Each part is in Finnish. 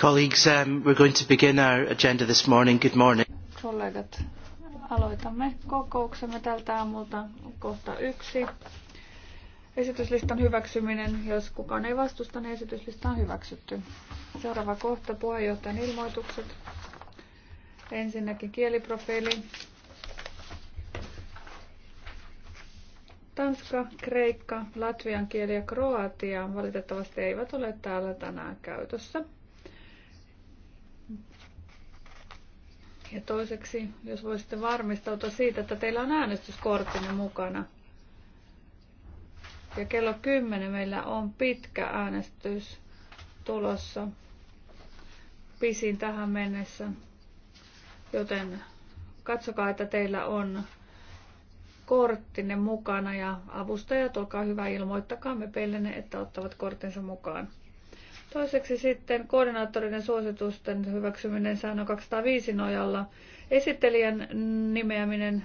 Colleagues, um, we're going to begin our agenda this morning. Good morning. Kollegat, aloitamme kokouksemme tältä aamulta kohta yksi. Esityslistan hyväksyminen. Jos kukaan ei vastusta, niin esityslista on hyväksytty. Seuraava kohta, puheenjohtajan ilmoitukset. Ensinnäkin kieliprofiili. Tanska, Kreikka, Latvian kieli ja Kroatia valitettavasti eivät ole täällä tänään käytössä. Ja toiseksi, jos voisitte varmistautua siitä, että teillä on äänestyskorttinne mukana. Ja kello 10 meillä on pitkä äänestys tulossa. Pisin tähän mennessä. Joten katsokaa, että teillä on korttinen mukana ja avustajat, olkaa hyvä, ilmoittakaa me pellenne, että ottavat korttinsa mukaan. Toiseksi sitten koordinaattorinen suositusten hyväksyminen säännön 205 nojalla. Esittelijän nimeäminen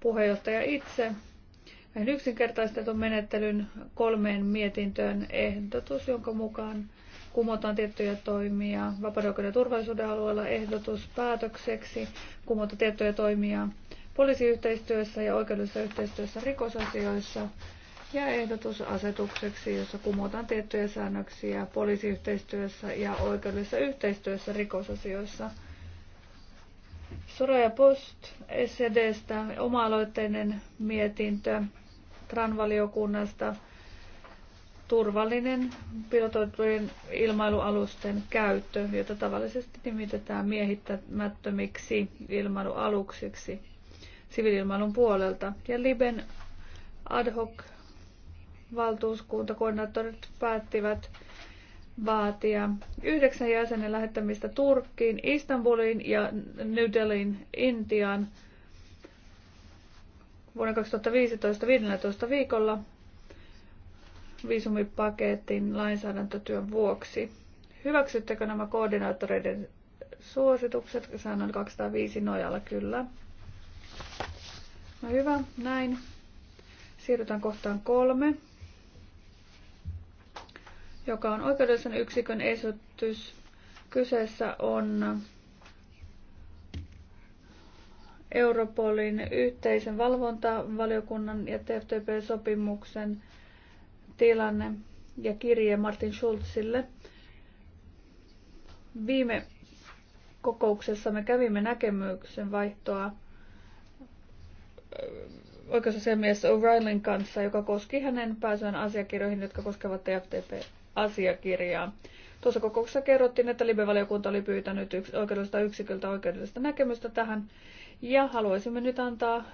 puheenjohtaja itse. Näin yksinkertaistetun menettelyn kolmeen mietintöön ehdotus, jonka mukaan kumotaan tiettyjä toimia. Vapauden ja turvallisuuden alueella ehdotus päätökseksi kumota tiettyjä toimia poliisiyhteistyössä ja oikeudellisessa yhteistyössä rikosasioissa ja ehdotus asetukseksi, jossa kumotaan tiettyjä säännöksiä poliisiyhteistyössä ja oikeudellisessa yhteistyössä rikosasioissa. Soraya Post SEDstä, oma-aloitteinen mietintö Tranvaliokunnasta, turvallinen pilotoitujen ilmailualusten käyttö, jota tavallisesti nimitetään miehittämättömiksi ilmailualuksiksi siviililmailun puolelta. Ja Liben ad hoc valtuuskuntakoordinaattorit päättivät vaatia yhdeksän jäsenen lähettämistä Turkkiin, Istanbuliin ja New Delhiin, Intiaan vuonna 2015 15 viikolla viisumipaketin lainsäädäntötyön vuoksi. Hyväksyttekö nämä koordinaattoreiden suositukset? Säännön 205 nojalla kyllä. No hyvä, näin. Siirrytään kohtaan kolme joka on oikeudellisen yksikön esitys. Kyseessä on Europolin yhteisen valvontavaliokunnan ja TFTP-sopimuksen tilanne ja kirje Martin Schulzille. Viime kokouksessa me kävimme näkemyksen vaihtoa äh, oikeusasiamies O'Reillyn kanssa, joka koski hänen pääsyään asiakirjoihin, jotka koskevat TFTP asiakirjaa. Tuossa kokouksessa kerrottiin, että Libe-valiokunta oli pyytänyt yks, oikeudellista yksiköltä oikeudellista näkemystä tähän. Ja haluaisimme nyt antaa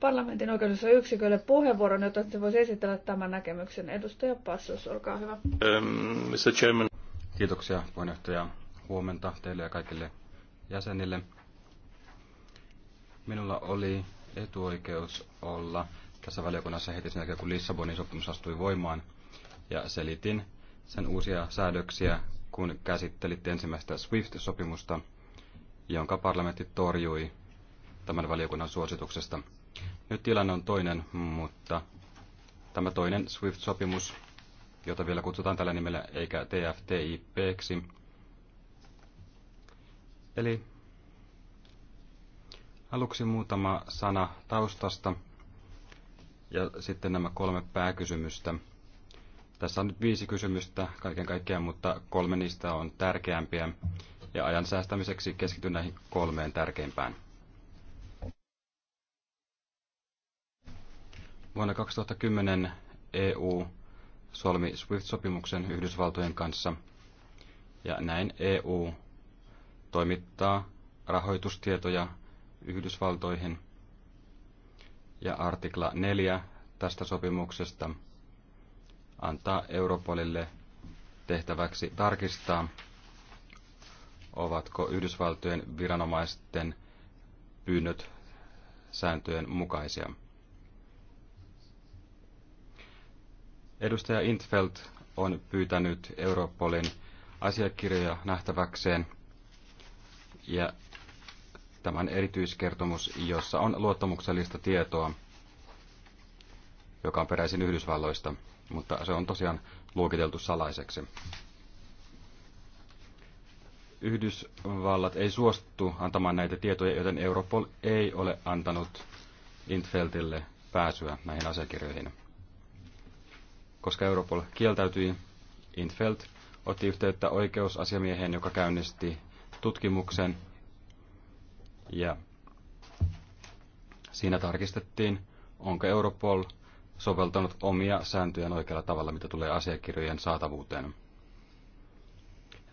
parlamentin oikeudessa yksikölle puheenvuoron, jotta se voisi esitellä tämän näkemyksen. Edustaja Passos, olkaa hyvä. Um, ähm, Mr. Chairman. Kiitoksia puheenjohtaja. Huomenta teille ja kaikille jäsenille. Minulla oli etuoikeus olla tässä valiokunnassa heti sen jälkeen, kun Lissabonin sopimus astui voimaan, ja selitin sen uusia säädöksiä, kun käsittelitte ensimmäistä SWIFT-sopimusta, jonka parlamentti torjui tämän valiokunnan suosituksesta. Nyt tilanne on toinen, mutta tämä toinen SWIFT-sopimus, jota vielä kutsutaan tällä nimellä eikä ksi. eli aluksi muutama sana taustasta ja sitten nämä kolme pääkysymystä – tässä on nyt viisi kysymystä kaiken kaikkiaan, mutta kolme niistä on tärkeämpiä. Ja ajan säästämiseksi keskityn näihin kolmeen tärkeimpään. Vuonna 2010 EU solmi SWIFT-sopimuksen Yhdysvaltojen kanssa, ja näin EU toimittaa rahoitustietoja Yhdysvaltoihin. Ja artikla 4 tästä sopimuksesta – antaa Europolille tehtäväksi tarkistaa, ovatko Yhdysvaltojen viranomaisten pyynnöt sääntöjen mukaisia. Edustaja Intfeld on pyytänyt Europolin asiakirjoja nähtäväkseen ja tämän erityiskertomus, jossa on luottamuksellista tietoa, joka on peräisin Yhdysvalloista – mutta se on tosiaan luokiteltu salaiseksi. Yhdysvallat ei suostu antamaan näitä tietoja, joten Europol ei ole antanut Intfeltille pääsyä näihin asiakirjoihin. Koska Europol kieltäytyi, Intfelt otti yhteyttä oikeusasiamieheen, joka käynnisti tutkimuksen. Ja siinä tarkistettiin, onko Europol soveltanut omia sääntöjään oikealla tavalla, mitä tulee asiakirjojen saatavuuteen.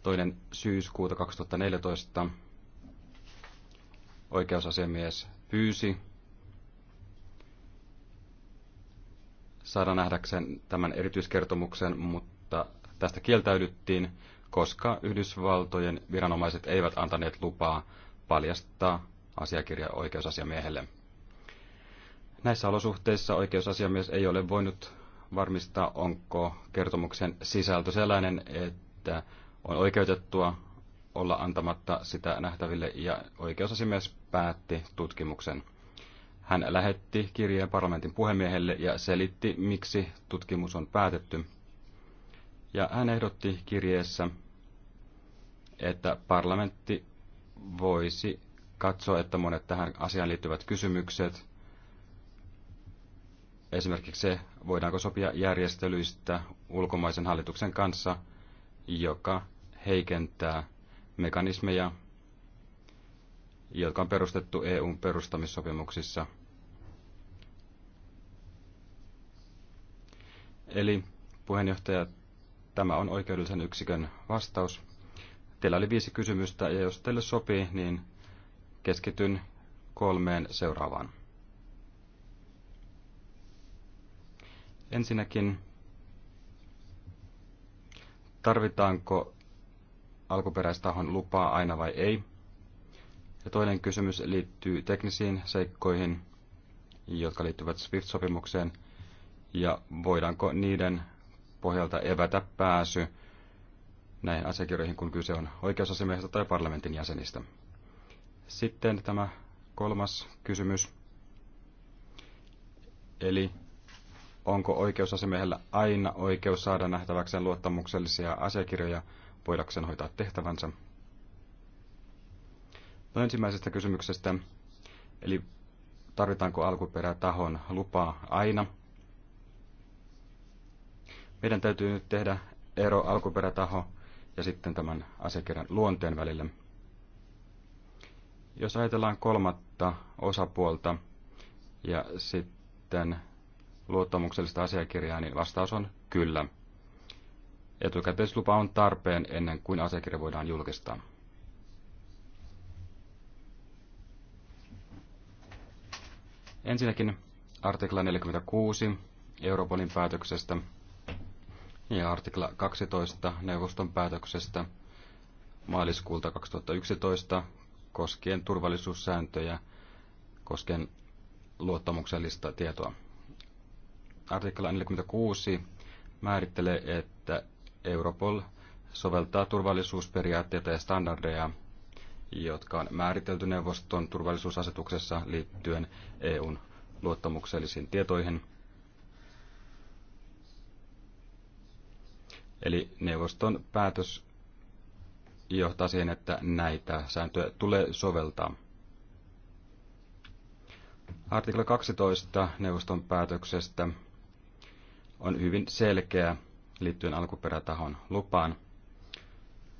Toinen syyskuuta 2014 oikeusasiamies pyysi saada nähdäkseen tämän erityiskertomuksen, mutta tästä kieltäydyttiin, koska Yhdysvaltojen viranomaiset eivät antaneet lupaa paljastaa asiakirja oikeusasiamiehelle. Näissä olosuhteissa oikeusasiamies ei ole voinut varmistaa, onko kertomuksen sisältö sellainen, että on oikeutettua olla antamatta sitä nähtäville, ja oikeusasiamies päätti tutkimuksen. Hän lähetti kirjeen parlamentin puhemiehelle ja selitti, miksi tutkimus on päätetty. Ja hän ehdotti kirjeessä, että parlamentti voisi katsoa, että monet tähän asiaan liittyvät kysymykset – Esimerkiksi se, voidaanko sopia järjestelyistä ulkomaisen hallituksen kanssa, joka heikentää mekanismeja, jotka on perustettu EUn perustamissopimuksissa. Eli puheenjohtaja, tämä on oikeudellisen yksikön vastaus. Teillä oli viisi kysymystä ja jos teille sopii, niin keskityn kolmeen seuraavaan. Ensinnäkin, tarvitaanko alkuperäistahon lupaa aina vai ei? Ja toinen kysymys liittyy teknisiin seikkoihin, jotka liittyvät SWIFT-sopimukseen, ja voidaanko niiden pohjalta evätä pääsy näihin asiakirjoihin, kun kyse on oikeusasemiehestä tai parlamentin jäsenistä. Sitten tämä kolmas kysymys, eli onko oikeusasemiehellä aina oikeus saada nähtäväkseen luottamuksellisia asiakirjoja voidakseen hoitaa tehtävänsä? No ensimmäisestä kysymyksestä, eli tarvitaanko alkuperätahon lupaa aina? Meidän täytyy nyt tehdä ero alkuperätaho ja sitten tämän asiakirjan luonteen välillä. Jos ajatellaan kolmatta osapuolta ja sitten luottamuksellista asiakirjaa, niin vastaus on kyllä. Etukäteislupa on tarpeen ennen kuin asiakirja voidaan julkistaa. Ensinnäkin artikla 46 Europolin päätöksestä ja artikla 12 neuvoston päätöksestä maaliskuulta 2011 koskien turvallisuussääntöjä koskien luottamuksellista tietoa artikla 46 määrittelee, että Europol soveltaa turvallisuusperiaatteita ja standardeja, jotka on määritelty neuvoston turvallisuusasetuksessa liittyen EUn luottamuksellisiin tietoihin. Eli neuvoston päätös johtaa siihen, että näitä sääntöjä tulee soveltaa. Artikla 12 neuvoston päätöksestä on hyvin selkeä liittyen alkuperätahon lupaan.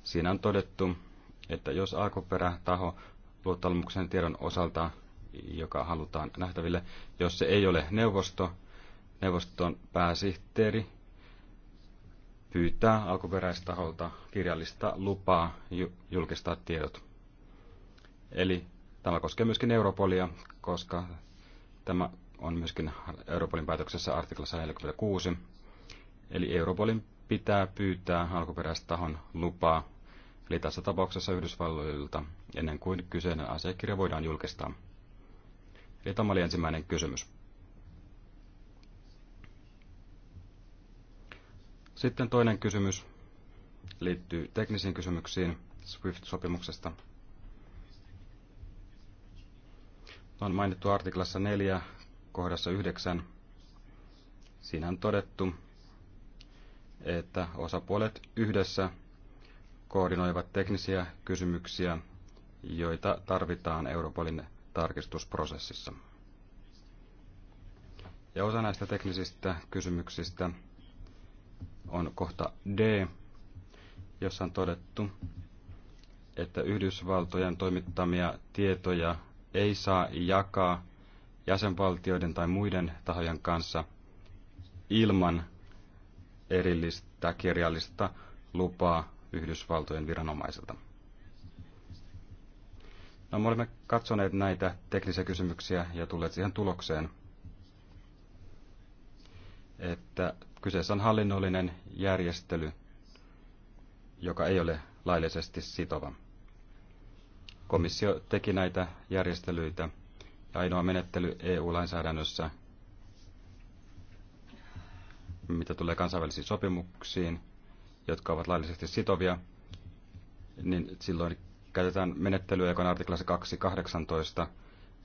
Siinä on todettu, että jos alkuperätaho luottamuksen tiedon osalta, joka halutaan nähtäville, jos se ei ole neuvosto, neuvoston pääsihteeri pyytää alkuperäistaholta kirjallista lupaa julkistaa tiedot. Eli tämä koskee myöskin Europolia, koska tämä on myöskin Europolin päätöksessä artiklassa 46. Eli Europolin pitää pyytää tahon lupaa, eli tässä tapauksessa Yhdysvalloilta, ennen kuin kyseinen asiakirja voidaan julkistaa. Eli tämä oli ensimmäinen kysymys. Sitten toinen kysymys liittyy teknisiin kysymyksiin SWIFT-sopimuksesta. On mainittu artiklassa 4 kohdassa yhdeksän. Siinä on todettu, että osapuolet yhdessä koordinoivat teknisiä kysymyksiä, joita tarvitaan Europolin tarkistusprosessissa. Ja osa näistä teknisistä kysymyksistä on kohta D, jossa on todettu, että Yhdysvaltojen toimittamia tietoja ei saa jakaa jäsenvaltioiden tai muiden tahojen kanssa ilman erillistä kirjallista lupaa Yhdysvaltojen viranomaisilta. No, me olemme katsoneet näitä teknisiä kysymyksiä ja tulleet siihen tulokseen, että kyseessä on hallinnollinen järjestely, joka ei ole laillisesti sitova. Komissio teki näitä järjestelyitä ainoa menettely EU-lainsäädännössä, mitä tulee kansainvälisiin sopimuksiin, jotka ovat laillisesti sitovia, niin silloin käytetään menettelyä, joka on artiklassa 2.18,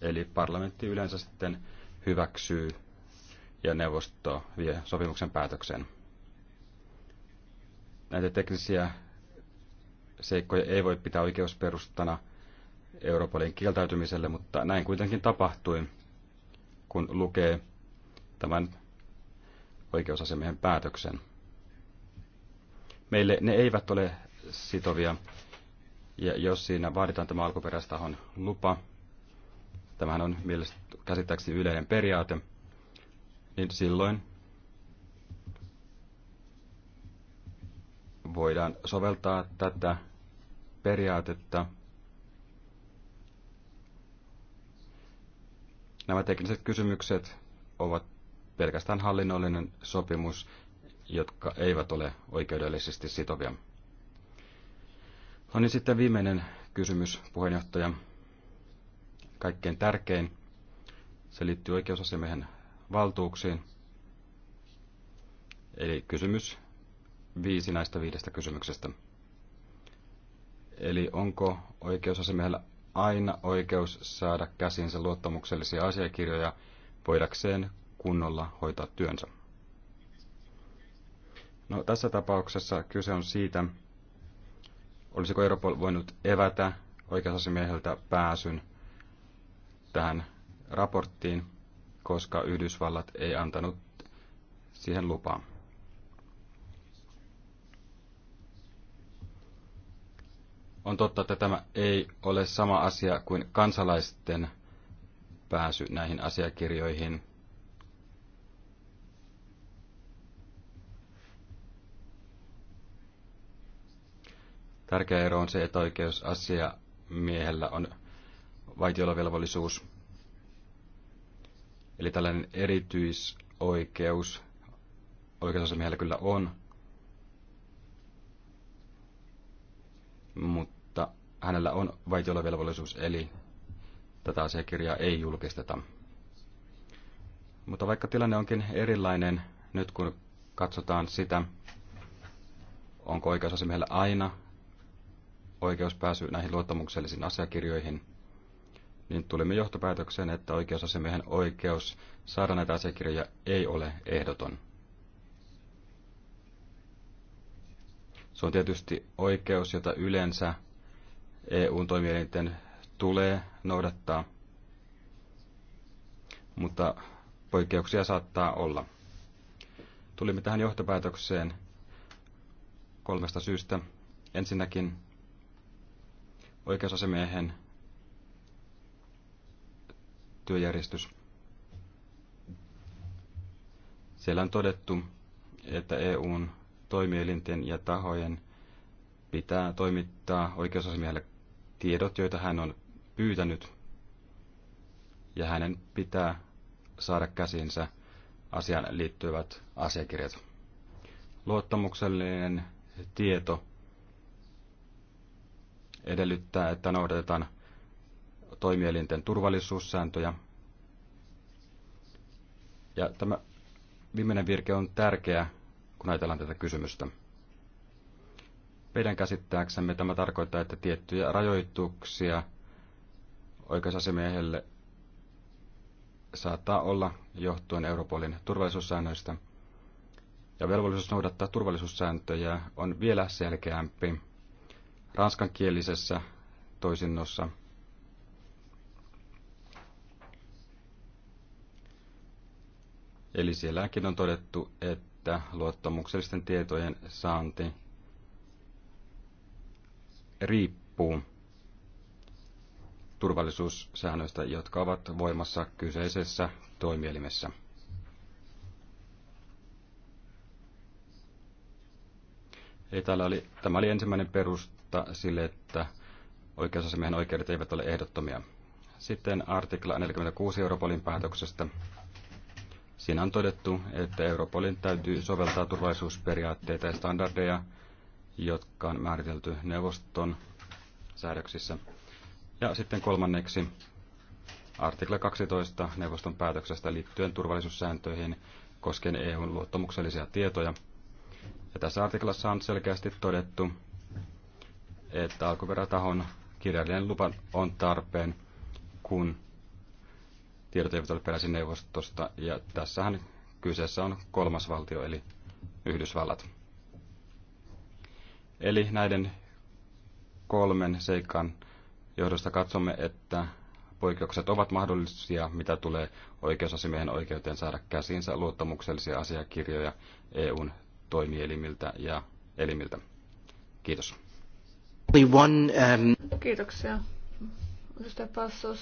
eli parlamentti yleensä sitten hyväksyy ja neuvosto vie sopimuksen päätökseen. Näitä teknisiä seikkoja ei voi pitää oikeusperustana – Europolin kieltäytymiselle, mutta näin kuitenkin tapahtui, kun lukee tämän oikeusasemien päätöksen. Meille ne eivät ole sitovia, ja jos siinä vaaditaan tämä alkuperäistahon lupa, tämähän on käsittääkseni yleinen periaate, niin silloin voidaan soveltaa tätä periaatetta Nämä tekniset kysymykset ovat pelkästään hallinnollinen sopimus, jotka eivät ole oikeudellisesti sitovia. No niin sitten viimeinen kysymys, puheenjohtaja. Kaikkein tärkein. Se liittyy oikeusasiamiehen valtuuksiin. Eli kysymys viisi näistä viidestä kysymyksestä. Eli onko oikeusasemiehellä aina oikeus saada käsinsä luottamuksellisia asiakirjoja voidakseen kunnolla hoitaa työnsä. No, tässä tapauksessa kyse on siitä, olisiko Europol voinut evätä oikeusasimieheltä pääsyn tähän raporttiin, koska Yhdysvallat ei antanut siihen lupaa. On totta, että tämä ei ole sama asia kuin kansalaisten pääsy näihin asiakirjoihin. Tärkeä ero on se, että oikeusasia miehellä on vaitiolovelvollisuus. Eli tällainen erityisoikeus oikeusasiamiehellä kyllä on, mutta hänellä on vaitiolovelvollisuus, eli tätä asiakirjaa ei julkisteta. Mutta vaikka tilanne onkin erilainen nyt, kun katsotaan sitä, onko oikeusasemilla aina oikeus pääsy näihin luottamuksellisiin asiakirjoihin, niin tulimme johtopäätökseen, että oikeusasemiehen oikeus saada näitä asiakirjoja ei ole ehdoton. Se on tietysti oikeus, jota yleensä EUn toimielinten tulee noudattaa, mutta poikkeuksia saattaa olla. Tulimme tähän johtopäätökseen kolmesta syystä. Ensinnäkin oikeusasemiehen työjärjestys. Siellä on todettu, että EUn toimielinten ja tahojen pitää toimittaa oikeusasiamiehelle tiedot, joita hän on pyytänyt, ja hänen pitää saada käsinsä asiaan liittyvät asiakirjat. Luottamuksellinen tieto edellyttää, että noudatetaan toimielinten turvallisuussääntöjä. Ja tämä viimeinen virke on tärkeä, kun ajatellaan tätä kysymystä. Meidän käsittääksemme tämä tarkoittaa, että tiettyjä rajoituksia oikeusasemiehelle saattaa olla johtuen Europolin turvallisuussäännöistä. Ja velvollisuus noudattaa turvallisuussääntöjä on vielä selkeämpi ranskankielisessä toisinnossa. Eli sielläkin on todettu, että että luottamuksellisten tietojen saanti riippuu turvallisuussäännöistä, jotka ovat voimassa kyseisessä toimielimessä. Eli täällä oli, tämä oli ensimmäinen perusta sille, että oikeusasemien oikeudet eivät ole ehdottomia. Sitten artikla 46 Europolin päätöksestä Siinä on todettu, että Europolin täytyy soveltaa turvallisuusperiaatteita ja standardeja, jotka on määritelty neuvoston säädöksissä. Ja sitten kolmanneksi artikla 12 neuvoston päätöksestä liittyen turvallisuussääntöihin koskien EUn luottamuksellisia tietoja. Ja tässä artiklassa on selkeästi todettu, että alkuperätahon kirjallinen lupa on tarpeen, kun tiedot eivät ole peräisin neuvostosta, ja tässähän kyseessä on kolmas valtio, eli Yhdysvallat. Eli näiden kolmen seikan johdosta katsomme, että poikkeukset ovat mahdollisia, mitä tulee oikeusasimiehen oikeuteen saada käsiinsä luottamuksellisia asiakirjoja EUn toimielimiltä ja elimiltä. Kiitos. Um, Kiitoksia. Edustaja Passos.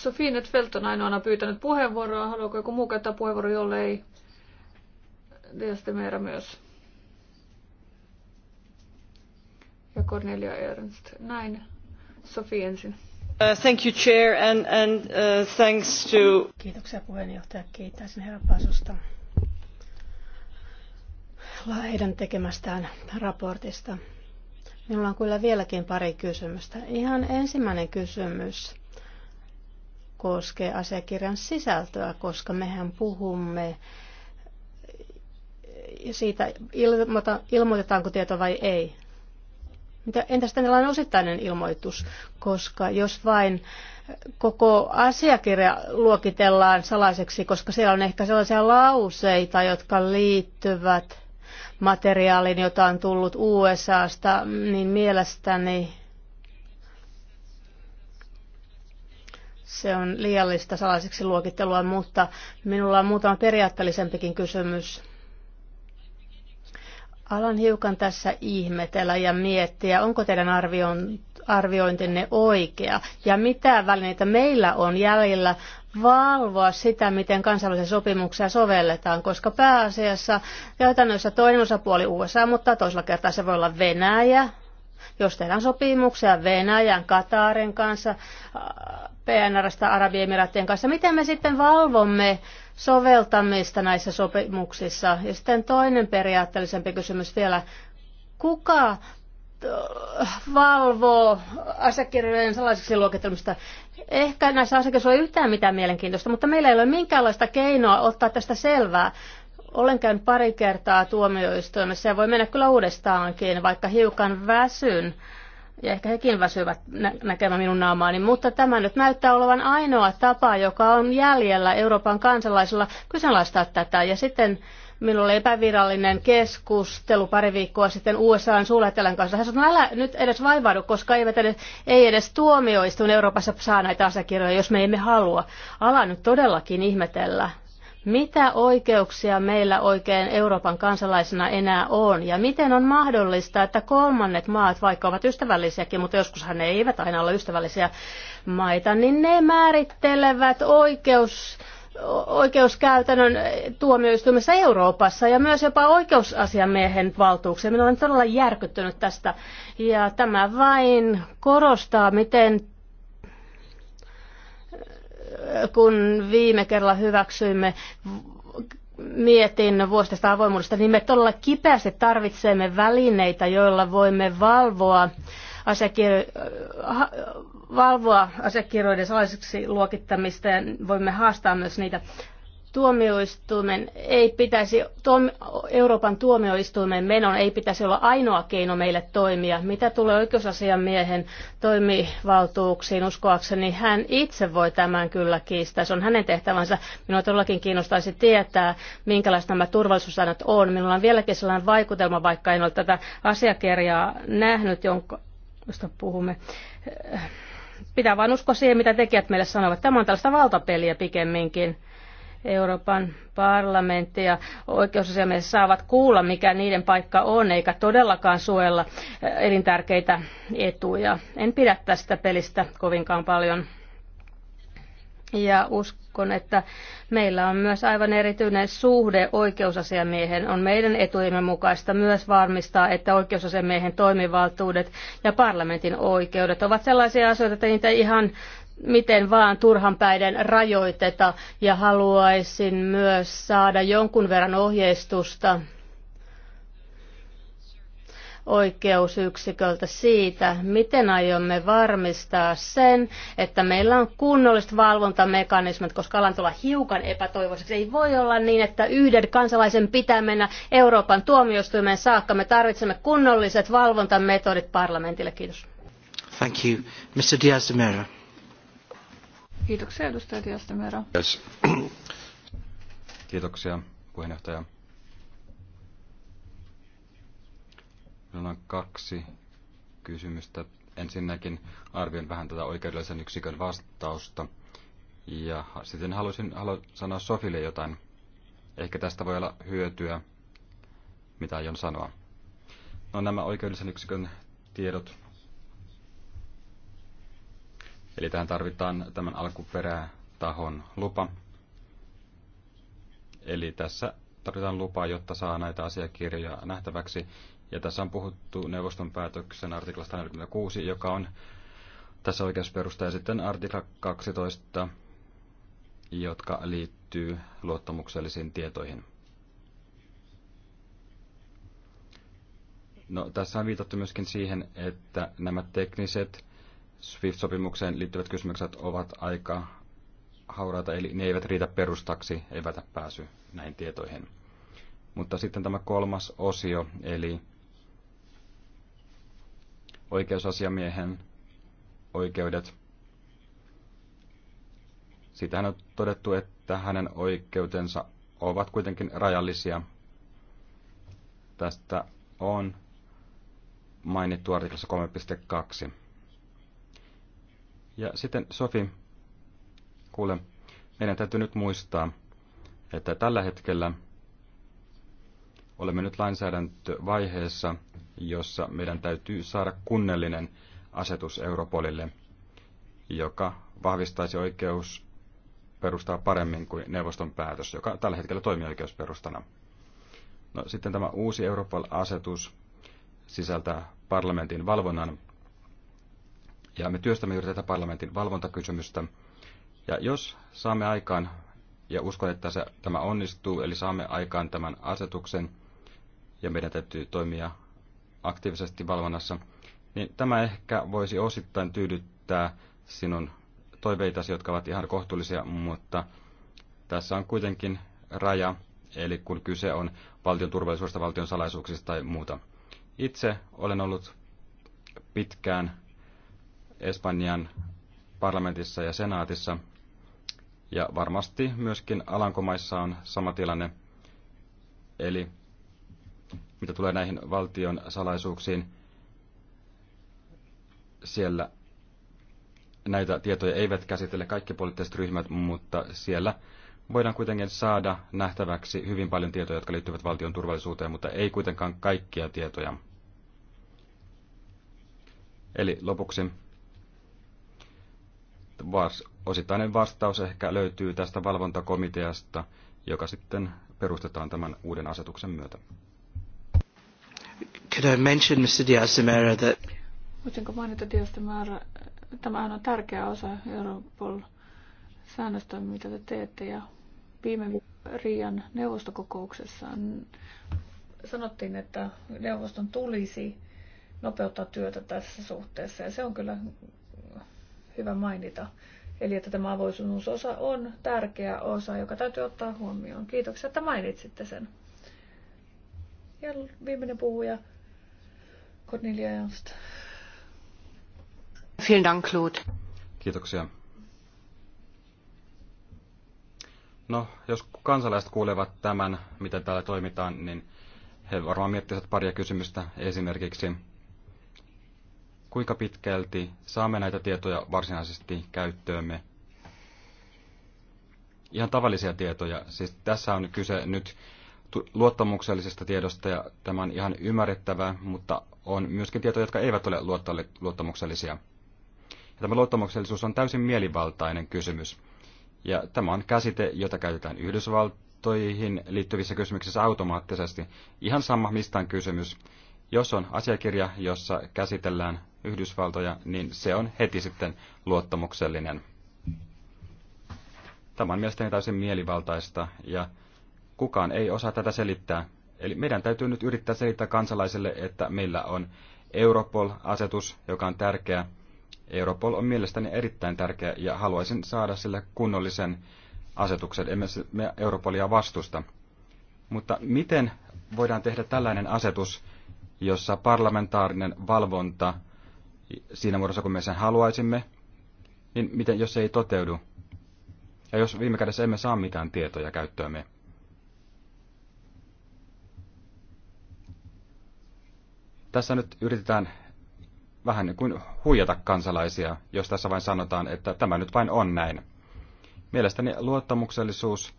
Sofie Netfeldt on ainoana pyytänyt puheenvuoroa. Haluaako joku muu käyttää puheenvuoro, jolle ei? Diastemeera myös. Ja Cornelia Ernst. Näin. Sofie ensin. Uh, thank you, Chair, and, and uh, thanks to... Kiitoksia puheenjohtaja. Kiitäisin herra Pasusta heidän tekemästään raportista. Minulla on kyllä vieläkin pari kysymystä. Ihan ensimmäinen kysymys koske asiakirjan sisältöä, koska mehän puhumme siitä, ilmoita, ilmoitetaanko tieto vai ei. Mitä, entä sitten tällainen osittainen ilmoitus, koska jos vain koko asiakirja luokitellaan salaiseksi, koska siellä on ehkä sellaisia lauseita, jotka liittyvät materiaaliin, jota on tullut USAsta, niin mielestäni Se on liiallista salaiseksi luokittelua, mutta minulla on muutama periaatteellisempikin kysymys. Alan hiukan tässä ihmetellä ja miettiä, onko teidän arviointinne oikea ja mitä välineitä meillä on jäljellä valvoa sitä, miten kansainvälisiä sopimuksia sovelletaan, koska pääasiassa käytännössä toinen osapuoli USA, mutta toisella kertaa se voi olla Venäjä, jos tehdään sopimuksia Venäjän, Kataaren kanssa, PNRstä Arabiemiraattien kanssa. Miten me sitten valvomme soveltamista näissä sopimuksissa? Ja sitten toinen periaatteellisempi kysymys vielä. Kuka äh, valvoo asiakirjojen salaisiksi luokittelemista. Ehkä näissä asiakirjoissa ei ole yhtään mitään mielenkiintoista, mutta meillä ei ole minkäänlaista keinoa ottaa tästä selvää. Olen käynyt pari kertaa tuomioistuimessa ja voi mennä kyllä uudestaankin, vaikka hiukan väsyn ja ehkä hekin väsyvät nä- näkemään minun naamaani, mutta tämä nyt näyttää olevan ainoa tapa, joka on jäljellä Euroopan kansalaisilla kyseenalaistaa tätä. Ja sitten minulla oli epävirallinen keskustelu pari viikkoa sitten USAn suunnittelijan kanssa. Hän sanoi, älä nyt edes vaivaudu, koska eivät edes, ei edes tuomioistuin Euroopassa saa näitä asiakirjoja, jos me emme halua. Ala nyt todellakin ihmetellä mitä oikeuksia meillä oikein Euroopan kansalaisena enää on ja miten on mahdollista, että kolmannet maat, vaikka ovat ystävällisiäkin, mutta joskushan ne eivät aina ole ystävällisiä maita, niin ne määrittelevät oikeus, oikeuskäytännön tuomioistuimessa Euroopassa ja myös jopa oikeusasiamiehen valtuuksia. Minä olen todella järkyttynyt tästä ja tämä vain korostaa, miten kun viime kerralla hyväksyimme mietin vuosista avoimuudesta, niin me todella kipeästi tarvitsemme välineitä, joilla voimme valvoa asiakir- valvoa asiakirjoiden salaiseksi luokittamista ja voimme haastaa myös niitä tuomioistuimen ei pitäisi, tuom, Euroopan tuomioistuimen menon ei pitäisi olla ainoa keino meille toimia. Mitä tulee oikeusasiamiehen toimivaltuuksiin, uskoakseni hän itse voi tämän kyllä kiistää. Se on hänen tehtävänsä. Minua todellakin kiinnostaisi tietää, minkälaiset nämä turvallisuussäännöt on. Minulla on vieläkin sellainen vaikutelma, vaikka en ole tätä asiakirjaa nähnyt, jonka, josta puhumme pitää vain uskoa siihen, mitä tekijät meille sanovat. Tämä on tällaista valtapeliä pikemminkin. Euroopan parlamentti ja oikeusasiamies saavat kuulla, mikä niiden paikka on, eikä todellakaan suojella eh, elintärkeitä etuja. En pidä tästä pelistä kovinkaan paljon. Ja uskon, että meillä on myös aivan erityinen suhde oikeusasiamiehen. On meidän etujemme mukaista myös varmistaa, että oikeusasiamiehen toimivaltuudet ja parlamentin oikeudet ovat sellaisia asioita, että niitä ihan miten vaan turhanpäiden rajoiteta ja haluaisin myös saada jonkun verran ohjeistusta oikeusyksiköltä siitä, miten aiomme varmistaa sen, että meillä on kunnolliset valvontamekanismit, koska alan tulla hiukan epätoivoiseksi. Ei voi olla niin, että yhden kansalaisen pitää mennä Euroopan tuomioistuimeen saakka. Me tarvitsemme kunnolliset valvontametodit parlamentille. Kiitos. Thank you. Mr. Diaz de Mera. Kiitoksia edustaja Diastemera. Yes. Kiitoksia puheenjohtaja. Minulla on kaksi kysymystä. Ensinnäkin arvioin vähän tätä oikeudellisen yksikön vastausta. Ja sitten halusin, halu- sanoa Sofille jotain. Ehkä tästä voi olla hyötyä, mitä aion sanoa. No nämä oikeudellisen yksikön tiedot Eli tähän tarvitaan tämän alkuperätahon lupa. Eli tässä tarvitaan lupaa, jotta saa näitä asiakirjoja nähtäväksi. Ja tässä on puhuttu neuvoston päätöksen artiklasta 46, joka on tässä oikeusperusta, ja sitten artikla 12, jotka liittyy luottamuksellisiin tietoihin. No, tässä on viitattu myöskin siihen, että nämä tekniset SWIFT-sopimukseen liittyvät kysymykset ovat aika hauraita, eli ne eivät riitä perustaksi, eivät pääsy näihin tietoihin. Mutta sitten tämä kolmas osio, eli oikeusasiamiehen oikeudet. Siitähän on todettu, että hänen oikeutensa ovat kuitenkin rajallisia. Tästä on mainittu artiklassa 3.2. Ja sitten Sofi, kuule, meidän täytyy nyt muistaa, että tällä hetkellä olemme nyt lainsäädäntövaiheessa, jossa meidän täytyy saada kunnellinen asetus Europolille, joka vahvistaisi oikeus perustaa paremmin kuin neuvoston päätös, joka tällä hetkellä toimii oikeusperustana. No, sitten tämä uusi Europol-asetus sisältää parlamentin valvonnan ja me työstämme juuri tätä parlamentin valvontakysymystä. Ja jos saamme aikaan, ja uskon, että se, tämä onnistuu, eli saamme aikaan tämän asetuksen, ja meidän täytyy toimia aktiivisesti valvonnassa, niin tämä ehkä voisi osittain tyydyttää sinun toiveitasi, jotka ovat ihan kohtuullisia, mutta tässä on kuitenkin raja, eli kun kyse on valtion turvallisuudesta, valtion salaisuuksista tai muuta. Itse olen ollut pitkään Espanjan parlamentissa ja senaatissa. Ja varmasti myöskin Alankomaissa on sama tilanne. Eli mitä tulee näihin valtion salaisuuksiin, siellä näitä tietoja eivät käsitelle kaikki poliittiset ryhmät, mutta siellä voidaan kuitenkin saada nähtäväksi hyvin paljon tietoja, jotka liittyvät valtion turvallisuuteen, mutta ei kuitenkaan kaikkia tietoja. Eli lopuksi vas, osittainen vastaus ehkä löytyy tästä valvontakomiteasta, joka sitten perustetaan tämän uuden asetuksen myötä. Could I mention, Mr. Diaz that... Voisinko mainita Diaz de Mara, tämähän on tärkeä osa Europol-säännöstä, mitä te teette, ja viime Riian neuvostokokouksessa sanottiin, että neuvoston tulisi nopeuttaa työtä tässä suhteessa, ja se on kyllä hyvä mainita. Eli että tämä avoisuusosa on tärkeä osa, joka täytyy ottaa huomioon. Kiitoksia, että mainitsitte sen. Ja viimeinen puhuja, Cornelia Ernst. Vielen Dank, Claude. Kiitoksia. No, jos kansalaiset kuulevat tämän, miten täällä toimitaan, niin he varmaan miettisivät paria kysymystä. Esimerkiksi, kuinka pitkälti saamme näitä tietoja varsinaisesti käyttöömme. Ihan tavallisia tietoja. Siis tässä on kyse nyt luottamuksellisesta tiedosta ja tämä on ihan ymmärrettävää, mutta on myöskin tietoja, jotka eivät ole luottamuksellisia. Ja tämä luottamuksellisuus on täysin mielivaltainen kysymys. Ja tämä on käsite, jota käytetään Yhdysvaltoihin liittyvissä kysymyksissä automaattisesti. Ihan sama, mistä on kysymys. Jos on asiakirja, jossa käsitellään Yhdysvaltoja, niin se on heti sitten luottamuksellinen. Tämä on mielestäni täysin mielivaltaista ja kukaan ei osaa tätä selittää. Eli meidän täytyy nyt yrittää selittää kansalaisille, että meillä on Europol-asetus, joka on tärkeä. Europol on mielestäni erittäin tärkeä ja haluaisin saada sille kunnollisen asetuksen. Emme me Europolia vastusta. Mutta miten voidaan tehdä tällainen asetus, jossa parlamentaarinen valvonta siinä muodossa, kun me sen haluaisimme, niin miten, jos se ei toteudu? Ja jos viime kädessä emme saa mitään tietoja käyttöömme. Tässä nyt yritetään vähän niin kuin huijata kansalaisia, jos tässä vain sanotaan, että tämä nyt vain on näin. Mielestäni luottamuksellisuus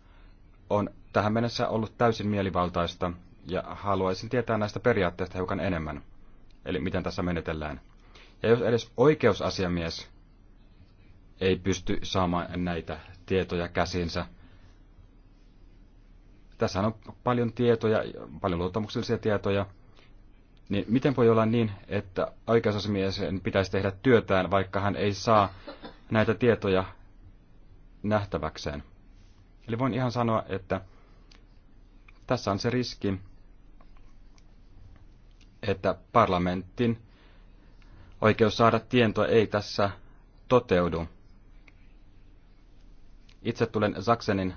on tähän mennessä ollut täysin mielivaltaista, ja haluaisin tietää näistä periaatteista hiukan enemmän, eli miten tässä menetellään. Ja jos edes oikeusasiamies ei pysty saamaan näitä tietoja käsinsä, tässä on paljon tietoja, paljon luottamuksellisia tietoja, niin miten voi olla niin, että oikeusasiamies pitäisi tehdä työtään, vaikka hän ei saa näitä tietoja nähtäväkseen? Eli voin ihan sanoa, että tässä on se riski, että parlamentin oikeus saada tietoa ei tässä toteudu. Itse tulen Saksenin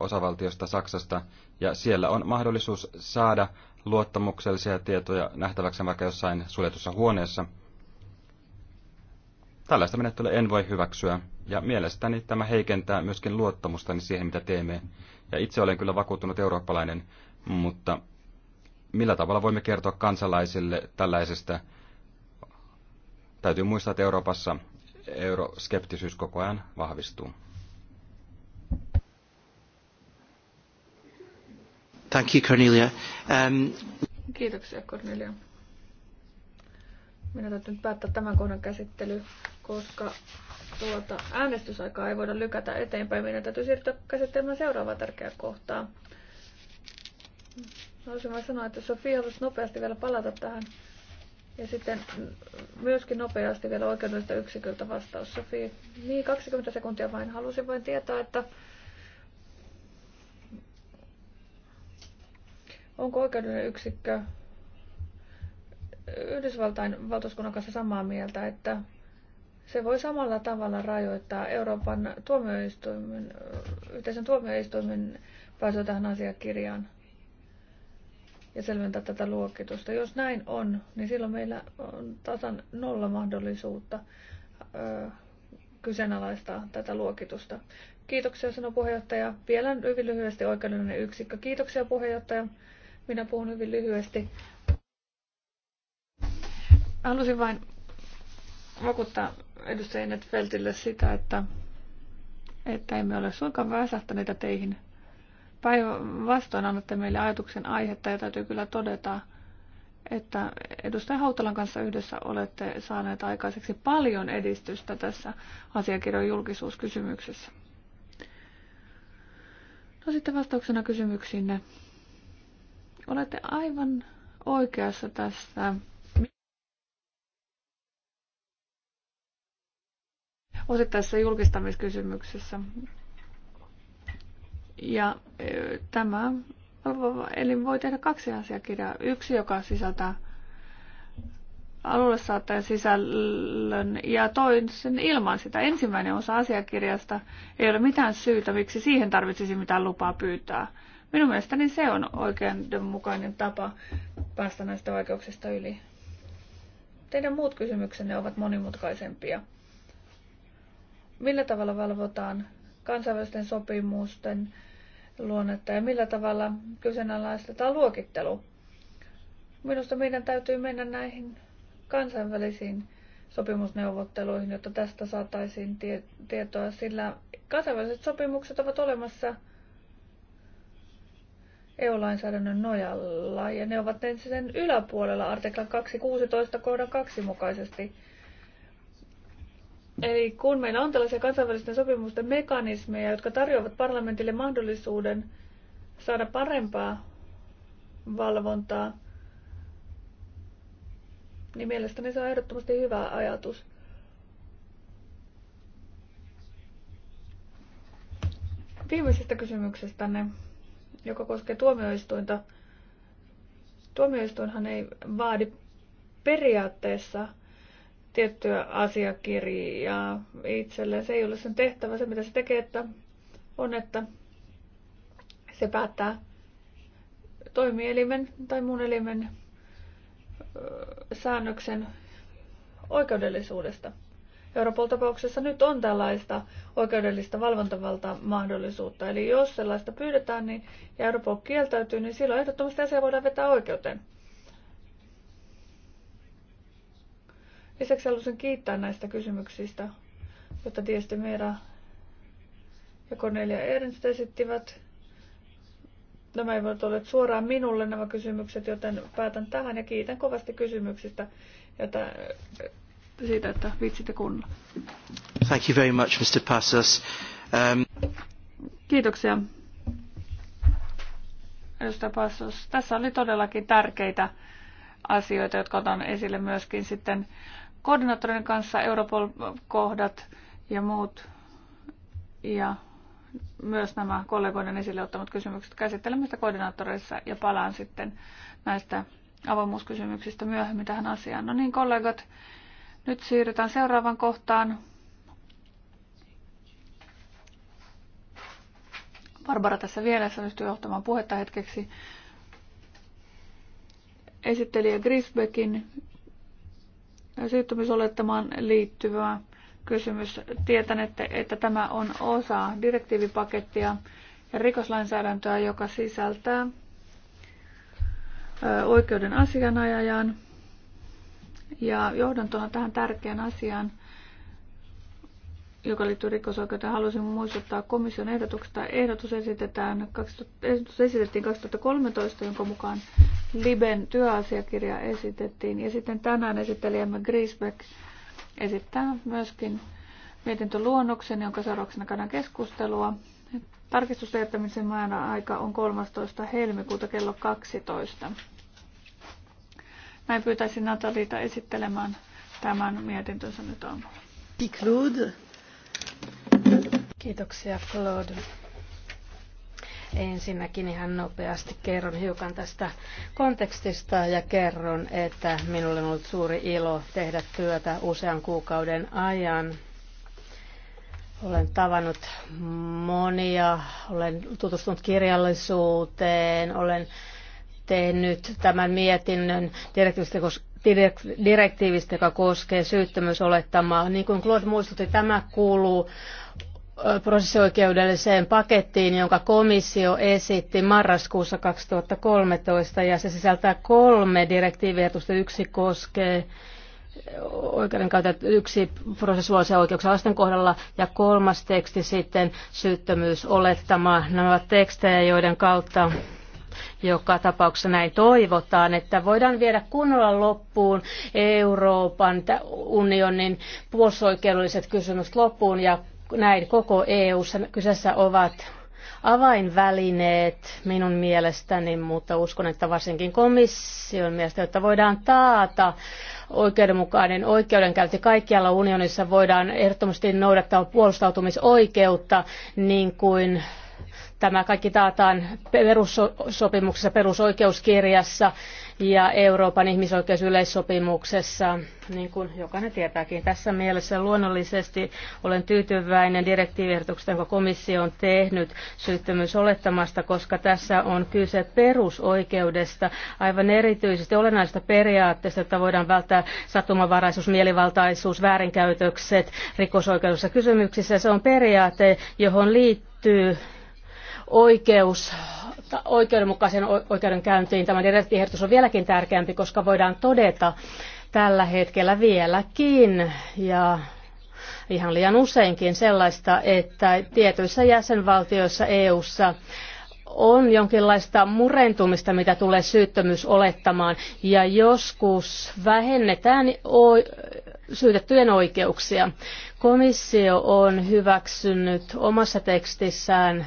osavaltiosta Saksasta, ja siellä on mahdollisuus saada luottamuksellisia tietoja nähtäväksi vaikka jossain suljetussa huoneessa. Tällaista menettelyä en voi hyväksyä, ja mielestäni tämä heikentää myöskin luottamustani siihen, mitä teemme. Ja itse olen kyllä vakuuttunut eurooppalainen, mutta millä tavalla voimme kertoa kansalaisille tällaisesta Täytyy muistaa, että Euroopassa euroskeptisyys koko ajan vahvistuu. Thank you, Cornelia. Um... Kiitoksia, Cornelia. Minä täytyy nyt päättää tämän kohdan käsittely, koska tuota, äänestysaikaa ei voida lykätä eteenpäin. Minä täytyy siirtyä käsittelemään seuraavaa tärkeää kohtaa. Haluaisin vain sanoa, että Sofia haluaisi nopeasti vielä palata tähän ja sitten myöskin nopeasti vielä oikeudellista yksiköltä vastaus, Sofi. Niin, 20 sekuntia vain. Halusin vain tietää, että onko oikeudellinen yksikkö Yhdysvaltain valtuuskunnan kanssa samaa mieltä, että se voi samalla tavalla rajoittaa Euroopan tuomioistuimen, yhteisen tuomioistuimen pääsyä tähän asiakirjaan ja selventää tätä luokitusta. Jos näin on, niin silloin meillä on tasan nolla mahdollisuutta ö, kyseenalaistaa tätä luokitusta. Kiitoksia sanoi puheenjohtaja. Vielä hyvin lyhyesti oikeudellinen yksikkö. Kiitoksia puheenjohtaja. Minä puhun hyvin lyhyesti. Halusin vain vakuuttaa edustajien Feltille sitä, että, että emme ole suinkaan väsähtäneitä teihin Päinvastoin annatte meille ajatuksen aihetta ja täytyy kyllä todeta, että edustaja Hautalan kanssa yhdessä olette saaneet aikaiseksi paljon edistystä tässä asiakirjan julkisuuskysymyksessä. No sitten vastauksena kysymyksiinne. Olette aivan oikeassa tässä. Osittaisessa julkistamiskysymyksessä. Ja tämä eli voi tehdä kaksi asiakirjaa. Yksi, joka sisältää alulle saattajan sisällön ja toisen ilman sitä. Ensimmäinen osa asiakirjasta ei ole mitään syytä, miksi siihen tarvitsisi mitään lupaa pyytää. Minun mielestäni se on oikeudenmukainen tapa päästä näistä vaikeuksista yli. Teidän muut kysymyksenne ovat monimutkaisempia. Millä tavalla valvotaan kansainvälisten sopimusten luonnetta ja millä tavalla kyseenalaistetaan luokittelu. Minusta meidän täytyy mennä näihin kansainvälisiin sopimusneuvotteluihin, jotta tästä saataisiin tie- tietoa, sillä kansainväliset sopimukset ovat olemassa EU-lainsäädännön nojalla ja ne ovat sen yläpuolella artikla 216 kohdan 2 mukaisesti. Eli kun meillä on tällaisia kansainvälisten sopimusten mekanismeja, jotka tarjoavat parlamentille mahdollisuuden saada parempaa valvontaa, niin mielestäni se on ehdottomasti hyvä ajatus. Viimeisestä kysymyksestänne, joka koskee tuomioistuinta. Tuomioistuinhan ei vaadi periaatteessa tiettyä asiakirjaa itselleen. Se ei ole sen tehtävä. Se, mitä se tekee, että on, että se päättää toimielimen tai muun elimen säännöksen oikeudellisuudesta. Europol tapauksessa nyt on tällaista oikeudellista valvontavaltaa mahdollisuutta. Eli jos sellaista pyydetään niin, ja Europol kieltäytyy, niin silloin ehdottomasti asia voidaan vetää oikeuteen. Lisäksi haluaisin kiittää näistä kysymyksistä, joita tietysti Meera ja Cornelia Ernst esittivät. Nämä eivät ole suoraan minulle nämä kysymykset, joten päätän tähän ja kiitän kovasti kysymyksistä ja siitä, että viitsitte kunnolla. Thank you very much, Mr. Passos. Um... Kiitoksia, edustaja Passos. Tässä oli todellakin tärkeitä asioita, jotka otan esille myöskin sitten koordinaattorin kanssa Europol-kohdat ja muut ja myös nämä kollegoiden esille ottamat kysymykset käsittelemme sitä koordinaattoreissa ja palaan sitten näistä avoimuuskysymyksistä myöhemmin tähän asiaan. No niin kollegat, nyt siirrytään seuraavaan kohtaan. Barbara tässä vieressä pystyy johtamaan puhetta hetkeksi. Esittelijä Grisbeckin siirtymisolettamaan liittyvä kysymys. Tietän, että, että tämä on osa direktiivipakettia ja rikoslainsäädäntöä, joka sisältää oikeuden asianajajan. Ja johdantona tähän tärkeän asiaan, joka liittyy rikosoikeuteen, halusin muistuttaa komission ehdotuksesta. Ehdotus, esitetään, ehdotus esitettiin 2013, jonka mukaan Liben työasiakirja esitettiin ja sitten tänään esittelijämme Griesbeck esittää myöskin mietintöluonnoksen, jonka seurauksena käydään keskustelua. Tarkistustehtämisen aika on 13. helmikuuta kello 12. Näin pyytäisin Natalita esittelemään tämän mietintönsä nyt aamulla. Claude. Kiitoksia Claude. Ensinnäkin ihan nopeasti kerron hiukan tästä kontekstista ja kerron, että minulle on ollut suuri ilo tehdä työtä usean kuukauden ajan. Olen tavannut monia, olen tutustunut kirjallisuuteen, olen tehnyt tämän mietinnön direktiivistä, direktiivistä, joka koskee syyttömyysolettamaa. Niin kuin Claude muistutti, tämä kuuluu prosessioikeudelliseen pakettiin, jonka komissio esitti marraskuussa 2013, ja se sisältää kolme direktiiviehdotusta. Yksi koskee oikeudenkäytön yksi prosessuaalisia oikeuksia lasten kohdalla ja kolmas teksti sitten syyttömyys Nämä ovat tekstejä, joiden kautta joka tapauksessa näin toivotaan, että voidaan viedä kunnolla loppuun Euroopan unionin puolustusoikeudelliset kysymykset loppuun ja näin koko EU:ssa kyseessä ovat avainvälineet minun mielestäni, mutta uskon, että varsinkin komission mielestä, jotta voidaan taata oikeudenmukainen oikeudenkäynti kaikkialla unionissa, voidaan ehdottomasti noudattaa puolustautumisoikeutta, niin kuin Tämä kaikki taataan perussopimuksessa, perusoikeuskirjassa ja Euroopan ihmisoikeusyleissopimuksessa, niin kuin jokainen tietääkin. Tässä mielessä luonnollisesti olen tyytyväinen direktiiviehdotuksesta, jonka komissio on tehnyt syyttömyysolettamasta, koska tässä on kyse perusoikeudesta, aivan erityisesti olennaisesta periaatteesta, että voidaan välttää sattumanvaraisuus, mielivaltaisuus, väärinkäytökset rikosoikeudellisissa kysymyksissä. Se on periaate, johon liittyy oikeus oikeudenmukaisen oikeudenkäyntiin. Tämä direktiiviehdotus on vieläkin tärkeämpi, koska voidaan todeta tällä hetkellä vieläkin ja ihan liian useinkin sellaista, että tietyissä jäsenvaltioissa EU:ssa on jonkinlaista murentumista, mitä tulee syyttömyys olettamaan, ja joskus vähennetään syytettyjen oikeuksia. Komissio on hyväksynyt omassa tekstissään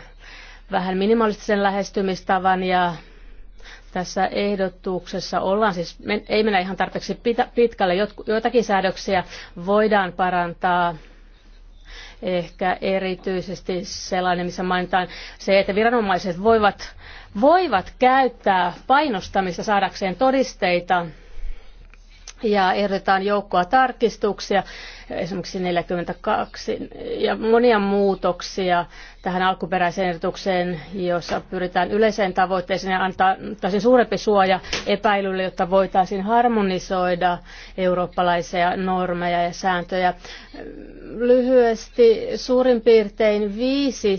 vähän minimalistisen lähestymistavan ja tässä ehdotuksessa ollaan siis, ei mennä ihan tarpeeksi pitkälle, joitakin säädöksiä voidaan parantaa ehkä erityisesti sellainen, missä mainitaan se, että viranomaiset voivat, voivat käyttää painostamista saadakseen todisteita ja ehdotetaan joukkoa tarkistuksia, esimerkiksi 42 ja monia muutoksia tähän alkuperäiseen ehdotukseen, jossa pyritään yleiseen tavoitteeseen ja antaa täysin suurempi suoja epäilylle, jotta voitaisiin harmonisoida eurooppalaisia normeja ja sääntöjä. Lyhyesti suurin piirtein viisi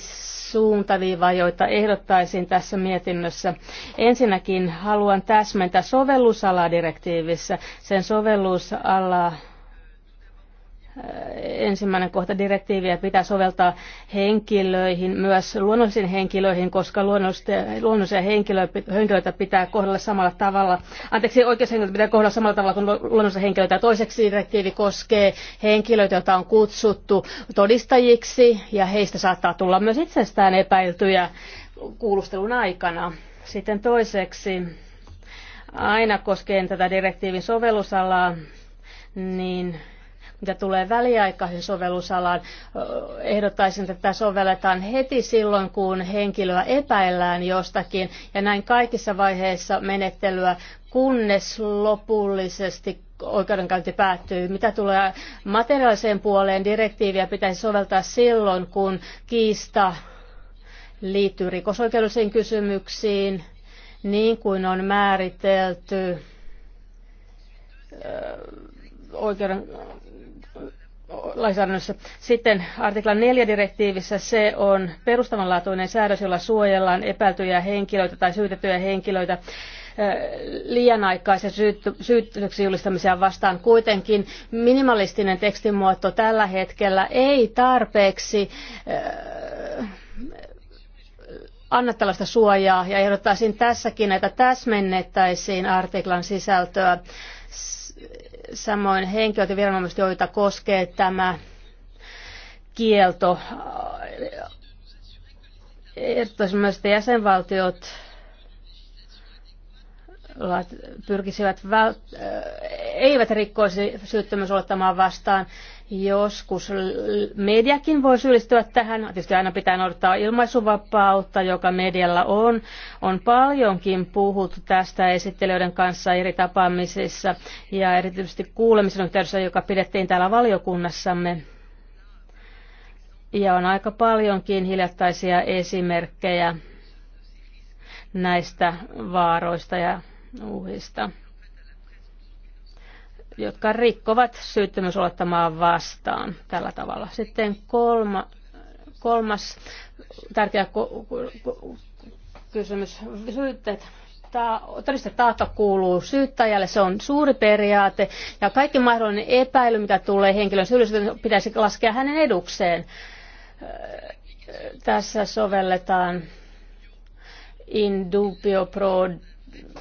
suuntaviivaa, joita ehdottaisin tässä mietinnössä. Ensinnäkin haluan täsmentää sovellusaladirektiivissä. Sen sovellusala ensimmäinen kohta direktiiviä pitää soveltaa henkilöihin, myös luonnollisiin henkilöihin, koska luonnollisia henkilöitä pitää kohdella samalla tavalla. Anteeksi, oikeushenkilöitä pitää kohdella samalla tavalla kuin luonnollisia henkilöitä. Toiseksi direktiivi koskee henkilöitä, joita on kutsuttu todistajiksi ja heistä saattaa tulla myös itsestään epäiltyjä kuulustelun aikana. Sitten toiseksi, aina koskien tätä direktiivin sovellusalaa, niin mitä tulee väliaikaisen sovellusalaan, ehdottaisin, että tätä sovelletaan heti silloin, kun henkilöä epäillään jostakin, ja näin kaikissa vaiheissa menettelyä, kunnes lopullisesti oikeudenkäynti päättyy. Mitä tulee materiaaliseen puoleen, direktiiviä pitäisi soveltaa silloin, kun kiista liittyy rikosoikeudellisiin kysymyksiin, niin kuin on määritelty oikeuden lainsäädännössä. Sitten artikla 4 direktiivissä se on perustavanlaatuinen säädös, jolla suojellaan epäiltyjä henkilöitä tai syytettyjä henkilöitä liian aikaisen syyttöksi julistamisia vastaan. Kuitenkin minimalistinen tekstimuoto tällä hetkellä ei tarpeeksi anna tällaista suojaa ja ehdottaisin tässäkin, että täsmennettäisiin artiklan sisältöä Samoin henkilöt ja viranomaiset, joita koskee tämä kielto, ehdottaisin myös, jäsenvaltiot pyrkisivät vält- eivät rikkoisi syyttömyysolettamaan vastaan Joskus mediakin voi syyllistyä tähän. Tietysti aina pitää noudattaa ilmaisuvapautta, joka medialla on. On paljonkin puhuttu tästä esittelijöiden kanssa eri tapaamisissa ja erityisesti kuulemisen yhteydessä, joka pidettiin täällä valiokunnassamme. Ja on aika paljonkin hiljattaisia esimerkkejä näistä vaaroista ja uhista jotka rikkovat syyttömyysolettamaa vastaan tällä tavalla. Sitten kolma, kolmas tärkeä kysymys. Syytteet ta- todistetaakka kuuluu syyttäjälle, se on suuri periaate, ja kaikki mahdollinen epäily, mitä tulee henkilön syyllisyyteen, pitäisi laskea hänen edukseen. Tässä sovelletaan indubio pro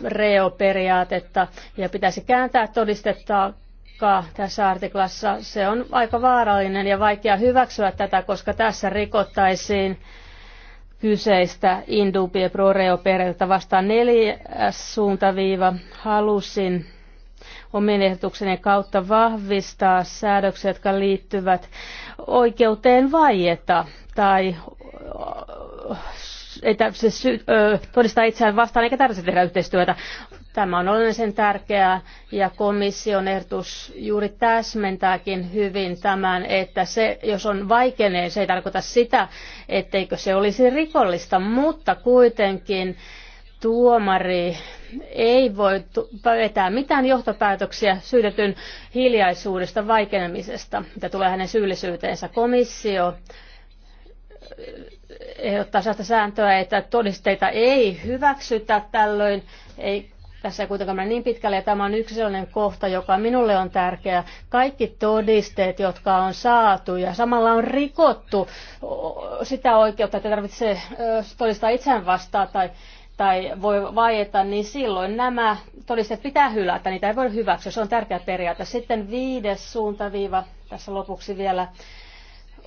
reo-periaatetta ja pitäisi kääntää todistetta tässä artiklassa. Se on aika vaarallinen ja vaikea hyväksyä tätä, koska tässä rikottaisiin kyseistä indubie pro reo periaatetta vastaan neljäs suuntaviiva halusin omien ehdotukseni kautta vahvistaa säädöksiä, jotka liittyvät oikeuteen vaieta tai että se sy- ö, todistaa itseään vastaan eikä tarvitse tehdä yhteistyötä. Tämä on olennaisen tärkeää ja komission ehdotus juuri täsmentääkin hyvin tämän, että se, jos on vaikenee, se ei tarkoita sitä, etteikö se olisi rikollista, mutta kuitenkin tuomari ei voi vetää mitään johtopäätöksiä syytetyn hiljaisuudesta vaikenemisesta, mitä tulee hänen syyllisyyteensä. Komissio ehdottaa sellaista sääntöä, että todisteita ei hyväksytä tällöin, ei tässä ei kuitenkaan mene niin pitkälle, ja tämä on yksi sellainen kohta, joka minulle on tärkeä. Kaikki todisteet, jotka on saatu, ja samalla on rikottu sitä oikeutta, että tarvitsee todistaa itseään vastaan tai, tai voi vaieta, niin silloin nämä todisteet pitää hylätä, niitä ei voi hyväksyä. Se on tärkeä periaate. Sitten viides suuntaviiva tässä lopuksi vielä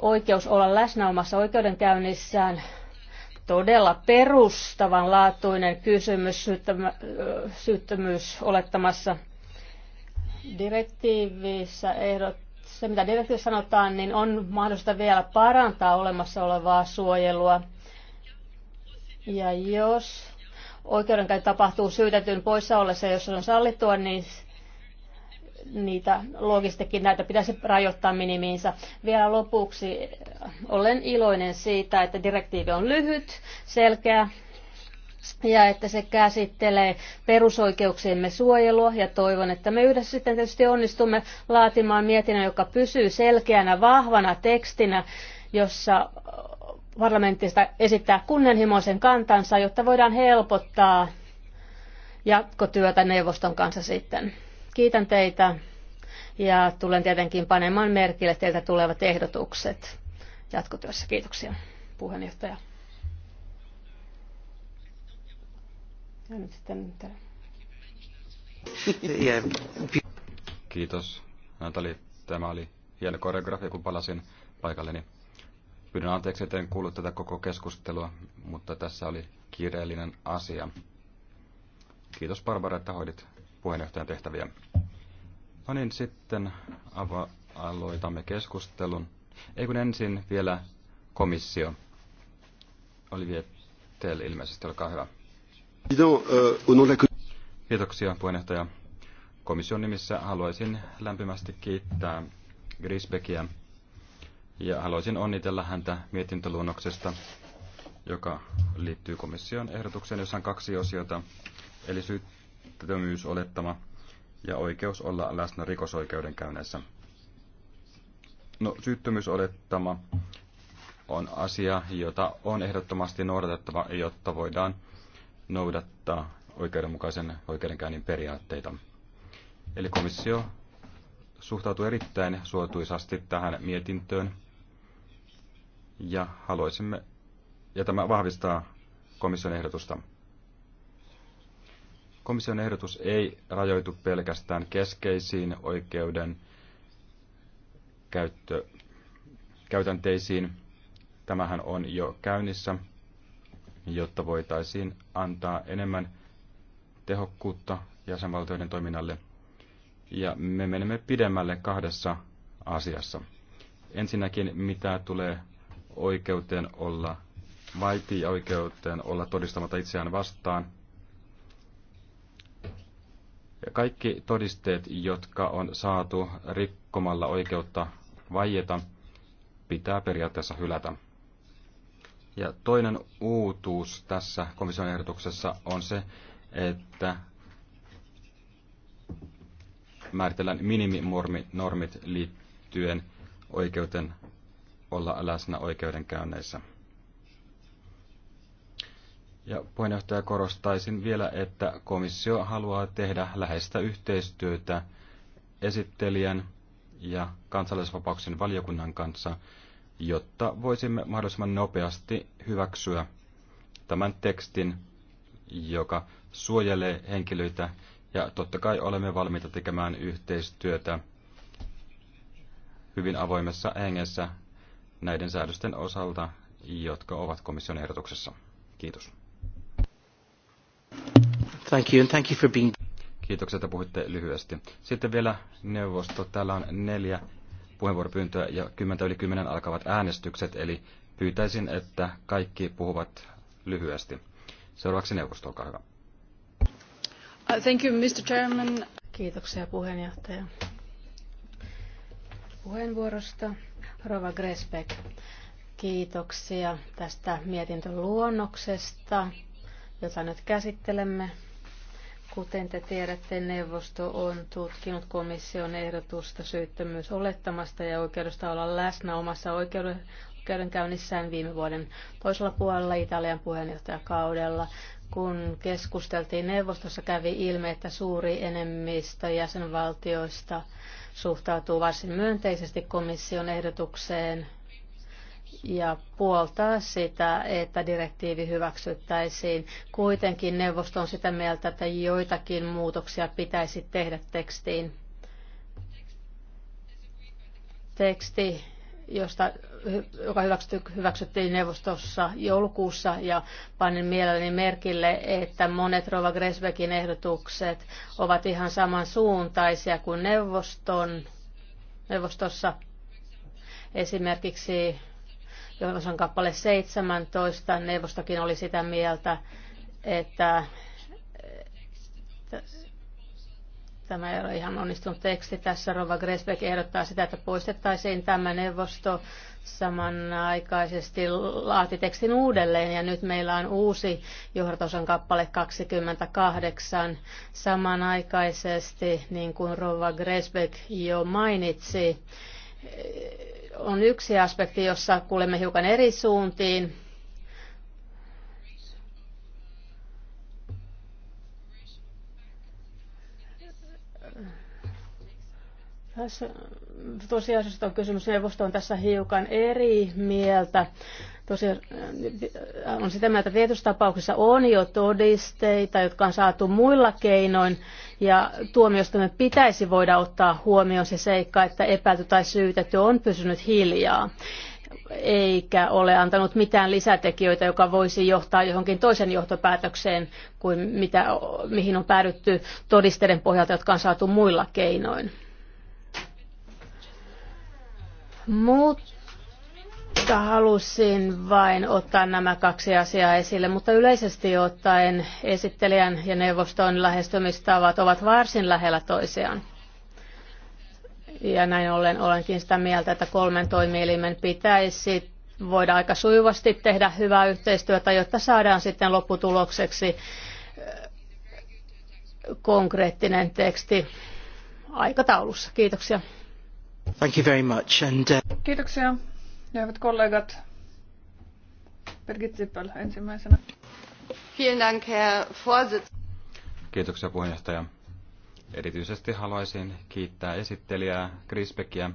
oikeus olla läsnä omassa oikeudenkäynnissään todella perustavanlaatuinen kysymys syyttömyys, olettamassa. Direktiivissä ehdot, se, mitä direktiivissä sanotaan, niin on mahdollista vielä parantaa olemassa olevaa suojelua. Ja jos oikeudenkäynti tapahtuu syytetyn poissa ollessa, jos se on sallittua, niin niitä logistikin näitä pitäisi rajoittaa minimiinsä. Vielä lopuksi olen iloinen siitä, että direktiivi on lyhyt, selkeä ja että se käsittelee perusoikeuksiemme suojelua ja toivon, että me yhdessä sitten tietysti onnistumme laatimaan mietinnön, joka pysyy selkeänä, vahvana tekstinä, jossa parlamentista esittää kunnianhimoisen kantansa, jotta voidaan helpottaa jatkotyötä neuvoston kanssa sitten. Kiitän teitä ja tulen tietenkin panemaan merkille teiltä tulevat ehdotukset jatkotyössä. Kiitoksia, puheenjohtaja. Ja nyt sitten Kiitos, Natali. Tämä oli hieno koreografia, kun palasin paikalleni. Pyydän anteeksi, että en kuullut tätä koko keskustelua, mutta tässä oli kiireellinen asia. Kiitos Barbara, että hoidit puheenjohtajan tehtäviä. No niin, sitten ava- aloitamme keskustelun. Ei kun ensin vielä komissio. Olivier Tell ilmeisesti, olkaa hyvä. Kiitoksia puheenjohtaja. Komission nimissä haluaisin lämpimästi kiittää Grisbeckiä ja haluaisin onnitella häntä mietintöluonnoksesta, joka liittyy komission ehdotukseen, jossa on kaksi osiota, eli syyt syyttömyysolettama ja oikeus olla läsnä rikosoikeuden käyneessä. No, syyttömyysolettama on asia, jota on ehdottomasti noudatettava, jotta voidaan noudattaa oikeudenmukaisen oikeudenkäynnin periaatteita. Eli komissio suhtautuu erittäin suotuisasti tähän mietintöön ja haluaisimme, ja tämä vahvistaa komission ehdotusta. Komission ehdotus ei rajoitu pelkästään keskeisiin oikeuden käyttö, käytänteisiin. Tämähän on jo käynnissä, jotta voitaisiin antaa enemmän tehokkuutta jäsenvaltioiden toiminnalle. Ja me menemme pidemmälle kahdessa asiassa. Ensinnäkin, mitä tulee oikeuteen olla vaiti ja oikeuteen olla todistamatta itseään vastaan – kaikki todisteet, jotka on saatu rikkomalla oikeutta vaieta, pitää periaatteessa hylätä. Ja toinen uutuus tässä komission ehdotuksessa on se, että määritellään minimimormit liittyen oikeuden olla läsnä oikeudenkäynneissä. Ja puheenjohtaja korostaisin vielä, että komissio haluaa tehdä läheistä yhteistyötä esittelijän ja kansalaisvapauksien valiokunnan kanssa, jotta voisimme mahdollisimman nopeasti hyväksyä tämän tekstin, joka suojelee henkilöitä. Ja totta kai olemme valmiita tekemään yhteistyötä hyvin avoimessa hengessä näiden säädösten osalta, jotka ovat komission ehdotuksessa. Kiitos. Thank you, and thank you for being... Kiitoksia, että puhuitte lyhyesti. Sitten vielä neuvosto. Täällä on neljä puheenvuoropyyntöä ja kymmentä yli kymmenen alkavat äänestykset, eli pyytäisin, että kaikki puhuvat lyhyesti. Seuraavaksi neuvosto, olkaa hyvä. Uh, thank you, Mr. Chairman. Kiitoksia puheenjohtaja puheenvuorosta. Rova Gresbeck, kiitoksia tästä mietintöluonnoksesta, jota nyt käsittelemme. Kuten te tiedätte, neuvosto on tutkinut komission ehdotusta syyttömyysolettamasta ja oikeudesta olla läsnä omassa oikeudenkäynnissään viime vuoden toisella puolella Italian puheenjohtajakaudella. Kun keskusteltiin neuvostossa, kävi ilme, että suuri enemmistö jäsenvaltioista suhtautuu varsin myönteisesti komission ehdotukseen ja puoltaa sitä, että direktiivi hyväksyttäisiin. Kuitenkin neuvosto on sitä mieltä, että joitakin muutoksia pitäisi tehdä tekstiin. Teksti, josta, joka hyväksyttiin neuvostossa joulukuussa ja panin mielelläni merkille, että monet Rova Gresbekin ehdotukset ovat ihan samansuuntaisia kuin neuvoston, neuvostossa. Esimerkiksi jos on kappale 17, neuvostokin oli sitä mieltä, että tämä ei ole ihan onnistunut teksti. Tässä Rova Gresbeck ehdottaa sitä, että poistettaisiin tämä neuvosto samanaikaisesti laati tekstin uudelleen ja nyt meillä on uusi johdatosan kappale 28 samanaikaisesti, niin kuin Rova Gresbeck jo mainitsi on yksi aspekti, jossa kuulemme hiukan eri suuntiin. Tässä tosiasiassa on kysymys, neuvosto on tässä hiukan eri mieltä. Tosiaan äh, on sitä mieltä, että tietyissä tapauksissa on jo todisteita, jotka on saatu muilla keinoin ja tuomioistuimen pitäisi voida ottaa huomioon se seikka, että epäilty tai syytetty on pysynyt hiljaa eikä ole antanut mitään lisätekijöitä, joka voisi johtaa johonkin toisen johtopäätökseen kuin mitä, mihin on päädytty todisteiden pohjalta, jotka on saatu muilla keinoin. Mutta Halusin vain ottaa nämä kaksi asiaa esille, mutta yleisesti ottaen esittelijän ja neuvoston lähestymistavat ovat varsin lähellä toisiaan. Ja näin ollen olenkin sitä mieltä, että kolmen toimielimen pitäisi voida aika sujuvasti tehdä hyvää yhteistyötä, jotta saadaan sitten lopputulokseksi äh, konkreettinen teksti aikataulussa. Kiitoksia. Thank you very much. And, uh... Kiitoksia. Ja hyvät kollegat, Birgit Zippel ensimmäisenä. Dank, Herr Kiitoksia puheenjohtaja. Erityisesti haluaisin kiittää esittelijää Grisbeckia.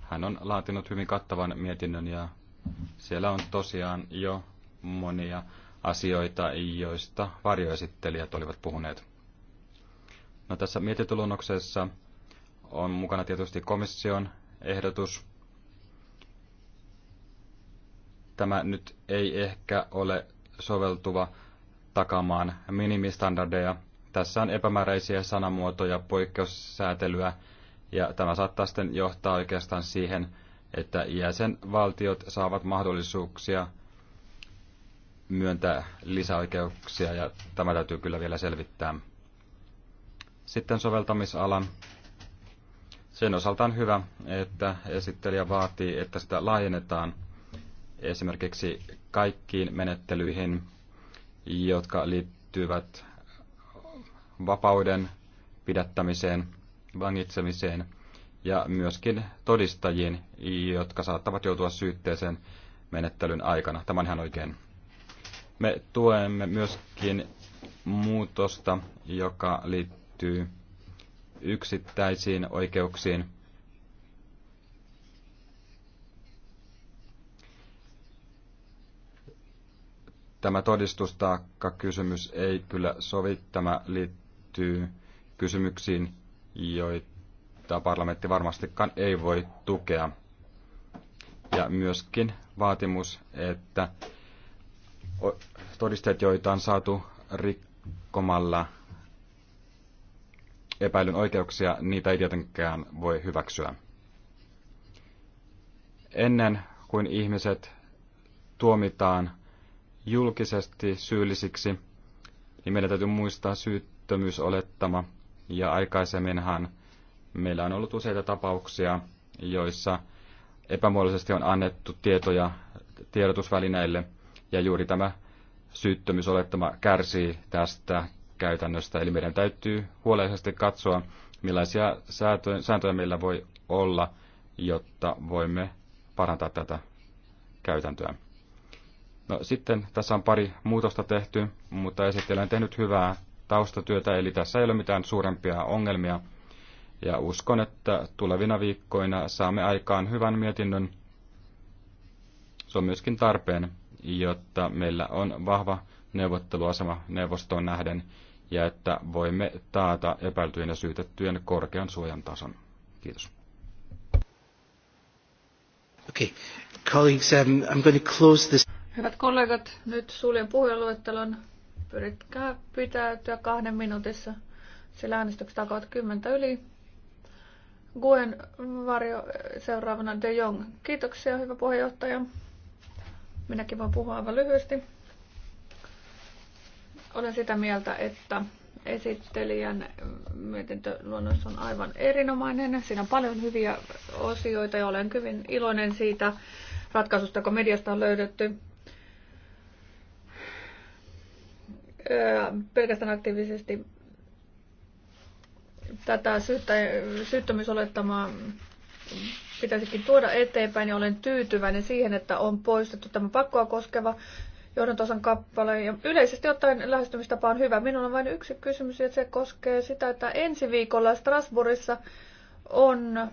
Hän on laatinut hyvin kattavan mietinnön ja siellä on tosiaan jo monia asioita, joista varjoesittelijät olivat puhuneet. No, tässä mietintöluonnoksessa on mukana tietysti komission ehdotus tämä nyt ei ehkä ole soveltuva takamaan minimistandardeja. Tässä on epämääräisiä sanamuotoja, poikkeussäätelyä, ja tämä saattaa sitten johtaa oikeastaan siihen, että jäsenvaltiot saavat mahdollisuuksia myöntää lisäoikeuksia, ja tämä täytyy kyllä vielä selvittää. Sitten soveltamisalan. Sen osalta on hyvä, että esittelijä vaatii, että sitä laajennetaan – esimerkiksi kaikkiin menettelyihin, jotka liittyvät vapauden pidättämiseen, vangitsemiseen ja myöskin todistajiin, jotka saattavat joutua syytteeseen menettelyn aikana. Tämä on ihan oikein. Me tuemme myöskin muutosta, joka liittyy yksittäisiin oikeuksiin. Tämä kysymys ei kyllä sovi. Tämä liittyy kysymyksiin, joita parlamentti varmastikaan ei voi tukea. Ja myöskin vaatimus, että todisteet, joita on saatu rikkomalla epäilyn oikeuksia, niitä ei tietenkään voi hyväksyä. Ennen kuin ihmiset tuomitaan julkisesti syyllisiksi, niin meidän täytyy muistaa syyttömyysolettama. Ja aikaisemminhan meillä on ollut useita tapauksia, joissa epämuodollisesti on annettu tietoja tiedotusvälineille, ja juuri tämä syyttömyysolettama kärsii tästä käytännöstä. Eli meidän täytyy huolellisesti katsoa, millaisia sääntöjä meillä voi olla, jotta voimme parantaa tätä käytäntöä. No, sitten tässä on pari muutosta tehty, mutta esittelijä on tehnyt hyvää taustatyötä, eli tässä ei ole mitään suurempia ongelmia. Ja uskon, että tulevina viikkoina saamme aikaan hyvän mietinnön. Se on myöskin tarpeen, jotta meillä on vahva neuvotteluasema neuvostoon nähden ja että voimme taata epäiltyjen ja syytettyjen korkean suojan tason. Kiitos. Okay. Colleagues, um, I'm going to close this. Hyvät kollegat, nyt suljen puheluettelon. Pyritkää pitäytyä kahden minuutissa, sillä äänestykset alkavat kymmentä yli. Guen varjo seuraavana De Jong. Kiitoksia, hyvä puheenjohtaja. Minäkin voin puhua aivan lyhyesti. Olen sitä mieltä, että esittelijän mietintöluonnos on aivan erinomainen. Siinä on paljon hyviä osioita ja olen hyvin iloinen siitä ratkaisusta, joka mediasta on löydetty. pelkästään aktiivisesti tätä syyttä, syyttömyysolettamaa pitäisikin tuoda eteenpäin ja olen tyytyväinen siihen, että on poistettu tämä pakkoa koskeva johdantosan kappale. Ja yleisesti ottaen lähestymistapa on hyvä. Minulla on vain yksi kysymys ja se koskee sitä, että ensi viikolla Strasbourgissa on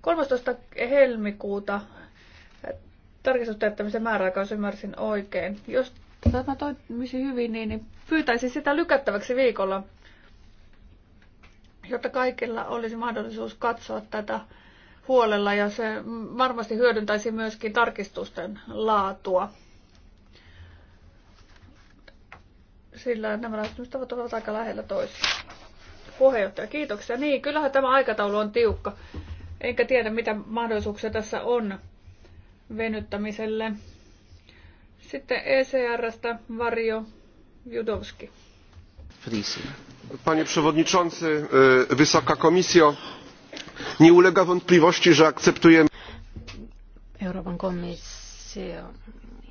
13. helmikuuta tarkistusteettämisen määräaika, jos ymmärsin oikein. Jos mä toimisin hyvin, niin, niin pyytäisin sitä lykättäväksi viikolla, jotta kaikilla olisi mahdollisuus katsoa tätä huolella ja se varmasti hyödyntäisi myöskin tarkistusten laatua. Sillä nämä lähestymistavat ovat aika lähellä toisiaan. Puheenjohtaja, kiitoksia. Niin, kyllähän tämä aikataulu on tiukka. Enkä tiedä, mitä mahdollisuuksia tässä on venyttämiselle. Sitten ECR-stä Varjo Judowski. Panie Przewodniczący, Wysoka Komisjo, nie ulega wątpliwości, że akceptujemy... Euroopan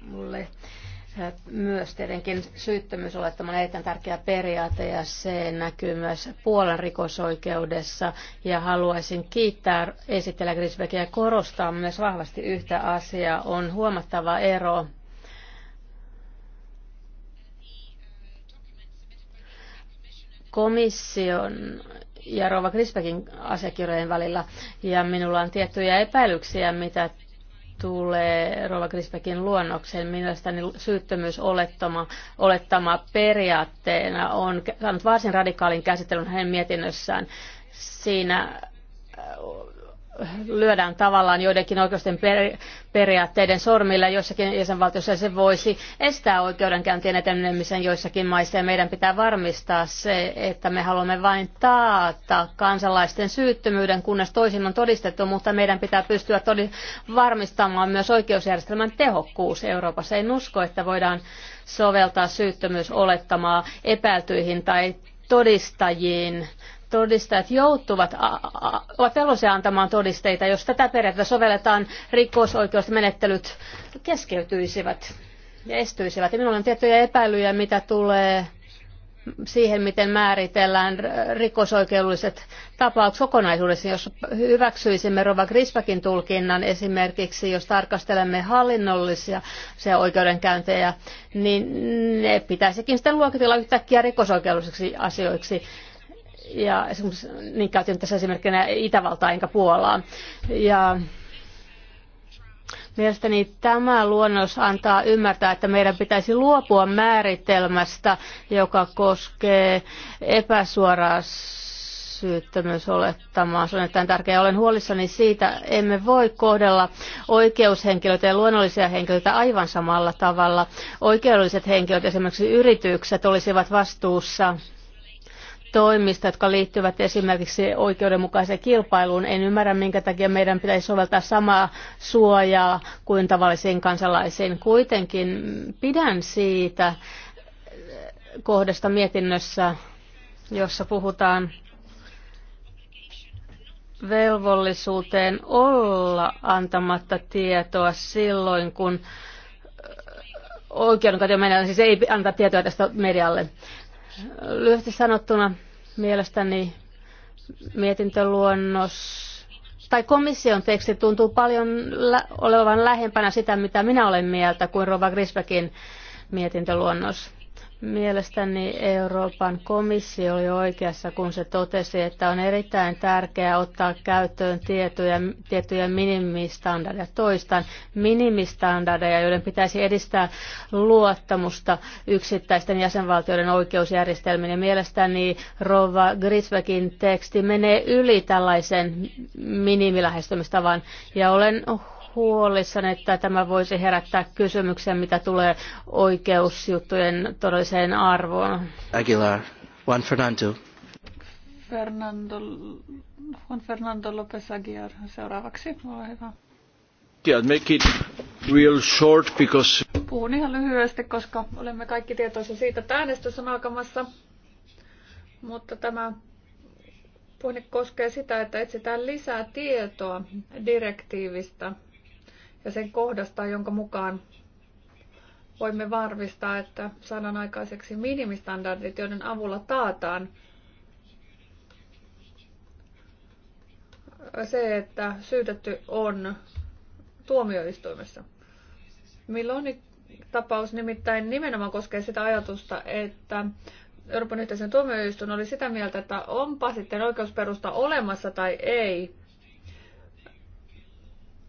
mulle e, myös tietenkin syyttömyys on erittäin tärkeä periaate ja se näkyy myös Puolan rikosoikeudessa. Ja haluaisin kiittää esittelijä Grisbeckia ja korostaa myös vahvasti yhtä asiaa. On huomattava ero komission ja Rova Krispekin asiakirjojen välillä. Ja minulla on tiettyjä epäilyksiä, mitä tulee Rova Krispekin luonnokseen. Mielestäni olettama, olettama periaatteena on saanut varsin radikaalin käsittelyn hänen mietinnössään. Siinä lyödään tavallaan joidenkin oikeusten periaatteiden sormilla jäsenvaltiossa ja se voisi estää oikeudenkäyntien etenemisen joissakin maissa ja meidän pitää varmistaa se, että me haluamme vain taata kansalaisten syyttömyyden, kunnes toisin on todistettu, mutta meidän pitää pystyä todi- varmistamaan myös oikeusjärjestelmän tehokkuus Euroopassa. En usko, että voidaan soveltaa syyttömyysolettamaa epäiltyihin tai todistajiin todistajat joutuvat, ovat velvollisia antamaan todisteita. Jos tätä periaatetta sovelletaan, rikosoikeusmenettelyt keskeytyisivät ja estyisivät. Ja minulla on tiettyjä epäilyjä, mitä tulee siihen, miten määritellään rikosoikeudelliset tapaukset kokonaisuudessa. Jos hyväksyisimme Rova Grisbakin tulkinnan esimerkiksi, jos tarkastelemme hallinnollisia se oikeudenkäyntejä, niin ne pitäisikin sitten luokitella yhtäkkiä rikosoikeudellisiksi asioiksi ja esimerkiksi, niin käytin tässä esimerkkinä Itävaltaa enkä Puolaa. Ja Mielestäni tämä luonnos antaa ymmärtää, että meidän pitäisi luopua määritelmästä, joka koskee epäsuoraa syyttömyysolettamaa. Se on erittäin tärkeää. Olen huolissani siitä, emme voi kohdella oikeushenkilöitä ja luonnollisia henkilöitä aivan samalla tavalla. Oikeudelliset henkilöt, esimerkiksi yritykset, olisivat vastuussa toimista, jotka liittyvät esimerkiksi oikeudenmukaiseen kilpailuun. En ymmärrä, minkä takia meidän pitäisi soveltaa samaa suojaa kuin tavallisiin kansalaisiin. Kuitenkin pidän siitä kohdasta mietinnössä, jossa puhutaan velvollisuuteen olla antamatta tietoa silloin, kun oikeudenkäytö siis ei anta tietoa tästä medialle. Lyhyesti sanottuna mielestäni mietintöluonnos tai komission teksti tuntuu paljon olevan lähempänä sitä, mitä minä olen mieltä, kuin Rova Grisbeckin mietintöluonnos. Mielestäni Euroopan komissio oli oikeassa, kun se totesi, että on erittäin tärkeää ottaa käyttöön tietoja, tiettyjä minimistandardeja. Toistan minimistandardeja, joiden pitäisi edistää luottamusta yksittäisten jäsenvaltioiden oikeusjärjestelmiin. Ja mielestäni Rova Grisvekin teksti menee yli tällaisen minimilähestymistavan. Ja olen huolissani, että tämä voisi herättää kysymyksen, mitä tulee oikeusjuttujen todelliseen arvoon. Aguilar, Juan Fernando. Fernando, Juan Fernando López Aguilar seuraavaksi, ole hyvä. Yeah, make it real short because... Puhun ihan lyhyesti, koska olemme kaikki tietoisia siitä, että äänestys on alkamassa. Mutta tämä puhe koskee sitä, että etsitään lisää tietoa direktiivistä ja sen kohdasta, jonka mukaan voimme varmistaa, että saadaan aikaiseksi minimistandardit, joiden avulla taataan se, että syytetty on tuomioistuimessa. Miloni tapaus nimittäin nimenomaan koskee sitä ajatusta, että Euroopan yhteisen tuomioistuin oli sitä mieltä, että onpa sitten oikeusperusta olemassa tai ei,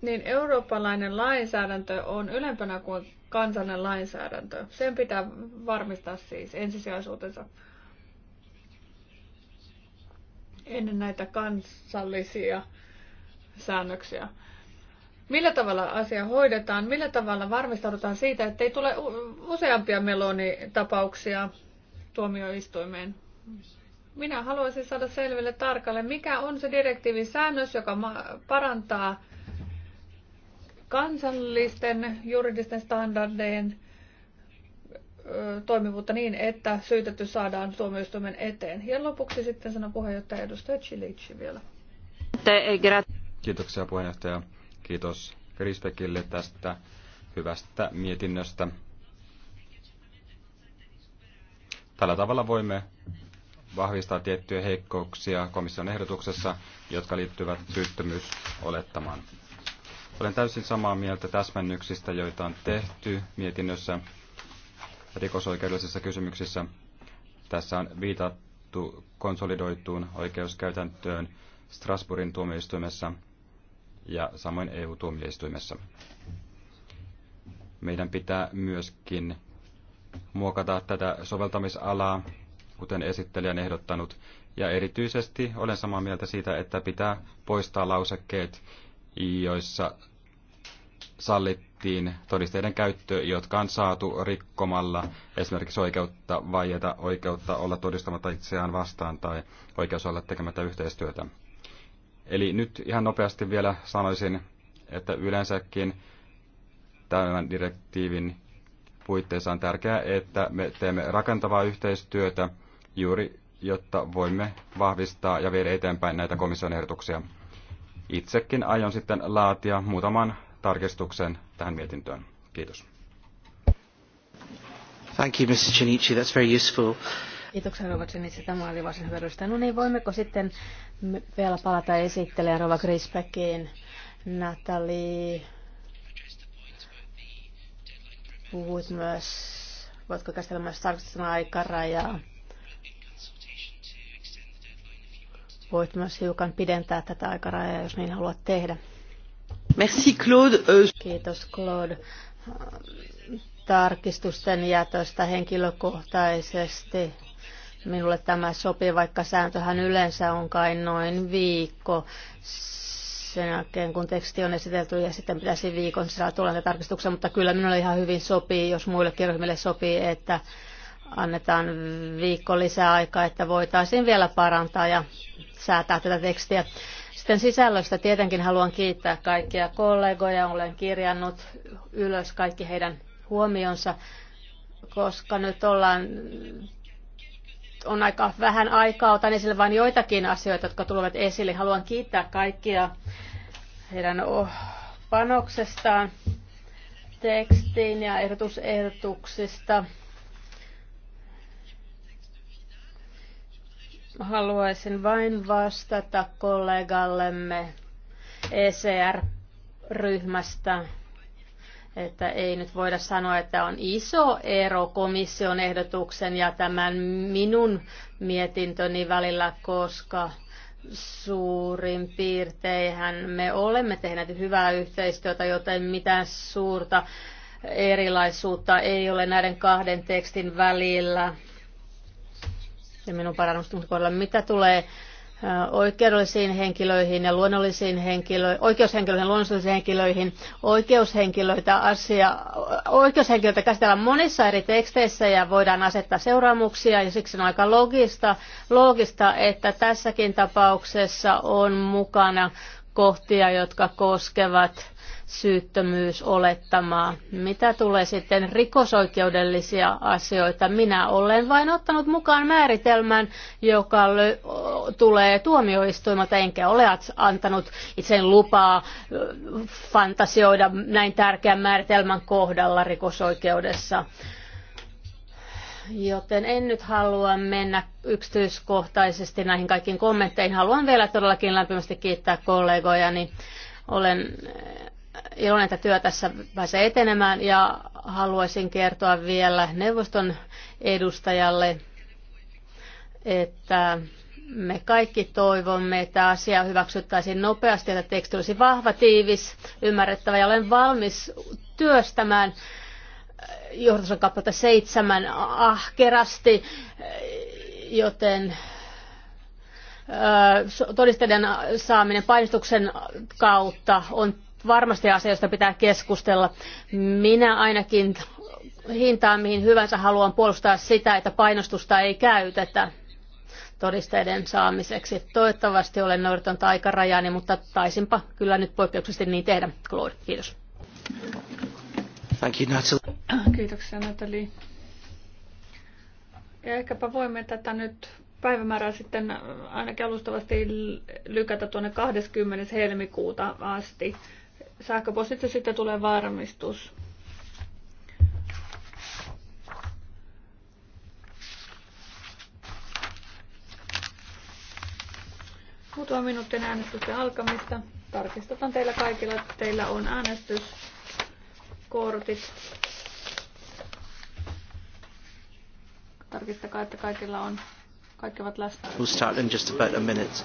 niin eurooppalainen lainsäädäntö on ylempänä kuin kansallinen lainsäädäntö. Sen pitää varmistaa siis ensisijaisuutensa ennen näitä kansallisia säännöksiä. Millä tavalla asia hoidetaan, millä tavalla varmistaudutaan siitä, että ei tule useampia melonitapauksia tuomioistuimeen. Minä haluaisin saada selville tarkalleen, mikä on se direktiivin säännös, joka parantaa kansallisten juridisten standardeiden toimivuutta niin, että syytetty saadaan tuomioistuimen eteen. Ja lopuksi sitten sanoo puheenjohtaja edustaja Chilici vielä. Kiitoksia puheenjohtaja. Kiitos Krispekille tästä hyvästä mietinnöstä. Tällä tavalla voimme vahvistaa tiettyjä heikkouksia komission ehdotuksessa, jotka liittyvät syyttömyysolettamaan. Olen täysin samaa mieltä täsmennyksistä, joita on tehty mietinnössä rikosoikeudellisissa kysymyksissä. Tässä on viitattu konsolidoituun oikeuskäytäntöön Strasbourgin tuomioistuimessa ja samoin EU-tuomioistuimessa. Meidän pitää myöskin muokata tätä soveltamisalaa, kuten esittelijä ehdottanut, ja erityisesti olen samaa mieltä siitä, että pitää poistaa lausekkeet, joissa sallittiin todisteiden käyttö, jotka on saatu rikkomalla esimerkiksi oikeutta vaieta, oikeutta olla todistamatta itseään vastaan tai oikeus olla tekemättä yhteistyötä. Eli nyt ihan nopeasti vielä sanoisin, että yleensäkin tämän direktiivin puitteissa on tärkeää, että me teemme rakentavaa yhteistyötä juuri, jotta voimme vahvistaa ja viedä eteenpäin näitä komission ehdotuksia. Itsekin aion sitten laatia muutaman tarkistuksen tähän mietintöön. Kiitos. Thank you, Mr. Chinichi. That's very useful. Kiitoksia Rova Chinichi. Tämä oli varsin hyödyllistä. No niin, voimmeko sitten vielä palata esittelemään Rova Grisbeckiin. Natalie? Puhuit myös, voitko käsitellä myös tarkistuksen aikarajaa? Voit myös hiukan pidentää tätä aikarajaa, jos niin haluat tehdä. Merci Claude. Euh, Kiitos Claude tarkistusten jätöstä henkilökohtaisesti. Minulle tämä sopii, vaikka sääntöhän yleensä on kai noin viikko sen jälkeen, kun teksti on esitelty ja sitten pitäisi viikon sisällä tulla näitä tarkistuksia, mutta kyllä minulle ihan hyvin sopii, jos muille kirjoimille sopii, että annetaan viikko lisää aikaa, että voitaisiin vielä parantaa ja säätää tätä tekstiä. Sitten sisällöstä tietenkin haluan kiittää kaikkia kollegoja. Olen kirjannut ylös kaikki heidän huomionsa, koska nyt ollaan on aika vähän aikaa. Otan esille vain joitakin asioita, jotka tulevat esille. Haluan kiittää kaikkia heidän oh, panoksestaan tekstiin ja ehdotusehdotuksista. Haluaisin vain vastata kollegallemme ECR-ryhmästä, että ei nyt voida sanoa, että on iso ero komission ehdotuksen ja tämän minun mietintöni välillä, koska suurin piirteihän me olemme tehneet hyvää yhteistyötä, joten mitään suurta erilaisuutta ei ole näiden kahden tekstin välillä se minun parannusten kohdalla, mitä tulee oikeudellisiin henkilöihin ja luonnollisiin henkilöihin, oikeushenkilöihin ja luonnollisiin henkilöihin. Oikeushenkilöitä, asia, oikeushenkilöitä käsitellään monissa eri teksteissä ja voidaan asettaa seuraamuksia ja siksi on aika logista, logista että tässäkin tapauksessa on mukana kohtia, jotka koskevat syyttömyysolettamaa. Mitä tulee sitten rikosoikeudellisia asioita, minä olen vain ottanut mukaan määritelmän, joka tulee tuomioistuimelta, enkä ole antanut itse lupaa fantasioida näin tärkeän määritelmän kohdalla rikosoikeudessa. Joten en nyt halua mennä yksityiskohtaisesti näihin kaikkiin kommentteihin. Haluan vielä todellakin lämpimästi kiittää kollegojani olen iloinen, että työ tässä pääsee etenemään ja haluaisin kertoa vielä neuvoston edustajalle, että me kaikki toivomme, että asia hyväksyttäisiin nopeasti, että teksti olisi vahva, tiivis, ymmärrettävä ja olen valmis työstämään johdossa kappaletta seitsemän ahkerasti, joten todisteiden saaminen painostuksen kautta on varmasti asioista pitää keskustella. Minä ainakin hintaan mihin hyvänsä haluan puolustaa sitä, että painostusta ei käytetä todisteiden saamiseksi. Toivottavasti olen noudattanut aikarajani, mutta taisinpa kyllä nyt poikkeuksellisesti niin tehdä. Claude, kiitos. Thank you, Natalie. Kiitoksia Natalie. Ja ehkäpä voimme tätä nyt päivämäärää sitten ainakin alustavasti lykätä tuonne 20. helmikuuta asti sähköpostitse sitten tulee varmistus. Muutama minuutin äänestysten alkamista. Tarkistetaan teillä kaikilla, että teillä on äänestyskortit. Tarkistakaa, että kaikilla on kaikki ovat läsnä. We'll start in just about a minute.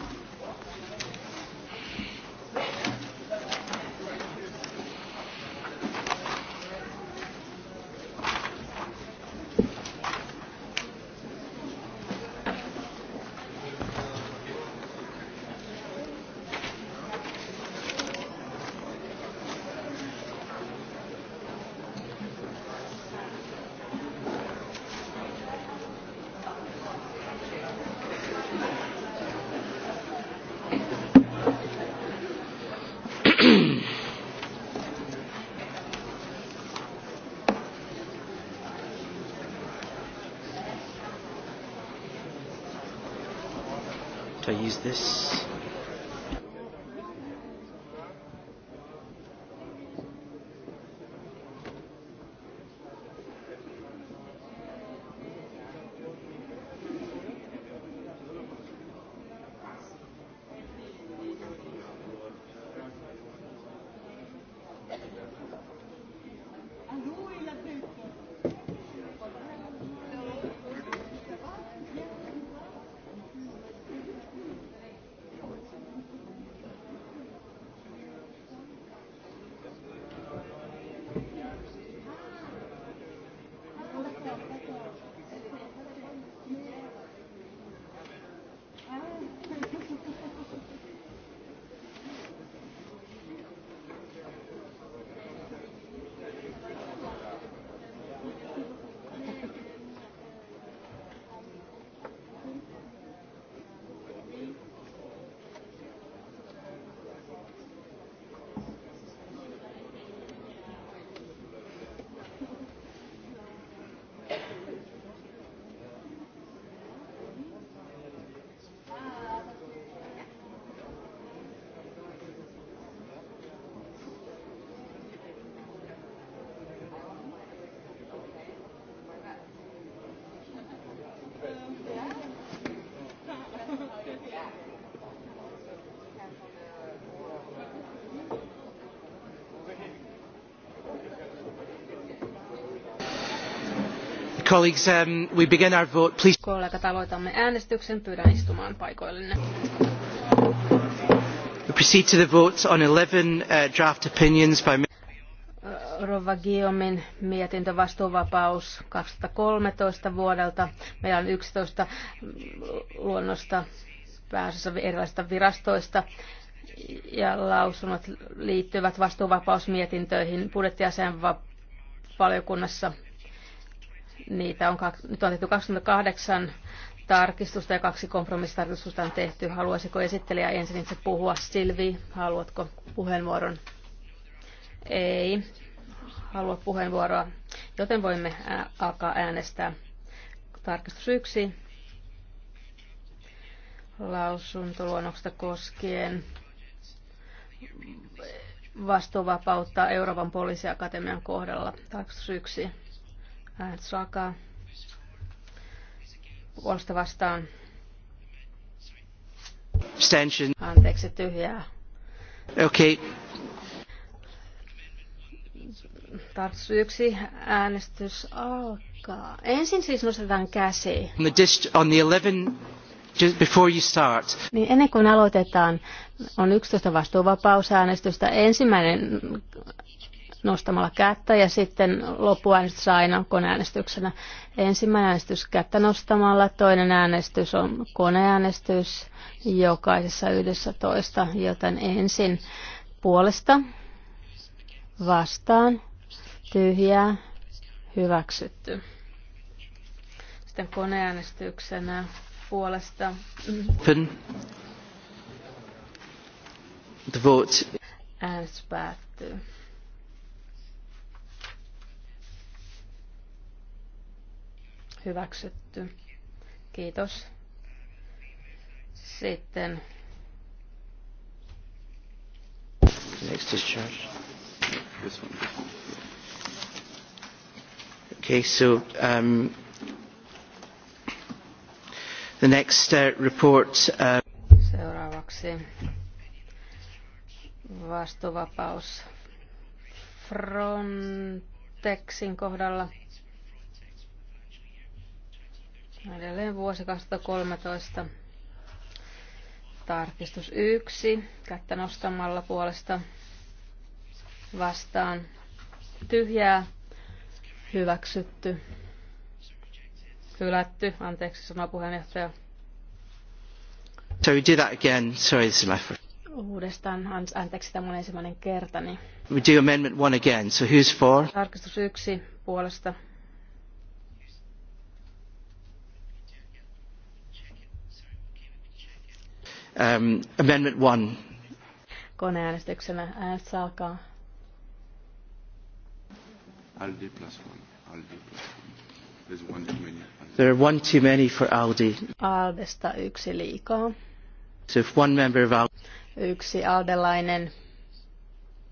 use this. Colleagues, um, we begin our vote, please. Kollegat, aloitamme äänestyksen. Pyydän istumaan paikoillenne. We proceed to the vote on 11 uh, draft opinions by... Uh, Rova Giomin mietintö vastuuvapaus 2013 vuodelta. Meillä on 11 mm, luonnosta pääasiassa erilaisista virastoista ja lausunnot liittyvät vastuuvapausmietintöihin budjettiasian valiokunnassa Niitä on, nyt on tehty 28 tarkistusta ja kaksi kompromissitarkistusta on tehty. Haluaisiko esittelijä ensin itse puhua? Silvi, haluatko puheenvuoron? Ei halua puheenvuoroa, joten voimme alkaa äänestää. Tarkistus 1. Lausuntoluonnoksesta koskien vastuuvapautta Euroopan poliisiakatemian kohdalla. Tarkistus 1. Äänestys Puolesta vastaan. Abstention. Anteeksi, tyhjää. Okei. Okay. Tarkistus yksi. Äänestys alkaa. Ensin siis nostetaan käsi. On the, on the 11 Just before you start. Niin ennen kuin aloitetaan, on 11 vastuuvapausäänestystä. Ensimmäinen nostamalla kättä ja sitten loppuäänestys aina koneäänestyksenä. Ensimmäinen äänestys kättä nostamalla, toinen äänestys on koneäänestys jokaisessa yhdessä toista, joten ensin puolesta vastaan tyhjää hyväksytty. Sitten koneäänestyksenä puolesta. Pyn. The vote. Äänestys päättyy. Hyväksytty. Kiitos. Sitten. Next is charge. This one. Okay, so um, the next uh, report. Uh, Seuraavaksi vastuvapaus Frontexin kohdalla Edelleen vuosi 2013. Tarkistus 1. Kättä nostamalla puolesta vastaan. Tyhjää. Hyväksytty. Hylätty. Anteeksi, sanoo puheenjohtaja. So we do that again. Sorry, this is my first. Uudestaan, anteeksi, tämä on ensimmäinen kerta. We do amendment one again. So who's for? Tarkistus yksi puolesta um, Amendment 1. äänestys alkaa. Aldi plus one. Aldi plus one. There's one too many. There are one too many for Aldi. Aldesta yksi liikaa. So if one member of Aldi... Yksi aldelainen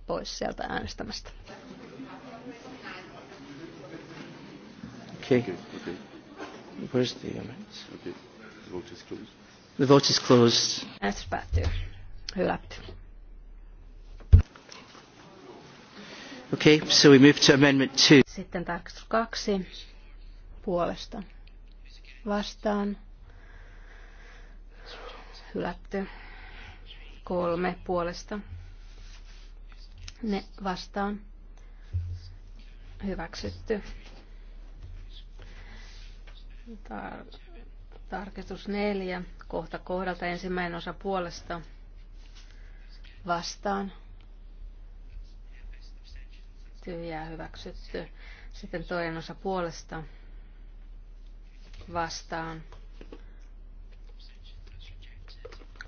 pois sieltä äänestämästä. Okay. okay. okay. Where's the amendments? Okay. The vote is closed. The vote is closed. Äänestys päättyy. Hylätty. Okay, so we move to amendment two. Sitten tarkistus kaksi puolesta. Vastaan. Hylätty. Kolme puolesta. Ne vastaan. Hyväksytty. Tar- Tarkistus neljä, kohta kohdalta ensimmäinen osa puolesta vastaan. Tyhjää hyväksytty. Sitten toinen osa puolesta vastaan.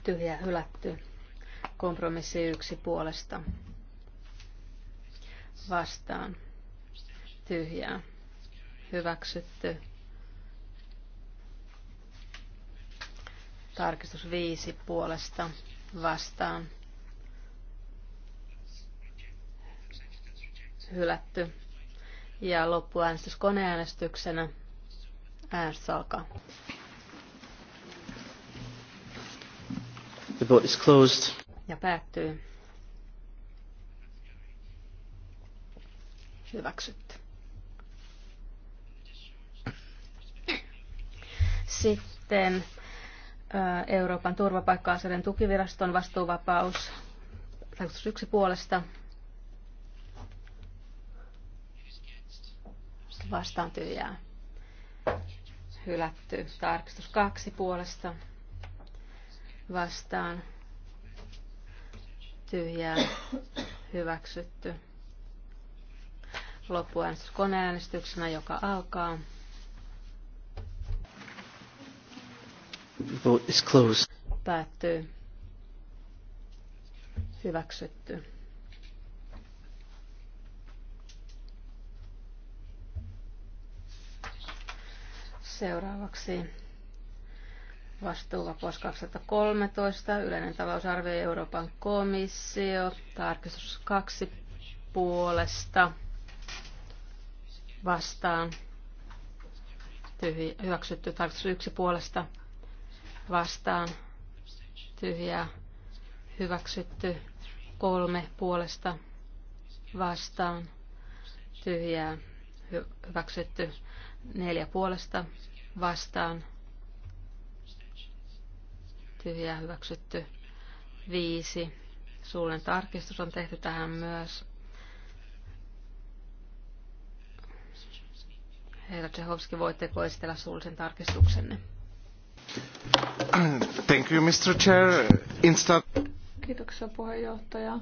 Tyhjää hylätty. Kompromissi yksi puolesta vastaan. Tyhjää hyväksytty Tarkistus 5 puolesta vastaan. Hylätty. Ja loppuäänestys koneäänestyksenä. Äänestys alkaa. The vote is closed. Ja päättyy. Hyväksytty. Sitten Äh, Euroopan turvapaikka-asioiden tukiviraston vastuuvapaus. Tarkoitus yksi puolesta. Vastaan tyhjää. Hylätty. Tarkistus kaksi puolesta. Vastaan tyhjää. Hyväksytty. Loppuäänestys koneäänestyksenä, joka alkaa. Vote is closed. Päättyy. Hyväksytty. Seuraavaksi vastuuvapaus 2013, yleinen talousarvio Euroopan komissio, tarkistus kaksi puolesta vastaan, tyhjä, hyväksytty tarkistus yksi puolesta vastaan tyhjää hyväksytty kolme puolesta vastaan tyhjää hyväksytty neljä puolesta vastaan tyhjää hyväksytty viisi suullinen tarkistus on tehty tähän myös Herra Tsehovski, voitteko esitellä suullisen tarkistuksenne? Thank you, Mr. Chair. Insta... Kiitoksia puheenjohtaja.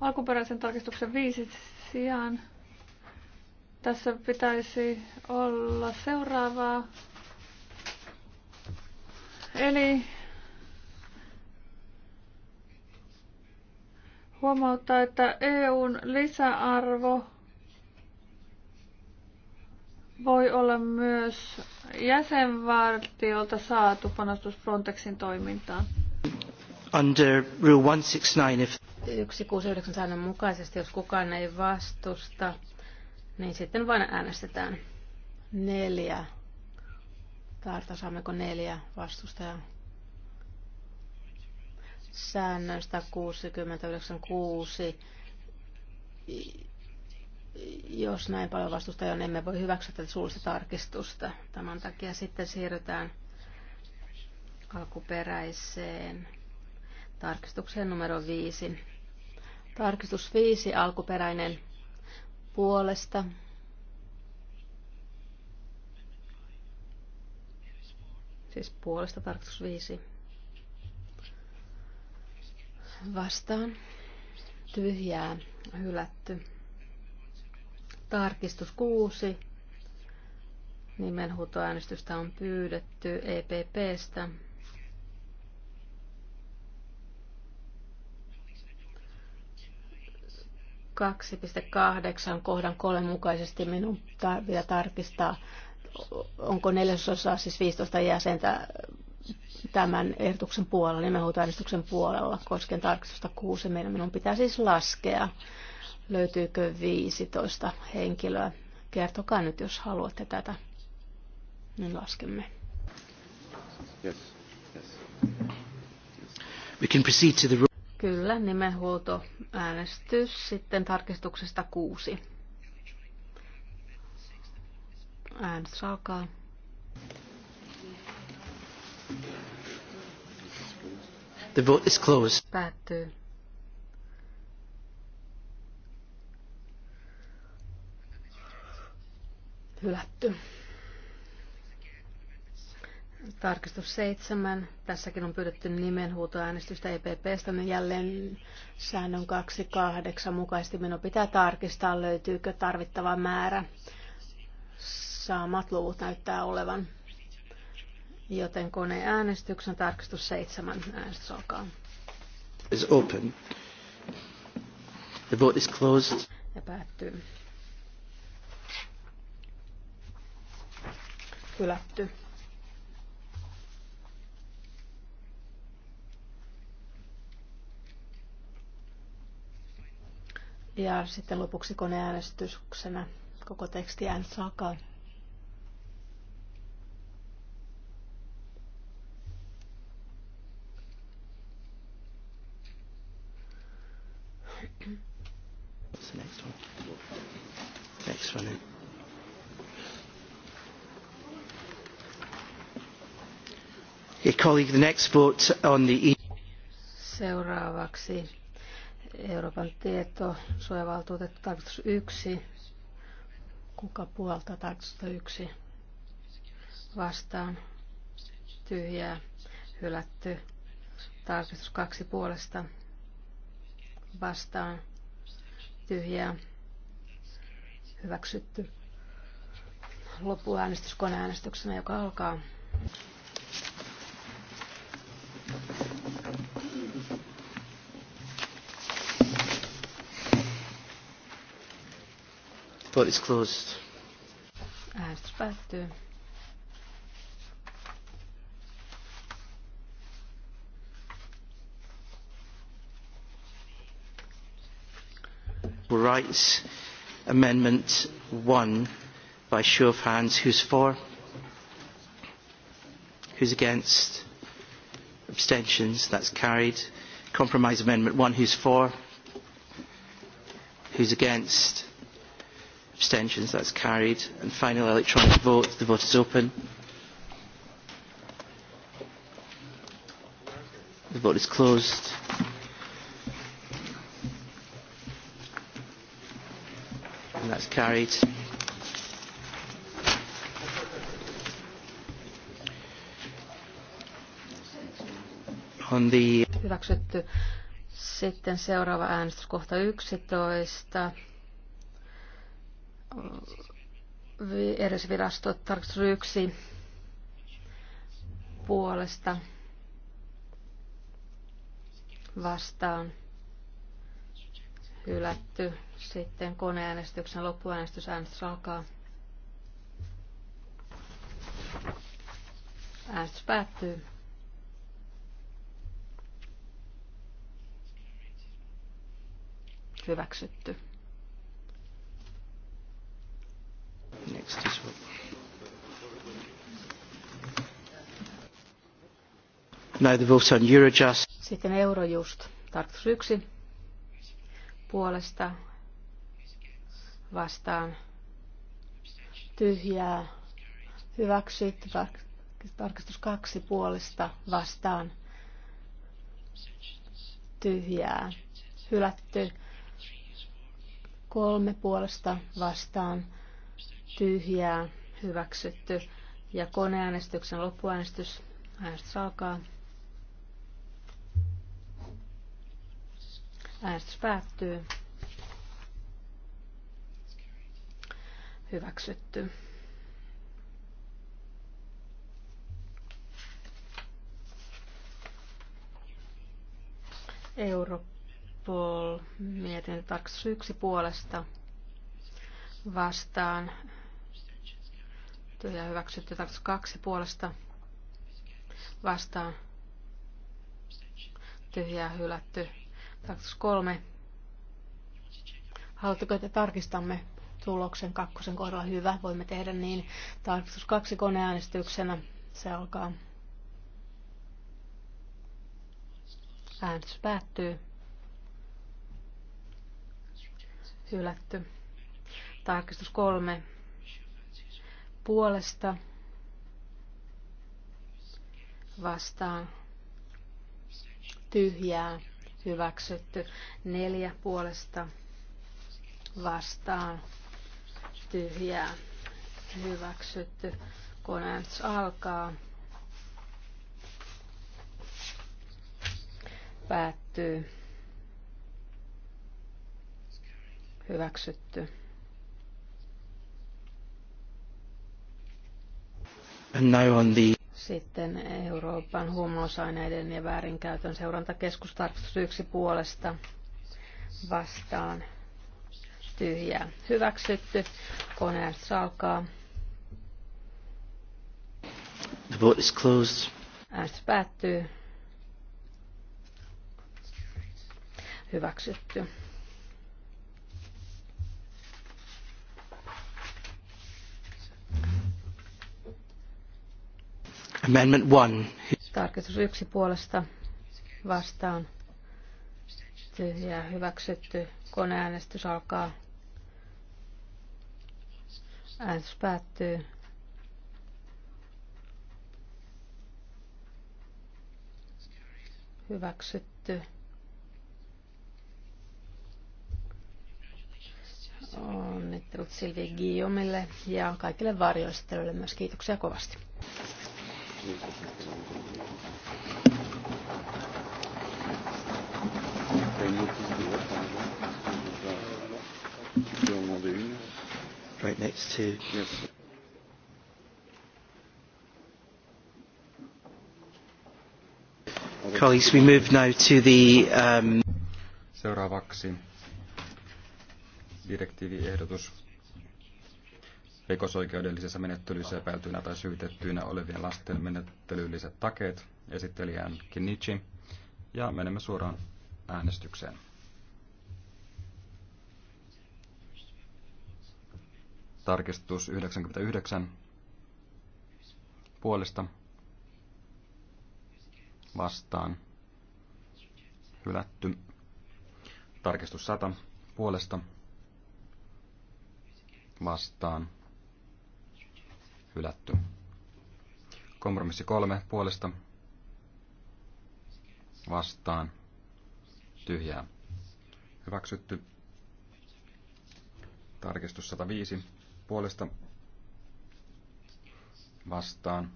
Alkuperäisen tarkistuksen viisi sijaan tässä pitäisi olla seuraavaa. Eli huomauttaa, että EUn lisäarvo voi olla myös jäsenvaltiolta saatu panostus Frontexin toimintaan? Under Rule 169, if... 169 säännön mukaisesti, jos kukaan ei vastusta, niin sitten vain äänestetään neljä. Tarta, saammeko neljä vastustajaa? säännöstä 696 jos näin paljon vastusta on, emme voi hyväksyä tätä suullista tarkistusta. Tämän takia sitten siirrytään alkuperäiseen tarkistukseen numero 5. Tarkistus 5, alkuperäinen puolesta. Siis puolesta tarkistus 5. Vastaan. Tyhjää, hylätty. Tarkistus 6. Nimenhuutoäänestystä on pyydetty EPPstä. kahdeksan kohdan 3 mukaisesti minun pitää tarkistaa, onko neljäsosa, siis 15 jäsentä tämän ehdotuksen puolella, nimenhuutoäänestyksen puolella, koskien tarkistusta 6. Meidän minun pitää siis laskea Löytyykö 15 henkilöä? Kertokaa nyt, jos haluatte tätä. Niin laskemme. Yes. Yes. We can proceed to the... Kyllä, nimenhuolto äänestys sitten tarkistuksesta kuusi. Äänet alkaa. The vote is closed. Päättyy. hylätty. Tarkistus seitsemän. Tässäkin on pyydetty nimenhuutoäänestystä EPPstä, niin jälleen säännön 28 mukaisesti minun pitää tarkistaa, löytyykö tarvittava määrä. Saamat luvut näyttää olevan. Joten äänestyksen tarkistus seitsemän äänestys alkaa. Is open. The vote is closed. Ja päättyy. hylätty. Ja sitten lopuksi koneäänestyksenä koko teksti äänestys Next one. Next one. Colleague, the next vote on the... E- Seuraavaksi Euroopan tietosuojavaltuutettu tarkistus 1. Kuka puolta tarkistusta 1? Vastaan. Tyhjää. Hylätty. Tarkistus 2 puolesta. Vastaan. Tyhjää. Hyväksytty. Loppuäänestys koneäänestyksenä, joka alkaa. Vote is closed. Äänestys Rights Amendment 1 by show of hands. Who's for? Who's against? abstentions that's carried compromise amendment one who's for who's against abstentions that's carried and final electronic vote the vote is open the vote is closed and that's carried on the... Hyväksytty. Sitten seuraava äänestys kohta 11. Erisvirasto tarkastus 1 puolesta vastaan hylätty. Sitten koneäänestyksen loppuäänestys äänestys alkaa. Äänestys päättyy. hyväksytty. Next is what... on Eurojust. Sitten Eurojust. Tarkoitus yksi. Puolesta vastaan tyhjää hyväksytty. Tarkastus kaksi puolesta vastaan tyhjää hylätty. Kolme puolesta vastaan tyhjää hyväksytty. Ja koneäänestyksen loppuäänestys. Äänestys alkaa. Äänestys päättyy. Hyväksytty. Euro Paul, mietin tarkastus yksi puolesta vastaan. Tyhjä hyväksytty tarkastus kaksi puolesta vastaan. Tyhjää hylätty. Tarkastus kolme. Haluatteko, että tarkistamme tuloksen kakkosen kohdalla? Hyvä, voimme tehdä niin. Tarkastus kaksi koneäänestyksenä. Se alkaa. Äänestys päättyy. hylätty. Tarkistus kolme puolesta vastaan tyhjää hyväksytty. Neljä puolesta vastaan tyhjää hyväksytty. Kun äänestys alkaa, päättyy. Hyväksytty. Sitten Euroopan huumausaineiden ja väärinkäytön seurantakeskus tarkastus yksi puolesta vastaan tyhjää. Hyväksytty. Koneäänestys alkaa. The vote is closed. Äänestys päättyy. Hyväksytty. Amendment one. Tarkistus yksi puolesta vastaan. Tyhjää hyväksytty. Koneäänestys alkaa. Äänestys päättyy. Hyväksytty. Onnittelut Silvi Guillaumille ja kaikille varjoistelijoille myös. Kiitoksia kovasti. Right next to. Yes. Colleagues, we move now to the. Um... Seuraavaksi direktiiviehdotus rikosoikeudellisessa menettelyssä epäiltyinä tai syytettyinä olevien lasten menettelylliset takeet, esittelijän Kinichi, ja menemme suoraan äänestykseen. Tarkistus 99 puolesta vastaan hylätty. Tarkistus 100 puolesta vastaan hylätty. Kompromissi kolme puolesta vastaan tyhjää hyväksytty. Tarkistus 105 puolesta vastaan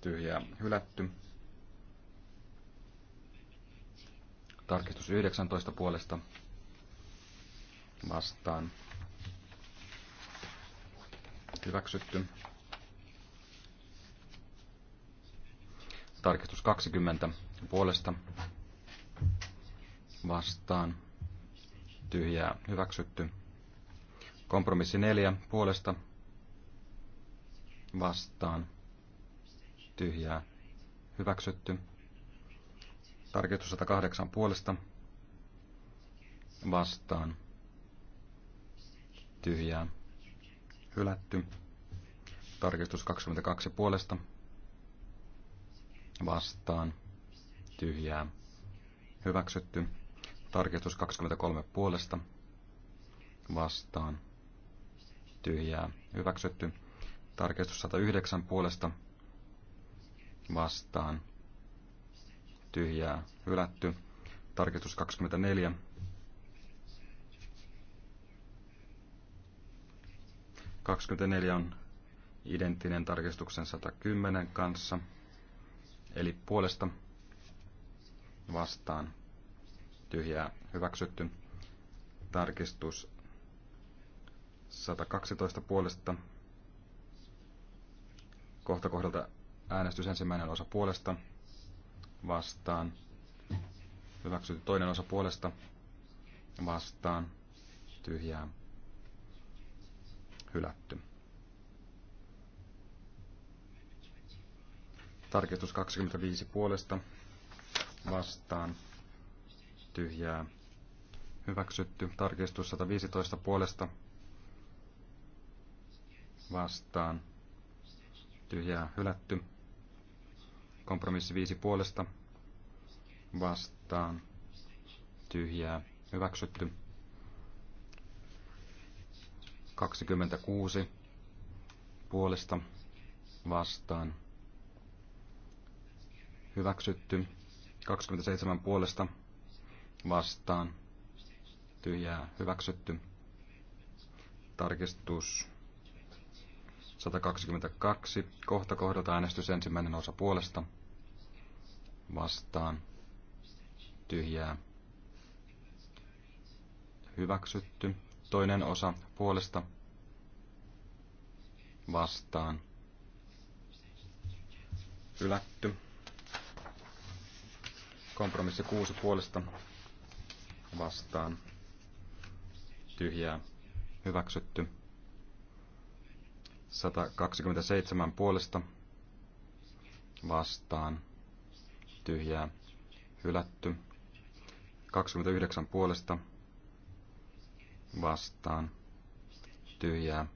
tyhjää hylätty. Tarkistus 19 puolesta vastaan hyväksytty. Tarkistus 20 puolesta vastaan tyhjää hyväksytty. Kompromissi 4 puolesta vastaan tyhjää hyväksytty. Tarkistus 108 puolesta vastaan tyhjää hylätty. Tarkistus 22 puolesta vastaan tyhjää hyväksytty. Tarkistus 23 puolesta vastaan tyhjää hyväksytty. Tarkistus 109 puolesta vastaan tyhjää hylätty. Tarkistus 24 24 on identtinen tarkistuksen 110 kanssa. Eli puolesta vastaan tyhjää hyväksytty. Tarkistus 112 puolesta. Kohta kohdalta äänestys ensimmäinen osa puolesta vastaan. Hyväksytty toinen osa puolesta vastaan. Tyhjää hylätty. Tarkistus 25 puolesta vastaan tyhjää hyväksytty. Tarkistus 115 puolesta vastaan tyhjää hylätty. Kompromissi 5 puolesta vastaan tyhjää hyväksytty. 26 puolesta vastaan hyväksytty. 27 puolesta vastaan tyhjää hyväksytty. Tarkistus 122. Kohta kohdata äänestys ensimmäinen osa puolesta vastaan tyhjää hyväksytty. Toinen osa puolesta vastaan hylätty. Kompromissi kuusi puolesta vastaan. Tyhjää hyväksytty. 127 puolesta vastaan. Tyhjää hylätty. 29 puolesta vastaan. Tyhjää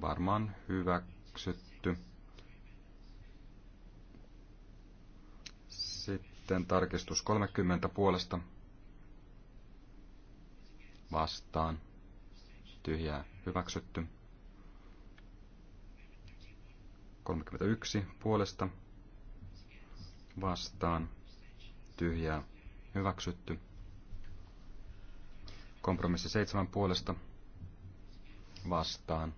varmaan hyväksytty. Sitten tarkistus 30 puolesta vastaan. Tyhjää hyväksytty. 31 puolesta vastaan. Tyhjää hyväksytty. Kompromissi 7 puolesta vastaan.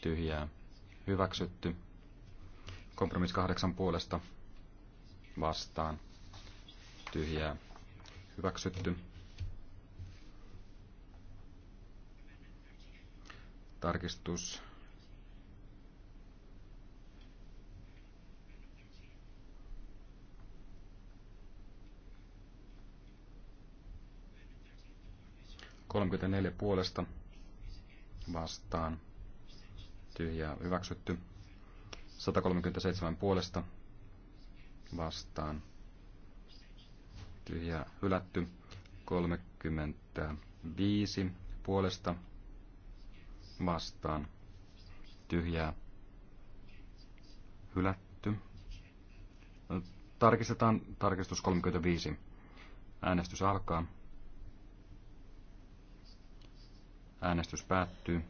Tyhjää hyväksytty. Kompromissi 8 puolesta vastaan vastaan tyhjää hyväksytty. Tarkistus Kolmekymmentäneljä puolesta vastaan tyhjää hyväksytty. 137 puolesta vastaan tyhjää hylätty 35 puolesta vastaan tyhjää hylätty. Tarkistetaan tarkistus 35. Äänestys alkaa. Äänestys päättyy.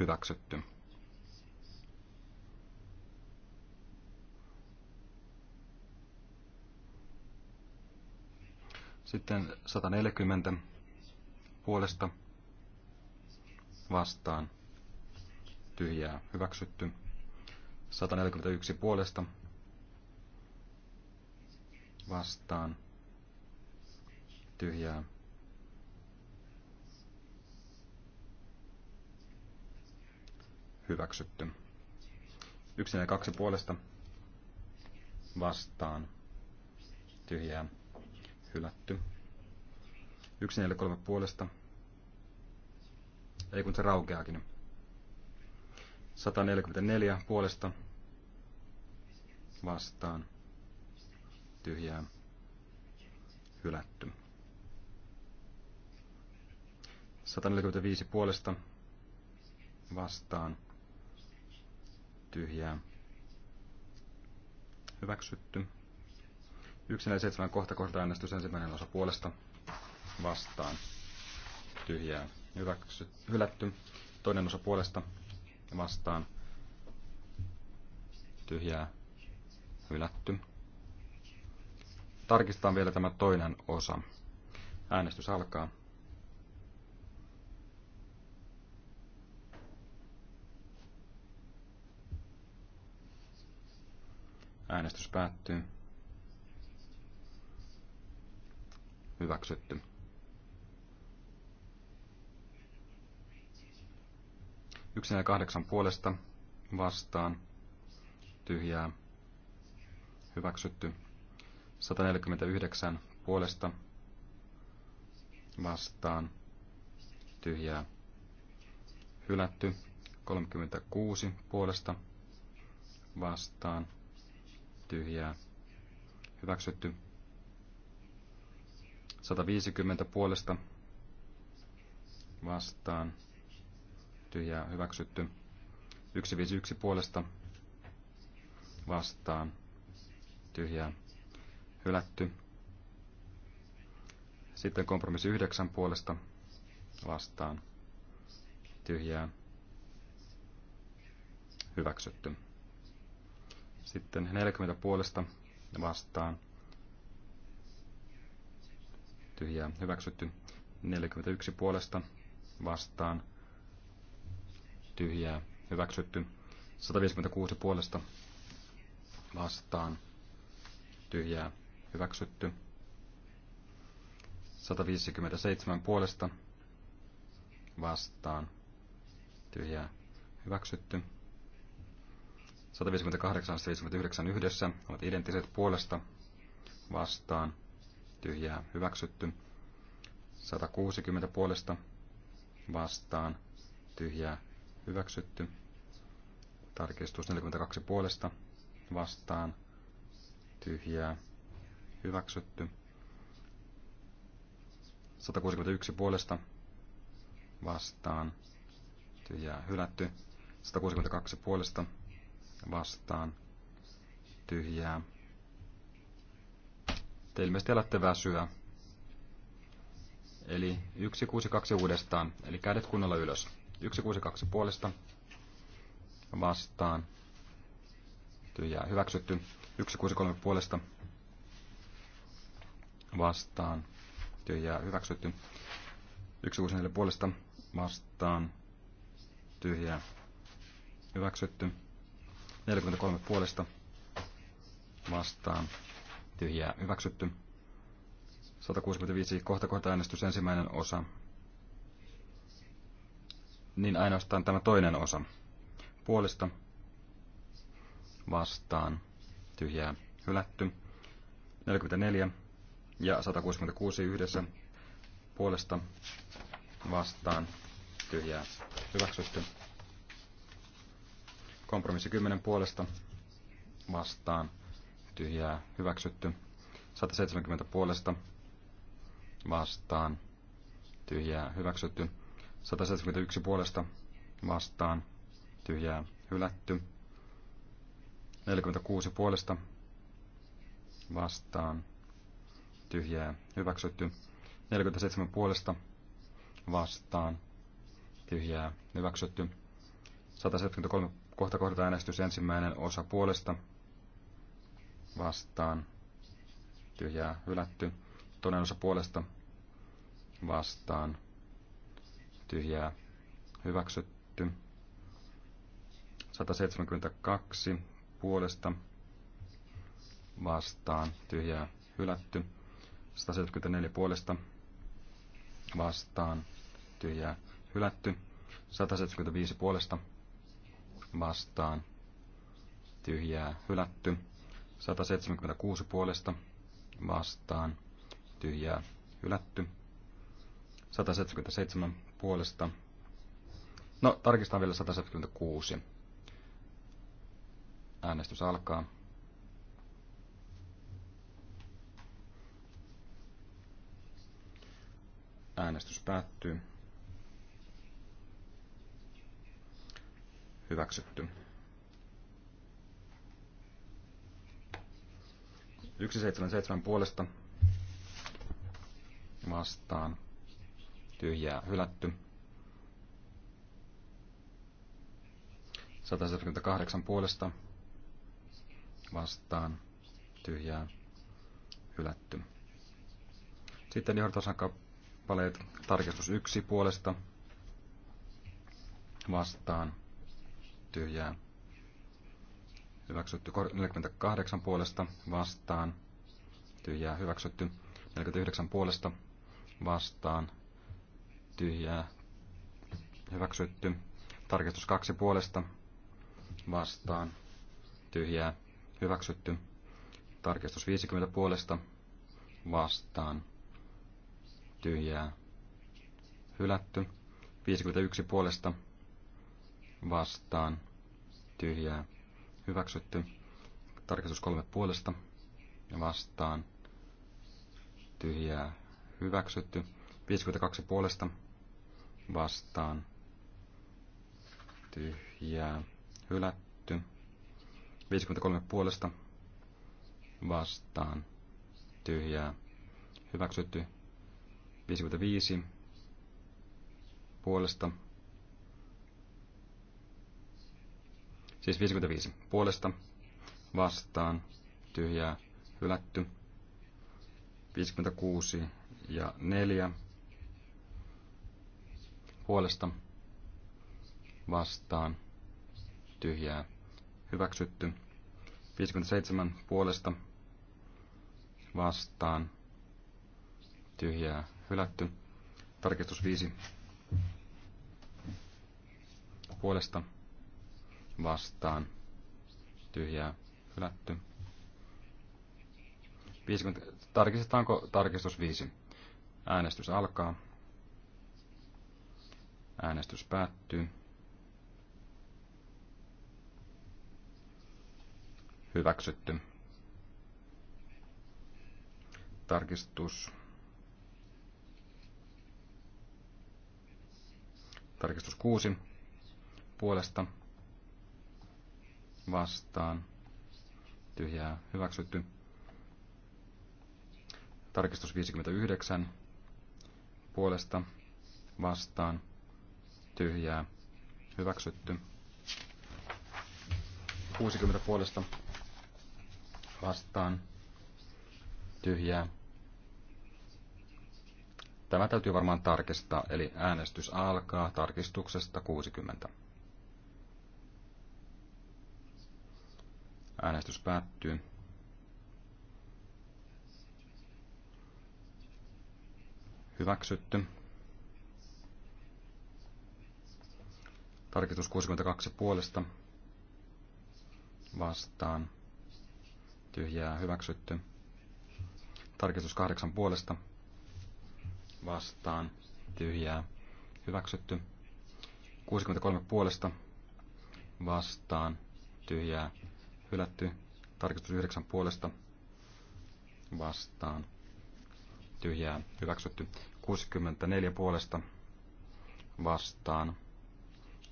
Hyväksytty. Sitten 140 puolesta vastaan tyhjää hyväksytty. 141 puolesta vastaan tyhjää hyväksytty. Yksin ja kaksi puolesta vastaan tyhjää hylätty. 143 puolesta. Ei kun se raukeakin. 144 puolesta vastaan tyhjää hylätty. 145 puolesta vastaan tyhjää hyväksytty. 147 kohta kohta äänestys ensimmäinen osa puolesta vastaan. Tyhjää hyväksy, hylätty. Toinen osa puolesta vastaan. Tyhjää hylätty. Tarkistetaan vielä tämä toinen osa. Äänestys alkaa. Äänestys päättyy. hyväksytty. Yksi ja kahdeksan puolesta vastaan tyhjää hyväksytty. 149 puolesta vastaan tyhjää hylätty. 36 puolesta vastaan tyhjää hyväksytty. 150 puolesta vastaan tyhjää hyväksytty. 151 puolesta vastaan tyhjää hylätty. Sitten kompromissi 9 puolesta vastaan tyhjää hyväksytty. Sitten 40 puolesta vastaan tyhjää hyväksytty. 41 puolesta vastaan tyhjää hyväksytty. 156 puolesta vastaan tyhjää hyväksytty. 157 puolesta vastaan tyhjää hyväksytty. 158 ja 159 yhdessä ovat identtiset puolesta vastaan tyhjää hyväksytty. 160 puolesta vastaan tyhjää hyväksytty. Tarkistus 42 puolesta vastaan tyhjää hyväksytty. 161 puolesta vastaan tyhjää hylätty. 162 puolesta vastaan tyhjää te ilmeisesti alatte väsyä. Eli 162 uudestaan, eli kädet kunnolla ylös. 162 puolesta vastaan. Tyhjää hyväksytty. 163 puolesta vastaan. Tyhjää hyväksytty. 164 puolesta vastaan. Tyhjää hyväksytty. 43 puolesta vastaan tyhjää hyväksytty. 165 kohta kohta äänestys ensimmäinen osa. Niin ainoastaan tämä toinen osa. Puolesta vastaan tyhjää hylätty. 44 ja 166 yhdessä puolesta vastaan tyhjää hyväksytty. Kompromissi 10 puolesta vastaan tyhjää hyväksytty. 170 puolesta vastaan tyhjää hyväksytty. 171 puolesta vastaan tyhjää hylätty. 46 puolesta vastaan tyhjää hyväksytty. 47 puolesta vastaan tyhjää hyväksytty. 173 kohta kohdata äänestys ensimmäinen osa puolesta vastaan, tyhjää hylätty. Toinen osa puolesta vastaan, tyhjää hyväksytty. 172 puolesta vastaan, tyhjää hylätty. 174 puolesta vastaan, tyhjää hylätty. 175 puolesta vastaan, tyhjää hylätty. 176 puolesta vastaan tyhjää hylätty. 177 puolesta. No, tarkistan vielä 176. Äänestys alkaa. Äänestys päättyy. Hyväksytty. 177 puolesta vastaan tyhjää hylätty. 178 puolesta vastaan tyhjää hylätty. Sitten johdotosan kappaleet tarkistus 1 puolesta vastaan tyhjää hyväksytty 48 puolesta vastaan, tyhjää hyväksytty 49 puolesta vastaan, tyhjää hyväksytty, tarkistus 2 puolesta vastaan, tyhjää hyväksytty, tarkistus 50 puolesta vastaan, tyhjää hylätty, 51 puolesta vastaan, tyhjää hyväksytty. Tarkistus kolme puolesta vastaan tyhjää hyväksytty. 52 puolesta vastaan tyhjää hylätty. 53 puolesta vastaan tyhjää hyväksytty. 55 puolesta Siis 55 puolesta vastaan tyhjää hylätty. 56 ja 4 puolesta vastaan tyhjää hyväksytty. 57 puolesta vastaan tyhjää hylätty. Tarkistus 5 puolesta vastaan vastaan tyhjää hylätty. 50, tarkistetaanko tarkistus 5? Äänestys alkaa. Äänestys päättyy. Hyväksytty. Tarkistus. Tarkistus 6 puolesta vastaan tyhjää hyväksytty. Tarkistus 59 puolesta vastaan tyhjää hyväksytty. 60 puolesta vastaan tyhjää. Tämä täytyy varmaan tarkistaa, eli äänestys alkaa tarkistuksesta 60. Äänestys päättyy. Hyväksytty. Tarkistus 62 puolesta vastaan. Tyhjää hyväksytty. Tarkistus 8 puolesta vastaan. Tyhjää hyväksytty. 63 puolesta vastaan. Tyhjää hylätty. Tarkistus 9 puolesta vastaan tyhjää hyväksytty. 64 puolesta vastaan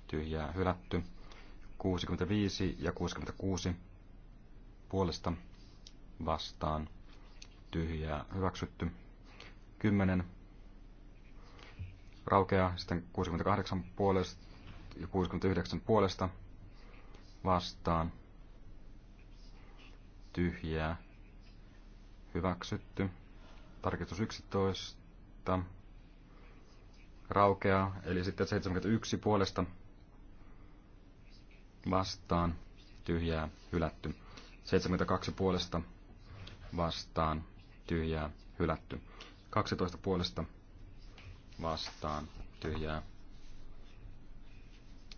tyhjää hylätty. 65 ja 66 puolesta vastaan tyhjää hyväksytty. 10 raukeaa sitten 68 puolesta ja 69 puolesta vastaan tyhjää, hyväksytty. Tarkistus 11 raukeaa, eli sitten 71 puolesta vastaan, tyhjää, hylätty. 72 puolesta vastaan, tyhjää, hylätty. 12 puolesta vastaan, tyhjää,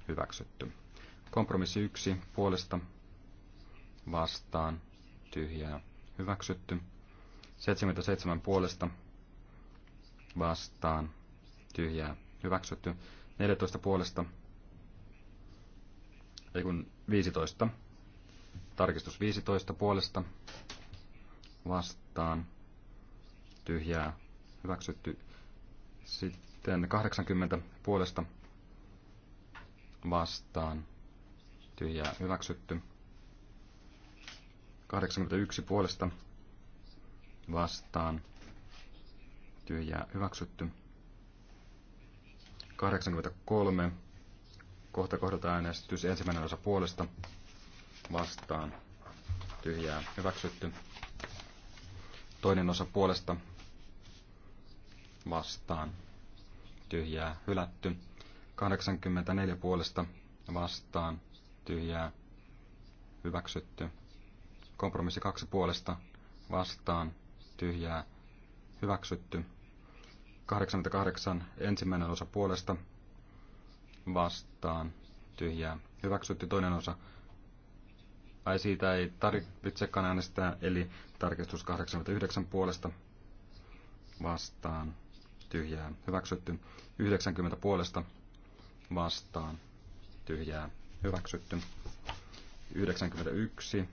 hyväksytty. Kompromissi 1 puolesta vastaan, tyhjää hyväksytty. 77 puolesta vastaan tyhjää hyväksytty. 14 puolesta, ei kun 15, tarkistus 15 puolesta vastaan tyhjää hyväksytty. Sitten 80 puolesta vastaan tyhjää hyväksytty. 81 puolesta vastaan tyhjää hyväksytty. 83 kohta kohdalta äänestys ensimmäinen osa puolesta vastaan tyhjää hyväksytty. Toinen osa puolesta vastaan tyhjää hylätty. 84 puolesta vastaan tyhjää hyväksytty. Kompromissi kaksi puolesta vastaan tyhjää hyväksytty. 88 ensimmäinen osa puolesta vastaan tyhjää hyväksytty toinen osa. Ai siitä ei tarvitsekaan äänestää, eli tarkistus 89 puolesta vastaan tyhjää hyväksytty. 90 puolesta vastaan tyhjää hyväksytty. 91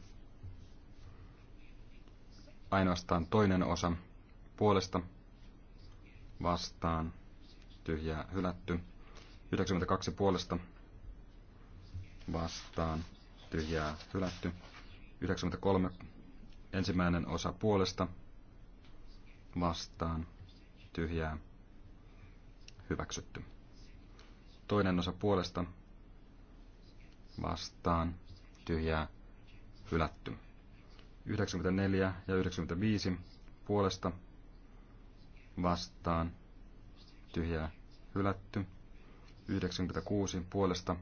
ainoastaan toinen osa puolesta vastaan tyhjää hylätty. 92 puolesta vastaan tyhjää hylätty. 93 ensimmäinen osa puolesta vastaan tyhjää hyväksytty. Toinen osa puolesta vastaan tyhjää hylätty. 94 ja 95 puolesta vastaan tyhjää hylätty. 96 puolesta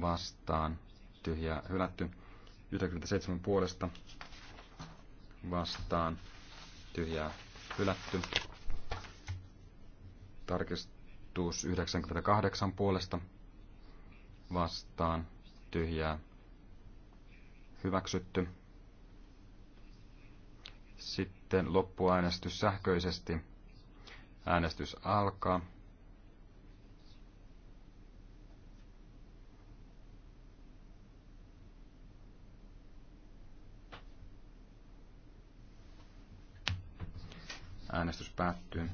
vastaan tyhjää hylätty. 97 puolesta vastaan tyhjää hylätty. Tarkistus 98 puolesta vastaan tyhjää hyväksytty. Sitten loppuäänestys sähköisesti. Äänestys alkaa. Äänestys päättyy.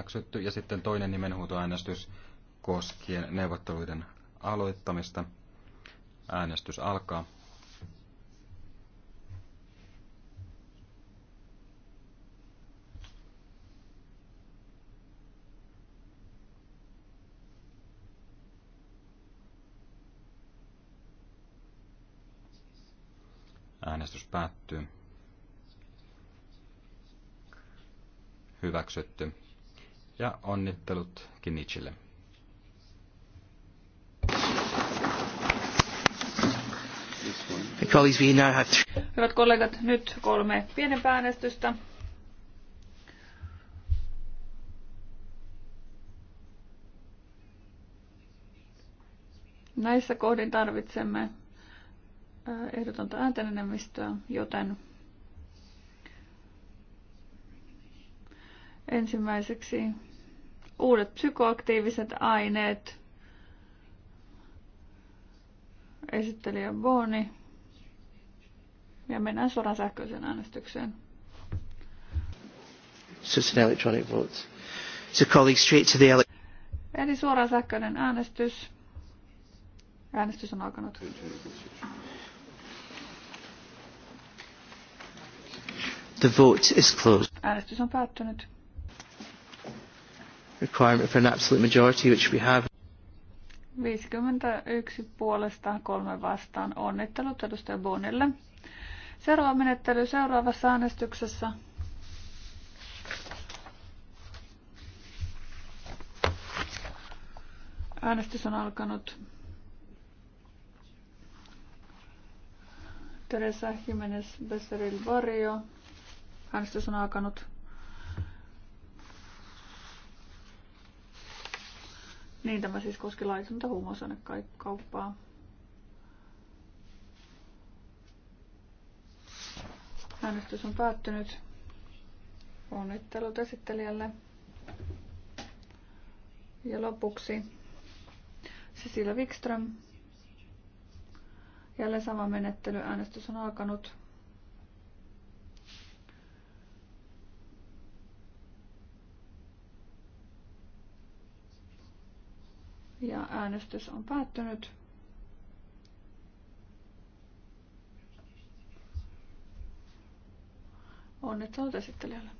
hyväksytty. Ja sitten toinen nimenhuutoäänestys koskien neuvotteluiden aloittamista. Äänestys alkaa. Äänestys päättyy. Hyväksytty. Ja onnittelut Kinichille. Hyvät kollegat, nyt kolme pienempää äänestystä. Näissä kohdin tarvitsemme äh, ehdotonta ääntenenemmistöä, joten ensimmäiseksi uudet psykoaktiiviset aineet, esittelijä Boni. Ja mennään suoraan sähköiseen äänestykseen. Eli suoraan sähköinen äänestys. Äänestys on alkanut. The vote is closed. Äänestys on päättynyt requirement for an absolute majority, which we have. 51 puolesta, kolme vastaan. Onnittelut edustaja Bonille. Seuraava menettely seuraavassa äänestyksessä. Äänestys on alkanut. Teresa Jimenez Becerril Barrio. Äänestys on alkanut. Niin tämä siis koski laitonta huumausainekauppaa. Äänestys on päättynyt. Onnittelut esittelijälle. Ja lopuksi Cecilia Wikström. Jälleen sama menettely. Äänestys on alkanut. Ja äänestys on päättynyt. Onnittelut esittelijälle.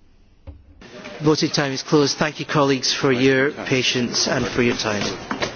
Voting time is closed. Thank you colleagues for your patience and for your time.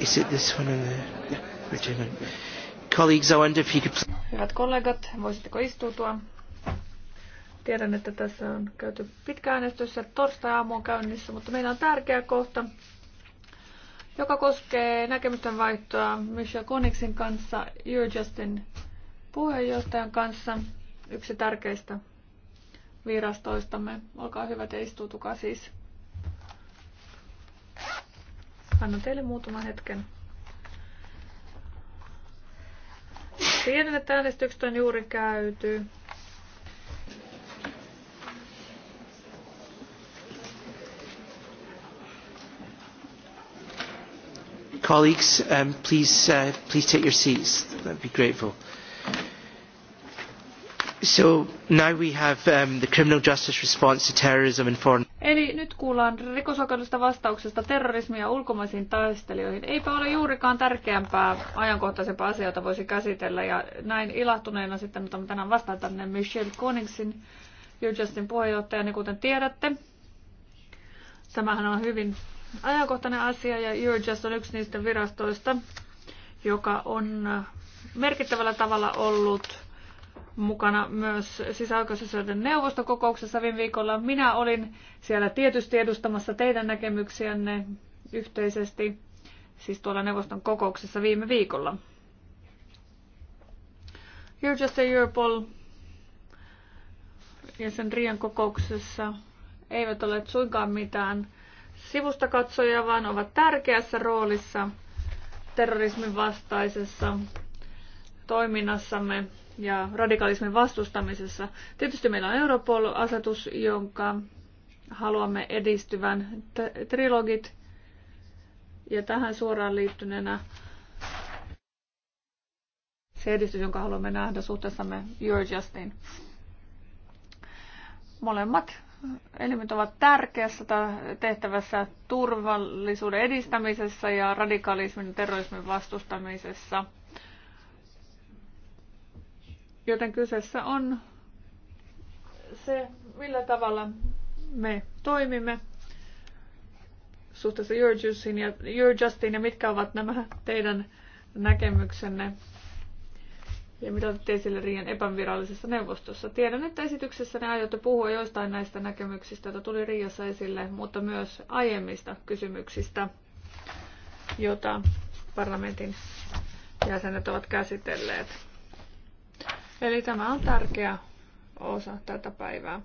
Is it this one in the... Yeah, Colleagues, I wonder if you could... Hyvät kollegat, voisitteko istutua? Tiedän, että tässä on käyty pitkä äänestys ja torstai-aamu on käynnissä, mutta meillä on tärkeä kohta, joka koskee näkemysten vaihtoa Michelle Koniksin kanssa, Justin puheenjohtajan kanssa, yksi tärkeistä virastoistamme. Olkaa hyvät ja istuutukaa siis. Annan teille muutaman hetken. Tiedän, että äänestykset on juuri käyty. Colleagues, um, please, uh, please take your seats. I'd be grateful. So now we have um, the criminal justice response to terrorism and foreign Eli nyt kuullaan rikosoikeudellisesta vastauksesta terrorismia ulkomaisiin taistelijoihin. Eipä ole juurikaan tärkeämpää ajankohtaisempaa asioita voisi käsitellä. Ja näin ilahtuneena sitten otamme tänään vastaan tänne Michelle Koningsin, Justin puheenjohtaja, niin kuten tiedätte. Tämähän on hyvin ajankohtainen asia ja Eurojust on yksi niistä virastoista, joka on merkittävällä tavalla ollut mukana myös sisäoikeusasioiden neuvostokokouksessa viime viikolla. Minä olin siellä tietysti edustamassa teidän näkemyksiänne yhteisesti, siis tuolla neuvoston kokouksessa viime viikolla. just a Europol ja sen Rian kokouksessa eivät ole suinkaan mitään katsoja, vaan ovat tärkeässä roolissa terrorismin vastaisessa toiminnassamme ja radikalismin vastustamisessa. Tietysti meillä on Europol-asetus, jonka haluamme edistyvän trilogit. Ja tähän suoraan liittyneenä se edistys, jonka haluamme nähdä suhteessamme Your Justin. Molemmat elimet ovat tärkeässä tehtävässä turvallisuuden edistämisessä ja radikalismin ja terrorismin vastustamisessa – Joten kyseessä on se, millä tavalla me toimimme suhteessa Your, ja, Eurojustin ja mitkä ovat nämä teidän näkemyksenne ja mitä otitte esille Riian epävirallisessa neuvostossa. Tiedän, että esityksessä ne aiotte puhua joistain näistä näkemyksistä, joita tuli riassa esille, mutta myös aiemmista kysymyksistä, joita parlamentin jäsenet ovat käsitelleet. Eli tämä on tärkeä osa tätä päivää.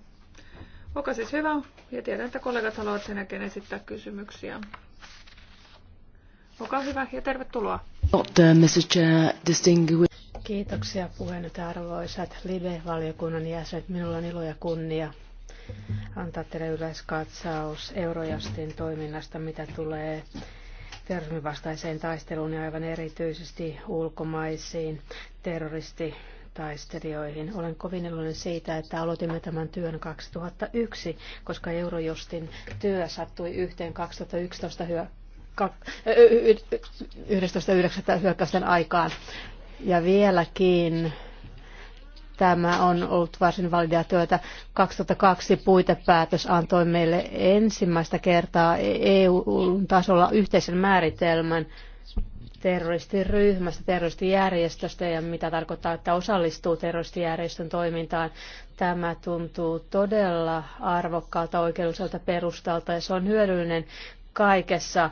Oka siis hyvä ja tiedän, että kollegat haluavat sen jälkeen esittää kysymyksiä. Olkaa hyvä ja tervetuloa. Uh, Kiitoksia puheenjohtaja arvoisat live valiokunnan jäsenet. Minulla on ilo ja kunnia antaa teille yleiskatsaus Eurojastin toiminnasta, mitä tulee terrorismin vastaiseen taisteluun ja aivan erityisesti ulkomaisiin terroristi taistelijoihin. Olen kovin iloinen siitä, että aloitimme tämän työn 2001, koska Eurojustin työ sattui yhteen 2011 hyö, 11.9. hyökkäysten aikaan. Ja vieläkin tämä on ollut varsin validia työtä. 2002 puitepäätös antoi meille ensimmäistä kertaa e-, e-, e-, EU-tasolla yhteisen määritelmän terroristiryhmästä, terroristijärjestöstä ja mitä tarkoittaa, että osallistuu terroristijärjestön toimintaan. Tämä tuntuu todella arvokkaalta oikeudelliselta perustalta ja se on hyödyllinen kaikessa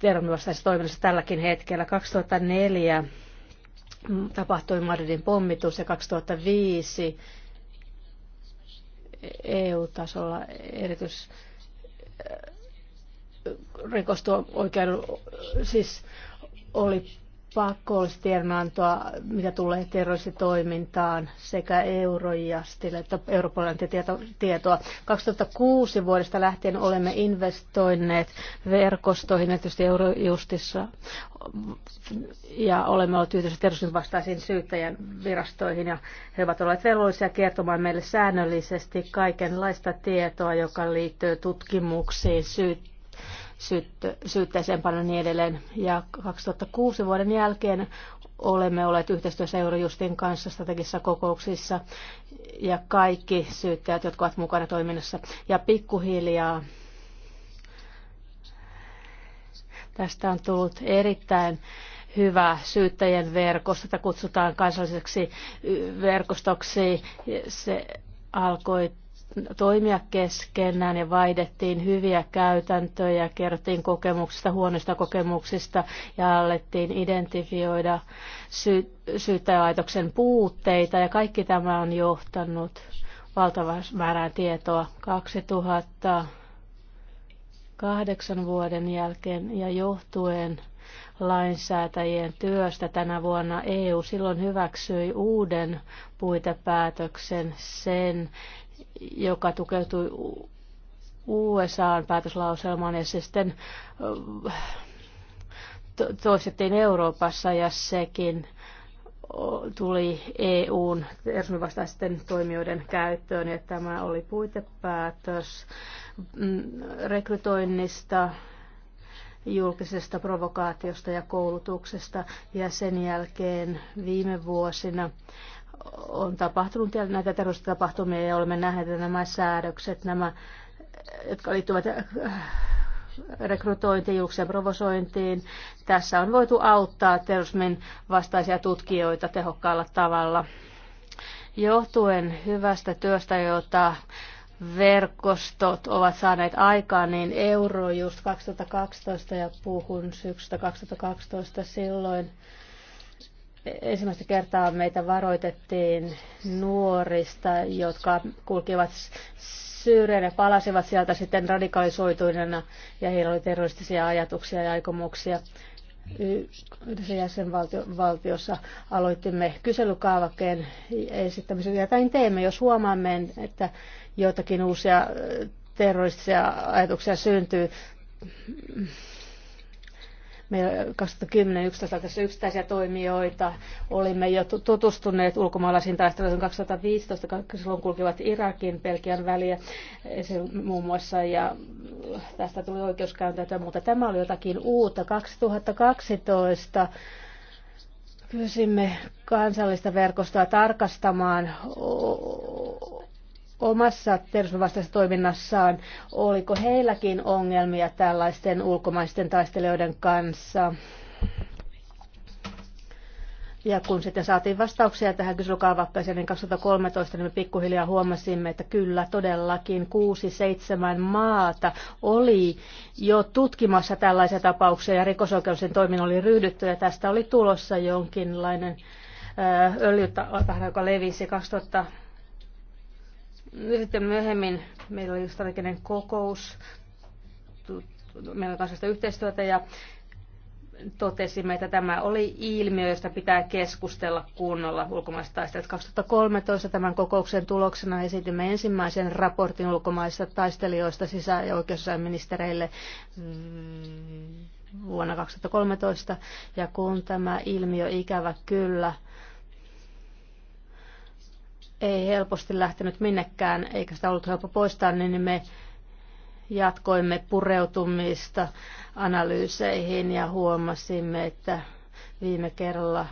terrorismivastaisessa toiminnassa tälläkin hetkellä. 2004 tapahtui Madridin pommitus ja 2005 EU-tasolla erityis rikostuo oikeuden, siis oli pakollista mitä tulee terroristitoimintaan sekä eurojastille että Euroopan tietoa. 2006 vuodesta lähtien olemme investoineet verkostoihin, tietysti Eurojustissa, ja olemme olleet tyytyväisiä terrorismin vastaisiin syyttäjän virastoihin, ja he ovat olleet velvollisia kertomaan meille säännöllisesti kaikenlaista tietoa, joka liittyy tutkimuksiin, syyttäjiin, syytte, syytteeseenpano ja niin edelleen. Ja 2006 vuoden jälkeen olemme olleet yhteistyössä Eurojustin kanssa strategisissa kokouksissa ja kaikki syyttäjät, jotka ovat mukana toiminnassa. Ja pikkuhiljaa tästä on tullut erittäin hyvä syyttäjien verkosto, jota kutsutaan kansalliseksi verkostoksi. Se alkoi toimia keskenään ja vaihdettiin hyviä käytäntöjä, kerrottiin kokemuksista, huonoista kokemuksista ja alettiin identifioida sy- syyttäjälaitoksen puutteita ja kaikki tämä on johtanut valtavan määrään tietoa 2008 vuoden jälkeen ja johtuen lainsäätäjien työstä tänä vuonna EU silloin hyväksyi uuden puitepäätöksen sen joka tukeutui USAn päätöslauselmaan ja se sitten toistettiin Euroopassa ja sekin tuli EUn terrorismivastaisten toimijoiden käyttöön ja tämä oli puitepäätös mm, rekrytoinnista, julkisesta provokaatiosta ja koulutuksesta ja sen jälkeen viime vuosina on tapahtunut vielä näitä terroristitapahtumia ja olemme nähneet, että nämä säädökset, nämä, jotka liittyvät äh, rekrytointiin, julkiseen provosointiin. Tässä on voitu auttaa terrorismin vastaisia tutkijoita tehokkaalla tavalla. Johtuen hyvästä työstä, jota verkostot ovat saaneet aikaan, niin euro just 2012 ja puhun syksystä 2012 silloin Ensimmäistä kertaa meitä varoitettiin nuorista, jotka kulkivat Syyreen ja palasivat sieltä sitten radikalisoituneena ja heillä oli terroristisia ajatuksia ja aikomuksia. Yhdessä jäsenvaltiossa aloitimme kyselykaavakkeen esittämisen. Jotain teemme, jos huomaamme, että joitakin uusia terroristisia ajatuksia syntyy Meillä 2010 tässä yksittäisiä toimijoita. Olimme jo tutustuneet ulkomaalaisiin taisteluihin 2015, silloin kulkivat Irakin, Pelkian väliä se muun muassa, ja tästä tuli oikeuskäyntöä, mutta tämä oli jotakin uutta. 2012 pyysimme kansallista verkostoa tarkastamaan omassa terrorismivastaisessa toiminnassaan, oliko heilläkin ongelmia tällaisten ulkomaisten taistelijoiden kanssa? Ja kun sitten saatiin vastauksia tähän kysymykseen, niin 2013 niin me pikkuhiljaa huomasimme, että kyllä todellakin kuusi seitsemän maata oli jo tutkimassa tällaisia tapauksia ja rikosoikeudellisen toiminnan oli ryhdytty ja tästä oli tulossa jonkinlainen öljytahra, joka levisi 2000 sitten myöhemmin meillä oli strateginen kokous, meillä oli yhteistyötä ja totesimme, että tämä oli ilmiö, josta pitää keskustella kunnolla ulkomaista taistelijat. 2013 tämän kokouksen tuloksena esitimme ensimmäisen raportin ulkomaista taistelijoista sisä- ja oikeusministereille vuonna 2013. Ja kun tämä ilmiö ikävä kyllä ei helposti lähtenyt minnekään, eikä sitä ollut helppo poistaa, niin me jatkoimme pureutumista analyyseihin ja huomasimme, että viime kerralla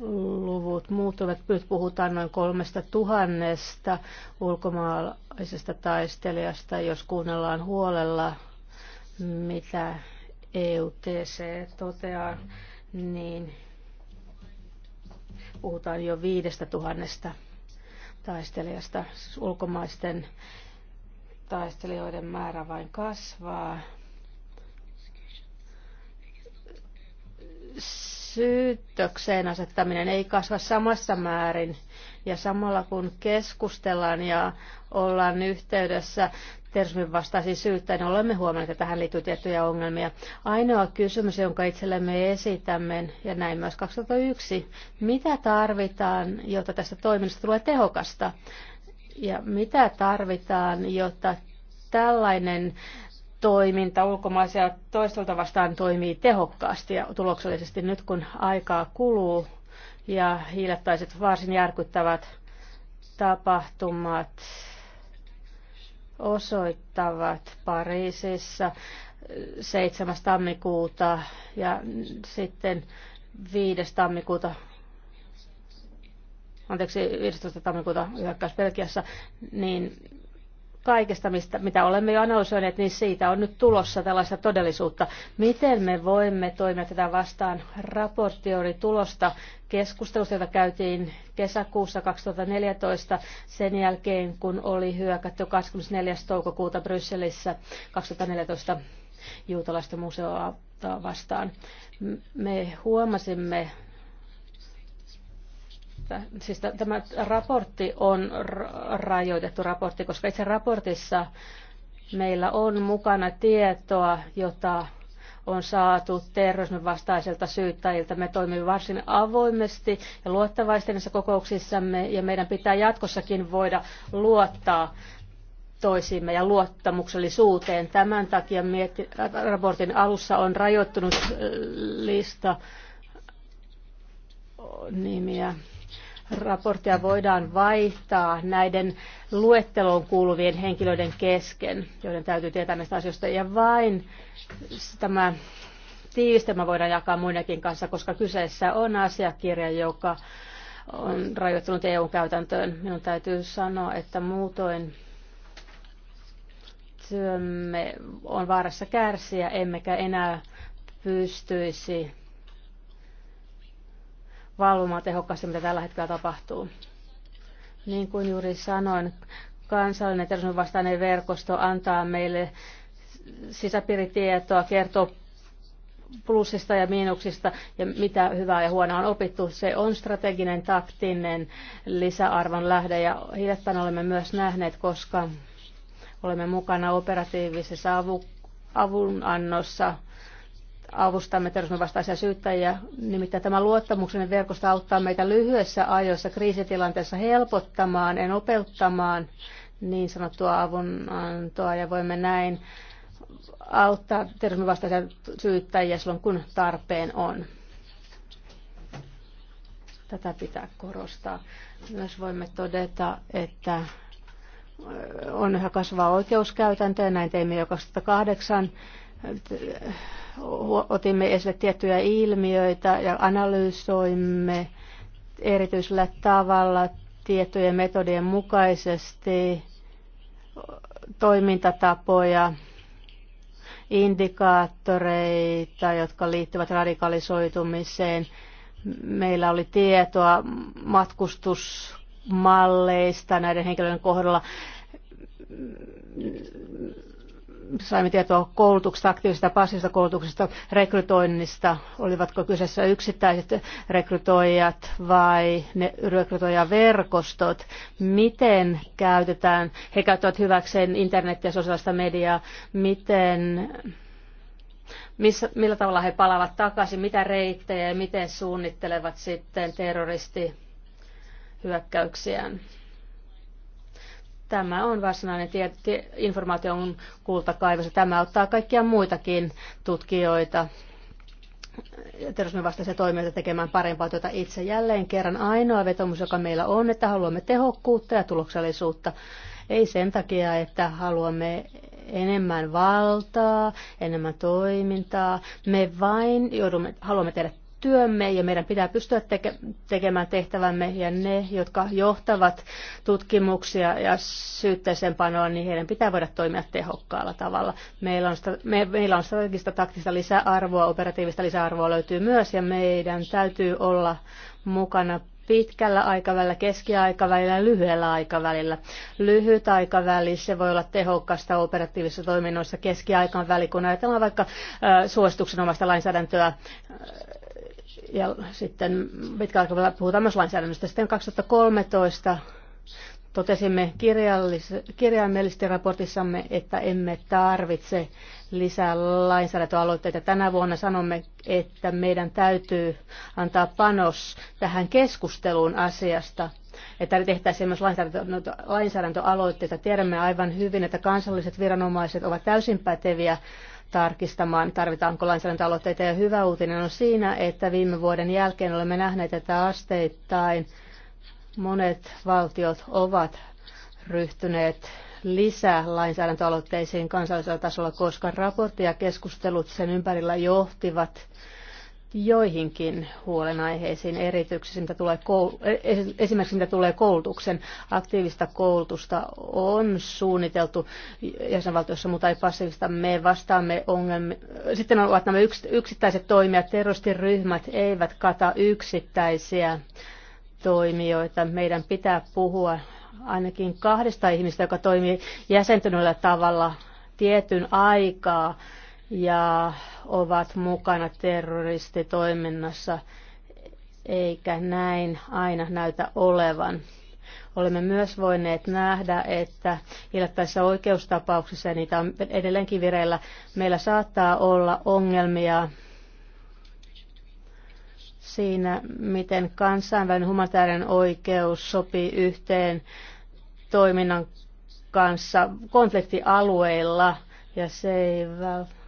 luvut muuttuvat. Nyt puhutaan noin kolmesta tuhannesta ulkomaalaisesta taistelijasta, jos kuunnellaan huolella, mitä EUTC toteaa, niin puhutaan jo viidestä tuhannesta taistelijasta. Ulkomaisten taistelijoiden määrä vain kasvaa. Syytökseen asettaminen ei kasva samassa määrin ja samalla kun keskustellaan ja ollaan yhteydessä terrorismin vastaisiin syyttäin. Olemme huomanneet, että tähän liittyy tiettyjä ongelmia. Ainoa kysymys, jonka itsellemme esitämme, ja näin myös 2001, mitä tarvitaan, jotta tästä toiminnasta tulee tehokasta? Ja mitä tarvitaan, jotta tällainen toiminta ulkomaisia toistolta vastaan toimii tehokkaasti ja tuloksellisesti nyt kun aikaa kuluu ja hiljattaiset varsin järkyttävät tapahtumat osoittavat Pariisissa 7. Eh, tammikuuta ja sitten 5. tammikuuta anteeksi, 15. tammikuuta hyökkäys Belgiassa, niin kaikesta, mistä, mitä olemme jo analysoineet, niin siitä on nyt tulossa tällaista todellisuutta. Miten me voimme toimia tätä vastaan? Raportti oli tulosta keskustelusta, jota käytiin kesäkuussa 2014 sen jälkeen, kun oli hyökätty 24. toukokuuta Brysselissä 2014 juutalaista museoa vastaan. Me huomasimme siis tämä raportti on rajoitettu raportti, koska itse raportissa meillä on mukana tietoa, jota on saatu terrorismin vastaiselta syyttäjiltä. Me toimimme varsin avoimesti ja luottavaisesti näissä kokouksissamme ja meidän pitää jatkossakin voida luottaa toisiimme ja luottamuksellisuuteen. Tämän takia mietti, raportin alussa on rajoittunut lista nimiä raporttia voidaan vaihtaa näiden luetteloon kuuluvien henkilöiden kesken, joiden täytyy tietää näistä asioista. Ja vain tämä tiivistelmä voidaan jakaa muinakin kanssa, koska kyseessä on asiakirja, joka on rajoittunut EU-käytäntöön. Minun täytyy sanoa, että muutoin työmme on vaarassa kärsiä, emmekä enää pystyisi valvomaan tehokkaasti, mitä tällä hetkellä tapahtuu. Niin kuin juuri sanoin, kansallinen terrorismin vastainen verkosto antaa meille sisäpiiritietoa, kertoo plussista ja miinuksista ja mitä hyvää ja huonoa on opittu. Se on strateginen, taktinen lisäarvon lähde ja hiljattain olemme myös nähneet, koska olemme mukana operatiivisessa avu, avunannossa avustamme terrorismin vastaisia syyttäjiä. Nimittäin tämä luottamuksen verkosto auttaa meitä lyhyessä ajoissa kriisitilanteessa helpottamaan ja nopeuttamaan niin sanottua avunantoa ja voimme näin auttaa terrorismin vastaisia syyttäjiä silloin, kun tarpeen on. Tätä pitää korostaa. Myös voimme todeta, että on yhä kasvaa oikeuskäytäntö ja näin teimme jo 2008 otimme esille tiettyjä ilmiöitä ja analysoimme erityisellä tavalla tietojen metodien mukaisesti toimintatapoja, indikaattoreita, jotka liittyvät radikalisoitumiseen. Meillä oli tietoa matkustusmalleista näiden henkilöiden kohdalla saimme tietoa koulutuksesta, aktiivisesta passiivisesta koulutuksesta, rekrytoinnista, olivatko kyseessä yksittäiset rekrytoijat vai ne rekrytoijaverkostot, miten käytetään, he käyttävät hyväkseen internetiä ja sosiaalista mediaa, miten missä, millä tavalla he palaavat takaisin, mitä reittejä ja miten suunnittelevat sitten terroristihyökkäyksiään. Tämä on varsinainen tie- informaation kultakaivos ja tämä auttaa kaikkia muitakin tutkijoita terrorismin vastaisia toimijoita tekemään parempaa työtä itse. Jälleen kerran ainoa vetomus, joka meillä on, että haluamme tehokkuutta ja tuloksellisuutta. Ei sen takia, että haluamme enemmän valtaa, enemmän toimintaa. Me vain joudumme, haluamme tehdä työmme ja meidän pitää pystyä teke- tekemään tehtävämme ja ne, jotka johtavat tutkimuksia ja syytteeseen panoa, niin heidän pitää voida toimia tehokkaalla tavalla. Meillä on, sitä, me, meillä on strategista taktista lisäarvoa, operatiivista lisäarvoa löytyy myös ja meidän täytyy olla mukana pitkällä aikavälillä, keskiaikavälillä ja lyhyellä aikavälillä. Lyhyt aikaväli, se voi olla tehokkaasta operatiivisissa toiminnoissa keskiaikan väli, kun ajatellaan vaikka äh, suosituksen omasta lainsäädäntöä, ja sitten pitkällä puhutaan myös lainsäädännöstä. Sitten 2013 totesimme kirjaimellisesti raportissamme, että emme tarvitse lisää lainsäädäntöaloitteita. Tänä vuonna sanomme, että meidän täytyy antaa panos tähän keskusteluun asiasta, että tehtäisiin myös lainsäädäntöaloitteita. Tiedämme aivan hyvin, että kansalliset viranomaiset ovat täysin päteviä tarkistamaan, tarvitaanko lainsäädäntöaloitteita. Ja hyvä uutinen on siinä, että viime vuoden jälkeen olemme nähneet, että asteittain monet valtiot ovat ryhtyneet lisää lainsäädäntöaloitteisiin kansallisella tasolla, koska raportti ja keskustelut sen ympärillä johtivat joihinkin huolenaiheisiin, erityisesti mitä tulee koulu- e-, e-, esimerkiksi mitä tulee koulutuksen. Aktiivista koulutusta on suunniteltu jäsenvaltiossa, mutta ei passiivista. Me vastaamme ongelmiin. Sitten ovat nämä yksittäiset toimijat. Terroristiryhmät eivät kata yksittäisiä toimijoita. Meidän pitää puhua ainakin kahdesta ihmistä, joka toimii jäsentyneellä tavalla tietyn aikaa ja ovat mukana terroristitoiminnassa, eikä näin aina näytä olevan. Olemme myös voineet nähdä, että hiljattaisissa oikeustapauksissa, ja niitä on edelleenkin vireillä, meillä saattaa olla ongelmia siinä, miten kansainvälinen humanitaarinen oikeus sopii yhteen toiminnan kanssa konfliktialueilla, ja se ei välttämättä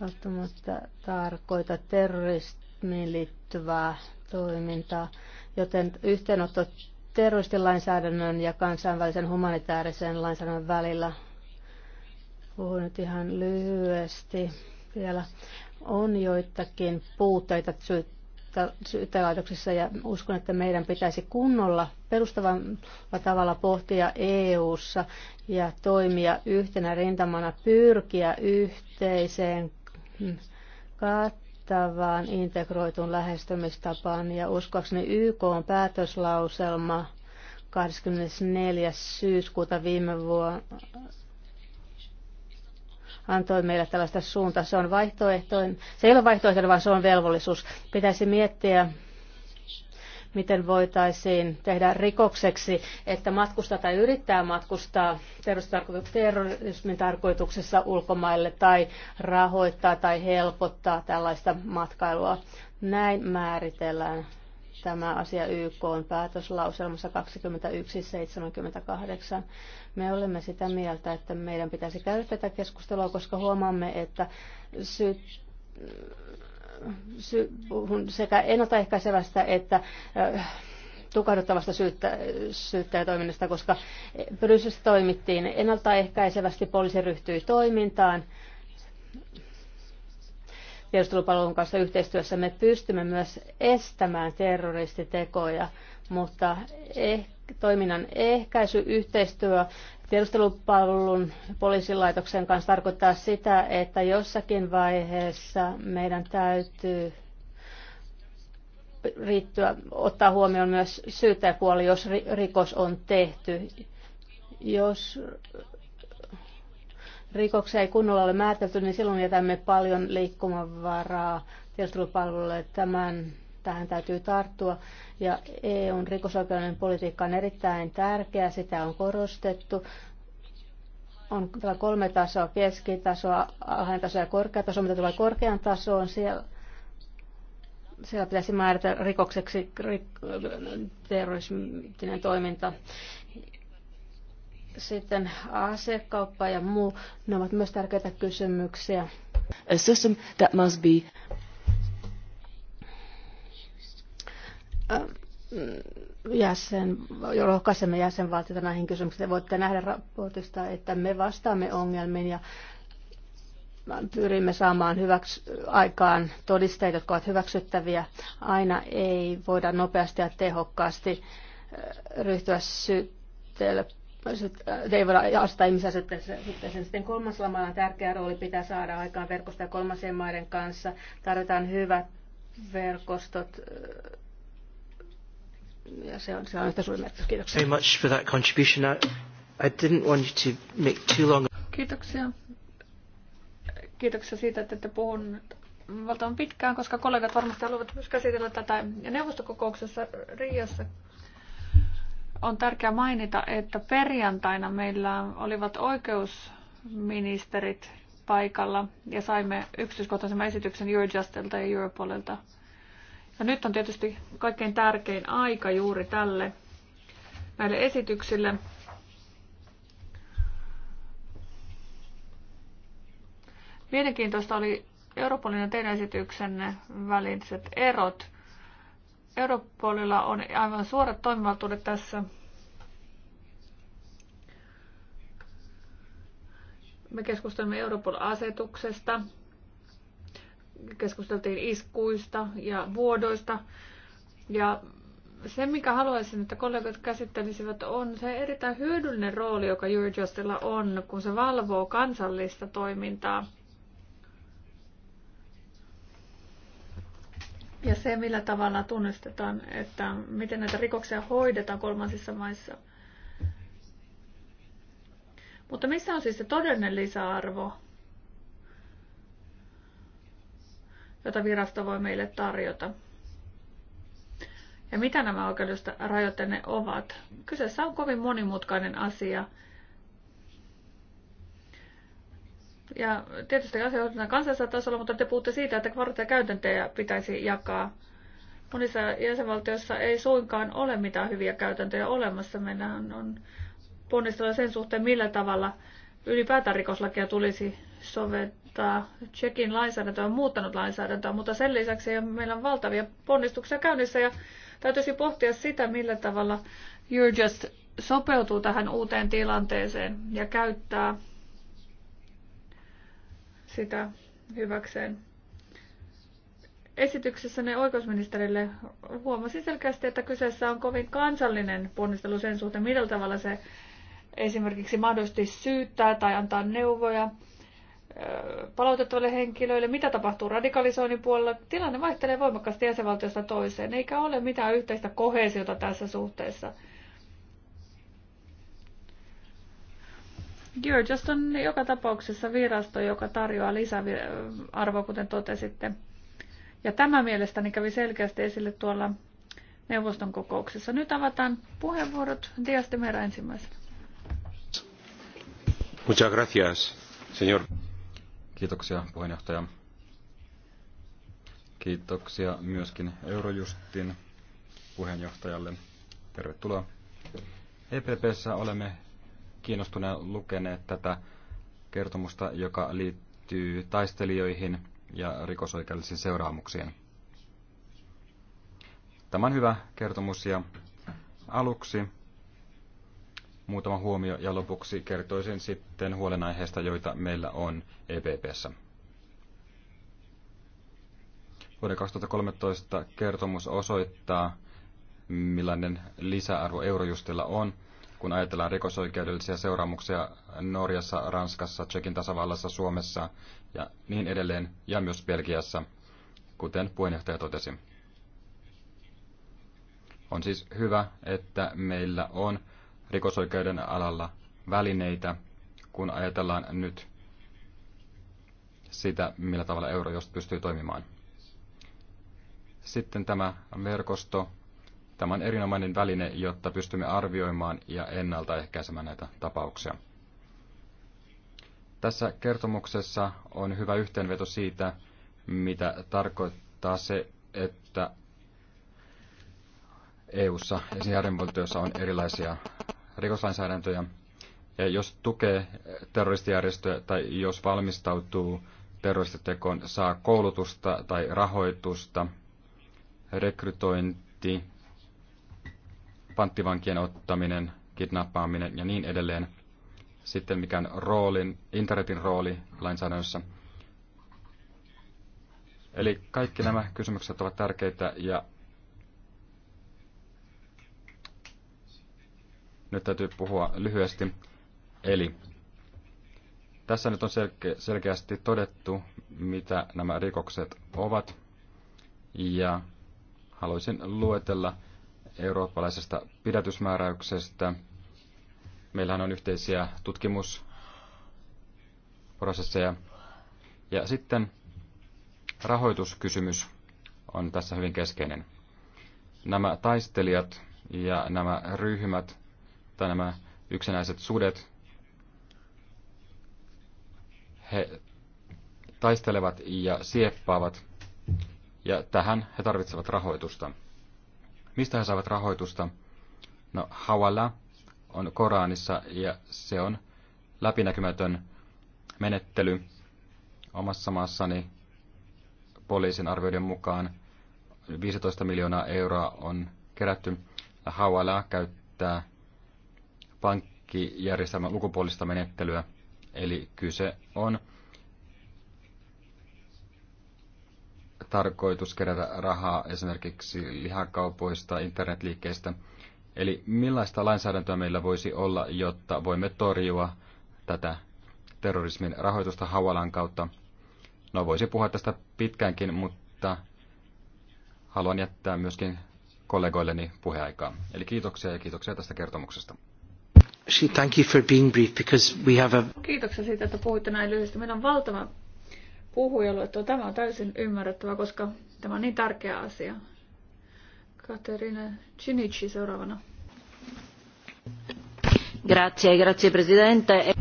välttämättä tarkoita terrorismiin liittyvää toimintaa, joten yhteenotto terroristilainsäädännön ja kansainvälisen humanitaarisen lainsäädännön välillä. Puhun nyt ihan lyhyesti vielä. On joitakin puutteita syyttäjälaitoksissa ja uskon, että meidän pitäisi kunnolla perustavalla tavalla pohtia EU-ssa ja toimia yhtenä rintamana, pyrkiä yhteiseen kattavaan integroitun lähestymistapaan ja uskoakseni YK on päätöslauselma 24. syyskuuta viime vuonna antoi meille tällaista suuntaa. Se, on vaihtoehtoin, se ei ole vaihtoehtoinen, vaan se on velvollisuus. Pitäisi miettiä, miten voitaisiin tehdä rikokseksi, että matkustaa tai yrittää matkustaa terrorismin tarkoituksessa ulkomaille tai rahoittaa tai helpottaa tällaista matkailua. Näin määritellään tämä asia YK on päätöslauselmassa 2178. Me olemme sitä mieltä, että meidän pitäisi käydä tätä keskustelua, koska huomaamme, että syyt sekä ennaltaehkäisevästä että tukahduttavasta syyttäjätoiminnasta, koska Brysselissä toimittiin ennaltaehkäisevästi, poliisi ryhtyi toimintaan. Tiedustelupalvelun kanssa yhteistyössä me pystymme myös estämään terroristitekoja, mutta eh, toiminnan ehkäisy, yhteistyö tiedustelupalvelun poliisilaitoksen kanssa tarkoittaa sitä, että jossakin vaiheessa meidän täytyy riittyä, ottaa huomioon myös syyttäjäpuoli, jos rikos on tehty. Jos rikoksia ei kunnolla ole määritelty, niin silloin jätämme paljon liikkumavaraa tiedustelupalvelulle. Tämän, tähän täytyy tarttua ja EUn rikosoikeuden politiikka on erittäin tärkeä, sitä on korostettu. On kolme tasoa, keskitasoa, alhainen taso ja korkea taso, mitä tulee korkean tasoon. Siellä, siellä pitäisi määrätä rikokseksi rik, toiminta sitten asekauppa ja muu, ne ovat myös tärkeitä kysymyksiä. A system that must be Äh, jäsen, rohkaisemme jäsenvaltiota näihin kysymyksiin. Voitte nähdä raportista, että me vastaamme ongelmiin ja pyrimme saamaan hyväks- aikaan todisteita, jotka ovat hyväksyttäviä. Aina ei voida nopeasti ja tehokkaasti äh, ryhtyä syytteelle äh, ei voida astaa ihmisiä sitten, Sitten lamalla on tärkeä rooli pitää saada aikaan verkostoja ja kolmansien maiden kanssa. Tarvitaan hyvät verkostot ja se on, se on yhtä suuri merkitys. Kiitoksia. Very much for that contribution. I, I didn't want you to make too long. Kiitoksia. Kiitoksia siitä, että ette puhunut valtavan pitkään, koska kollegat varmasti haluavat myös käsitellä tätä. Ja neuvostokokouksessa Riassa on tärkeää mainita, että perjantaina meillä olivat oikeusministerit paikalla ja saimme yksityiskohtaisemman esityksen Eurojustelta ja Europolilta ja nyt on tietysti kaikkein tärkein aika juuri tälle näille esityksille. Mielenkiintoista oli Europolin ja teidän esityksenne väliset erot. Europolilla on aivan suorat toimivaltuudet tässä. Me keskustelemme Europol-asetuksesta, keskusteltiin iskuista ja vuodoista. Ja se, mikä haluaisin, että kollegat käsittelisivät, on se erittäin hyödyllinen rooli, joka Eurojustilla on, kun se valvoo kansallista toimintaa. Ja se, millä tavalla tunnistetaan, että miten näitä rikoksia hoidetaan kolmansissa maissa. Mutta missä on siis se todellinen lisäarvo jota virasto voi meille tarjota. Ja mitä nämä oikeudelliset rajoitteenne ovat? Kyseessä on kovin monimutkainen asia. Ja tietysti asia on kansallisella tasolla, mutta te puhutte siitä, että kvartia käytäntöjä pitäisi jakaa. Monissa jäsenvaltioissa ei suinkaan ole mitään hyviä käytäntöjä olemassa. Meillä on ponnistella sen suhteen, millä tavalla ylipäätään rikoslakia tulisi soveltaa Tsekin lainsäädäntö on muuttanut lainsäädäntöä, mutta sen lisäksi meillä on valtavia ponnistuksia käynnissä ja täytyisi siis pohtia sitä, millä tavalla You're Just sopeutuu tähän uuteen tilanteeseen ja käyttää sitä hyväkseen. Esityksessäni oikeusministerille huomasin selkeästi, että kyseessä on kovin kansallinen ponnistelu sen suhteen, millä tavalla se esimerkiksi mahdollisesti syyttää tai antaa neuvoja palautettaville henkilöille, mitä tapahtuu radikalisoinnin puolella. Tilanne vaihtelee voimakkaasti jäsenvaltiosta toiseen, eikä ole mitään yhteistä kohesiota tässä suhteessa. Eurojust on joka tapauksessa virasto, joka tarjoaa lisäarvoa, kuten totesitte. Ja tämä mielestäni kävi selkeästi esille tuolla neuvoston kokouksessa. Nyt avataan puheenvuorot Diastemera ensimmäisenä. Muchas gracias, señor. Kiitoksia puheenjohtaja. Kiitoksia myöskin Eurojustin puheenjohtajalle. Tervetuloa. EPPssä olemme kiinnostuneet lukeneet tätä kertomusta, joka liittyy taistelijoihin ja rikosoikeudellisiin seuraamuksiin. Tämä on hyvä kertomus ja aluksi muutama huomio ja lopuksi kertoisin sitten huolenaiheista, joita meillä on EPPssä. Vuoden 2013 kertomus osoittaa, millainen lisäarvo Eurojustilla on, kun ajatellaan rikosoikeudellisia seuraamuksia Norjassa, Ranskassa, Tsekin tasavallassa, Suomessa ja niin edelleen, ja myös Belgiassa, kuten puheenjohtaja totesi. On siis hyvä, että meillä on rikosoikeuden alalla välineitä, kun ajatellaan nyt sitä, millä tavalla Eurojust pystyy toimimaan. Sitten tämä verkosto. Tämä on erinomainen väline, jotta pystymme arvioimaan ja ennaltaehkäisemään näitä tapauksia. Tässä kertomuksessa on hyvä yhteenveto siitä, mitä tarkoittaa se, että EU-ssa ja on erilaisia rikoslainsäädäntöjä. Ja jos tukee terroristijärjestöä tai jos valmistautuu terroristitekoon, saa koulutusta tai rahoitusta, rekrytointi, panttivankien ottaminen, kidnappaaminen ja niin edelleen. Sitten mikä on roolin, internetin rooli lainsäädännössä. Eli kaikki nämä kysymykset ovat tärkeitä ja Nyt täytyy puhua lyhyesti. Eli tässä nyt on selke- selkeästi todettu, mitä nämä rikokset ovat. Ja haluaisin luetella eurooppalaisesta pidätysmääräyksestä. Meillähän on yhteisiä tutkimusprosesseja. Ja sitten rahoituskysymys on tässä hyvin keskeinen. Nämä taistelijat ja nämä ryhmät tai nämä yksinäiset sudet, he taistelevat ja sieppaavat, ja tähän he tarvitsevat rahoitusta. Mistä he saavat rahoitusta? No, hawala on Koranissa, ja se on läpinäkymätön menettely omassa maassani poliisin arvioiden mukaan 15 miljoonaa euroa on kerätty. Hawala käyttää pankkijärjestelmän lukupuolista menettelyä. Eli kyse on tarkoitus kerätä rahaa esimerkiksi lihakaupoista, internetliikkeistä. Eli millaista lainsäädäntöä meillä voisi olla, jotta voimme torjua tätä terrorismin rahoitusta Havalan kautta? No voisi puhua tästä pitkäänkin, mutta haluan jättää myöskin kollegoilleni puheaikaa. Eli kiitoksia ja kiitoksia tästä kertomuksesta. Thank you for being brief because we have a... Kiitoksia siitä, että puhuitte näin lyhyesti. Meillä on valtava puhujaluettua. Tämä on täysin ymmärrettävä, koska tämä on niin tärkeä asia. Katerina Cinici seuraavana. Grazie, grazie presidente.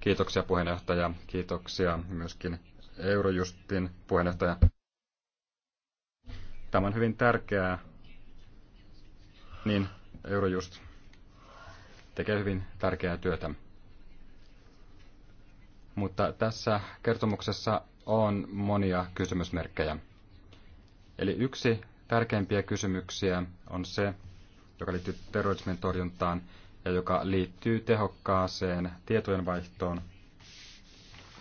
Kiitoksia puheenjohtaja. Kiitoksia myöskin Eurojustin puheenjohtaja. Tämä on hyvin tärkeää. Niin, Eurojust tekee hyvin tärkeää työtä. Mutta tässä kertomuksessa on monia kysymysmerkkejä. Eli yksi tärkeimpiä kysymyksiä on se, joka liittyy terrorismin torjuntaan ja joka liittyy tehokkaaseen tietojenvaihtoon,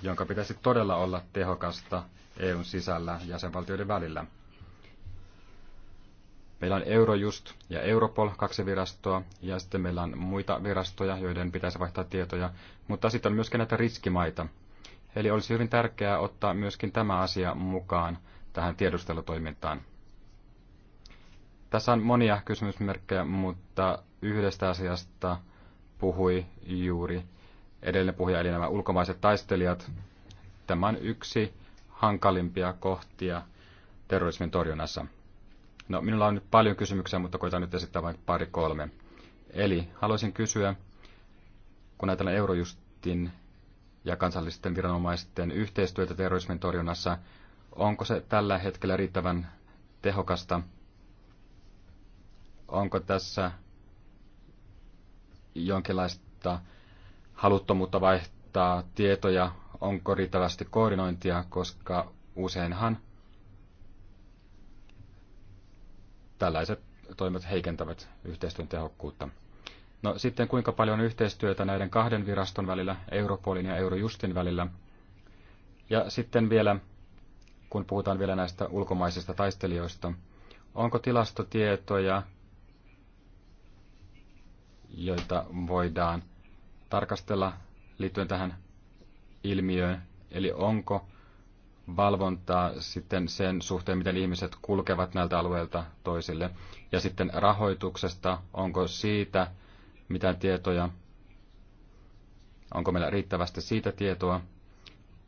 jonka pitäisi todella olla tehokasta EUn sisällä ja sen valtioiden välillä – Meillä on Eurojust ja Europol, kaksi virastoa, ja sitten meillä on muita virastoja, joiden pitäisi vaihtaa tietoja, mutta sitten on myöskin näitä riskimaita. Eli olisi hyvin tärkeää ottaa myöskin tämä asia mukaan tähän tiedustelutoimintaan. Tässä on monia kysymysmerkkejä, mutta yhdestä asiasta puhui juuri edellinen puhuja, eli nämä ulkomaiset taistelijat. Tämä on yksi hankalimpia kohtia terrorismin torjunnassa. No, minulla on nyt paljon kysymyksiä, mutta koitan nyt esittää vain pari kolme. Eli haluaisin kysyä, kun ajatellaan Eurojustin ja kansallisten viranomaisten yhteistyötä terrorismin torjunnassa, onko se tällä hetkellä riittävän tehokasta? Onko tässä jonkinlaista haluttomuutta vaihtaa tietoja? Onko riittävästi koordinointia, koska useinhan tällaiset toimet heikentävät yhteistyön tehokkuutta. No sitten kuinka paljon yhteistyötä näiden kahden viraston välillä, Europolin ja Eurojustin välillä. Ja sitten vielä, kun puhutaan vielä näistä ulkomaisista taistelijoista, onko tilastotietoja, joita voidaan tarkastella liittyen tähän ilmiöön, eli onko valvontaa sitten sen suhteen, miten ihmiset kulkevat näiltä alueilta toisille. Ja sitten rahoituksesta, onko siitä mitään tietoja, onko meillä riittävästi siitä tietoa.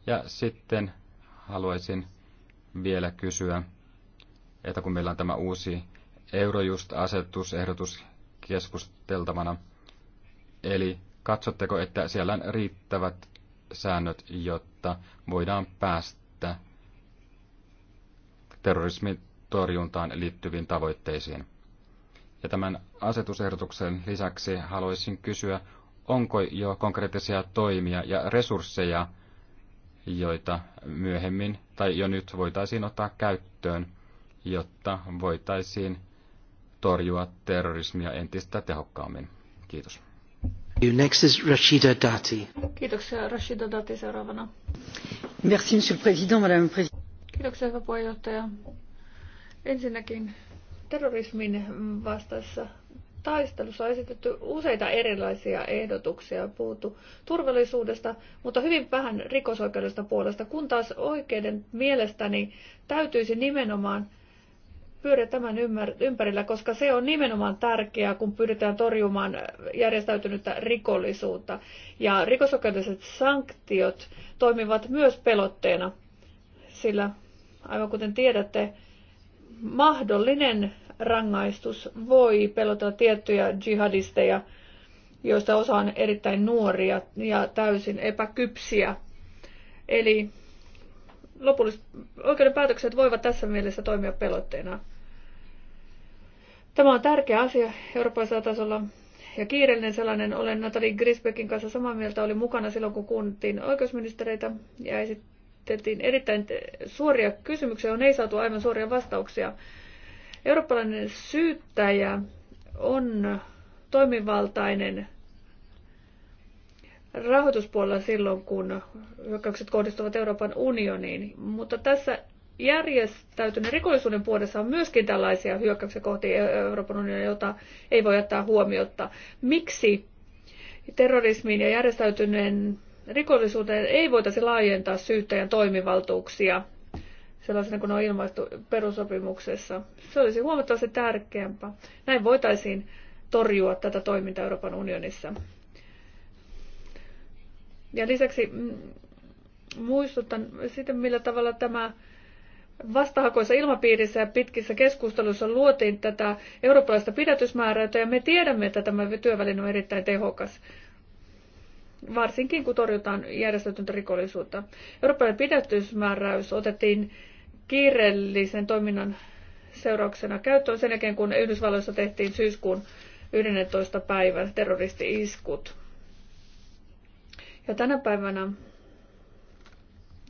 Ja sitten haluaisin vielä kysyä, että kun meillä on tämä uusi eurojust ehdotus keskusteltavana, eli katsotteko, että siellä on riittävät säännöt, jotta voidaan päästä että terrorismin torjuntaan liittyviin tavoitteisiin. Ja tämän asetusehdotuksen lisäksi haluaisin kysyä, onko jo konkreettisia toimia ja resursseja, joita myöhemmin tai jo nyt voitaisiin ottaa käyttöön, jotta voitaisiin torjua terrorismia entistä tehokkaammin. Kiitos. Next is Rashida Dati. Kiitoksia Rashida Dati seuraavana. Merci, monsieur le président, madame président. Kiitoksia, hyvä puheenjohtaja. Ensinnäkin terrorismin vastaisessa taistelussa on esitetty useita erilaisia ehdotuksia ja puhuttu turvallisuudesta, mutta hyvin vähän rikosoikeudesta puolesta, kun taas oikeuden mielestäni täytyisi nimenomaan – pyöriä tämän ympärillä, koska se on nimenomaan tärkeää, kun pyritään torjumaan järjestäytynyttä rikollisuutta. Ja rikosoikeudelliset sanktiot toimivat myös pelotteena, sillä aivan kuten tiedätte, mahdollinen rangaistus voi pelotella tiettyjä jihadisteja, joista osa on erittäin nuoria ja täysin epäkypsiä. Eli lopulliset oikeuden päätökset voivat tässä mielessä toimia pelotteena. Tämä on tärkeä asia Euroopan tasolla ja kiireellinen sellainen. Olen Natalie Grisbeckin kanssa samaa mieltä. Oli mukana silloin, kun kuunneltiin oikeusministereitä ja esiteltiin erittäin suoria kysymyksiä, on ei saatu aivan suoria vastauksia. Eurooppalainen syyttäjä on toimivaltainen rahoituspuolella silloin, kun hyökkäykset kohdistuvat Euroopan unioniin, mutta tässä järjestäytyneen rikollisuuden puolessa on myöskin tällaisia hyökkäyksiä kohti e- Euroopan unionia, jota ei voi jättää huomiota. Miksi terrorismiin ja järjestäytyneen rikollisuuteen ei voitaisi laajentaa syyttäjän toimivaltuuksia sellaisena kuin on ilmaistu perusopimuksessa. Se olisi huomattavasti tärkeämpää. Näin voitaisiin torjua tätä toimintaa Euroopan unionissa. Ja lisäksi mm, muistutan sitten, millä tavalla tämä vastahakoisessa ilmapiirissä ja pitkissä keskusteluissa luotiin tätä eurooppalaista pidätysmääräystä ja me tiedämme, että tämä työväline on erittäin tehokas varsinkin kun torjutaan järjestäytyntä rikollisuutta. Eurooppalainen pidätysmääräys otettiin kiireellisen toiminnan seurauksena käyttöön sen jälkeen, kun Yhdysvalloissa tehtiin syyskuun 11. päivän terroristi-iskut. Ja tänä päivänä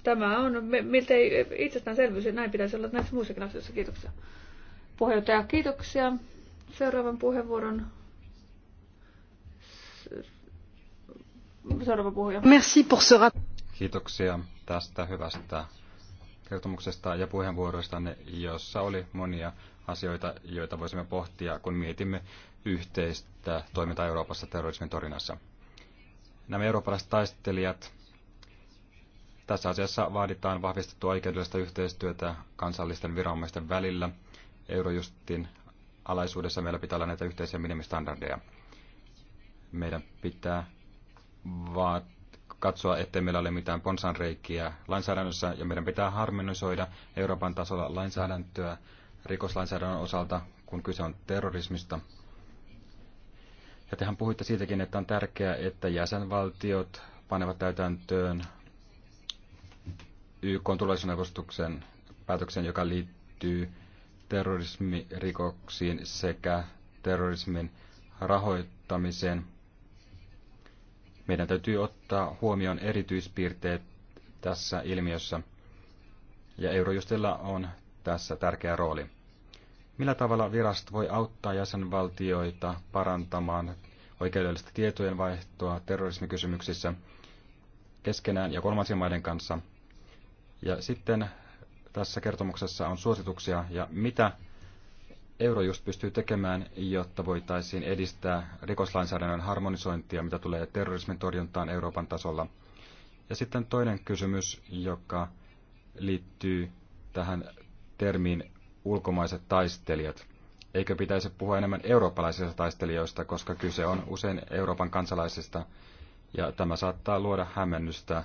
Tämä on miltei itsestäänselvyys ja näin pitäisi olla näissä muissakin asioissa. Kiitoksia. Puheenjohtaja, kiitoksia. Seuraavan puheenvuoron seuraava puhuja. Merci pour ce Kiitoksia tästä hyvästä kertomuksesta ja puheenvuoroistanne, jossa oli monia asioita, joita voisimme pohtia, kun mietimme yhteistä toimintaa Euroopassa terrorismin torinassa. Nämä eurooppalaiset taistelijat tässä asiassa vaaditaan vahvistettua oikeudellista yhteistyötä kansallisten viranomaisten välillä. Eurojustin alaisuudessa meillä pitää olla näitä yhteisiä minimistandardeja. Meidän pitää vaat katsoa, ettei meillä ole mitään ponsanreikiä lainsäädännössä, ja meidän pitää harmonisoida Euroopan tasolla lainsäädäntöä rikoslainsäädännön osalta, kun kyse on terrorismista. Ja tehän puhuitte siitäkin, että on tärkeää, että jäsenvaltiot panevat täytäntöön YK turvallisuusneuvostuksen päätöksen, joka liittyy terrorismirikoksiin sekä terrorismin rahoittamiseen. Meidän täytyy ottaa huomioon erityispiirteet tässä ilmiössä, ja Eurojustilla on tässä tärkeä rooli. Millä tavalla virasto voi auttaa jäsenvaltioita parantamaan oikeudellista tietojenvaihtoa terrorismikysymyksissä keskenään ja kolmansien maiden kanssa – ja sitten tässä kertomuksessa on suosituksia ja mitä Eurojust pystyy tekemään, jotta voitaisiin edistää rikoslainsäädännön harmonisointia, mitä tulee terrorismin torjuntaan Euroopan tasolla. Ja sitten toinen kysymys, joka liittyy tähän termiin ulkomaiset taistelijat. Eikö pitäisi puhua enemmän eurooppalaisista taistelijoista, koska kyse on usein Euroopan kansalaisista, ja tämä saattaa luoda hämmennystä,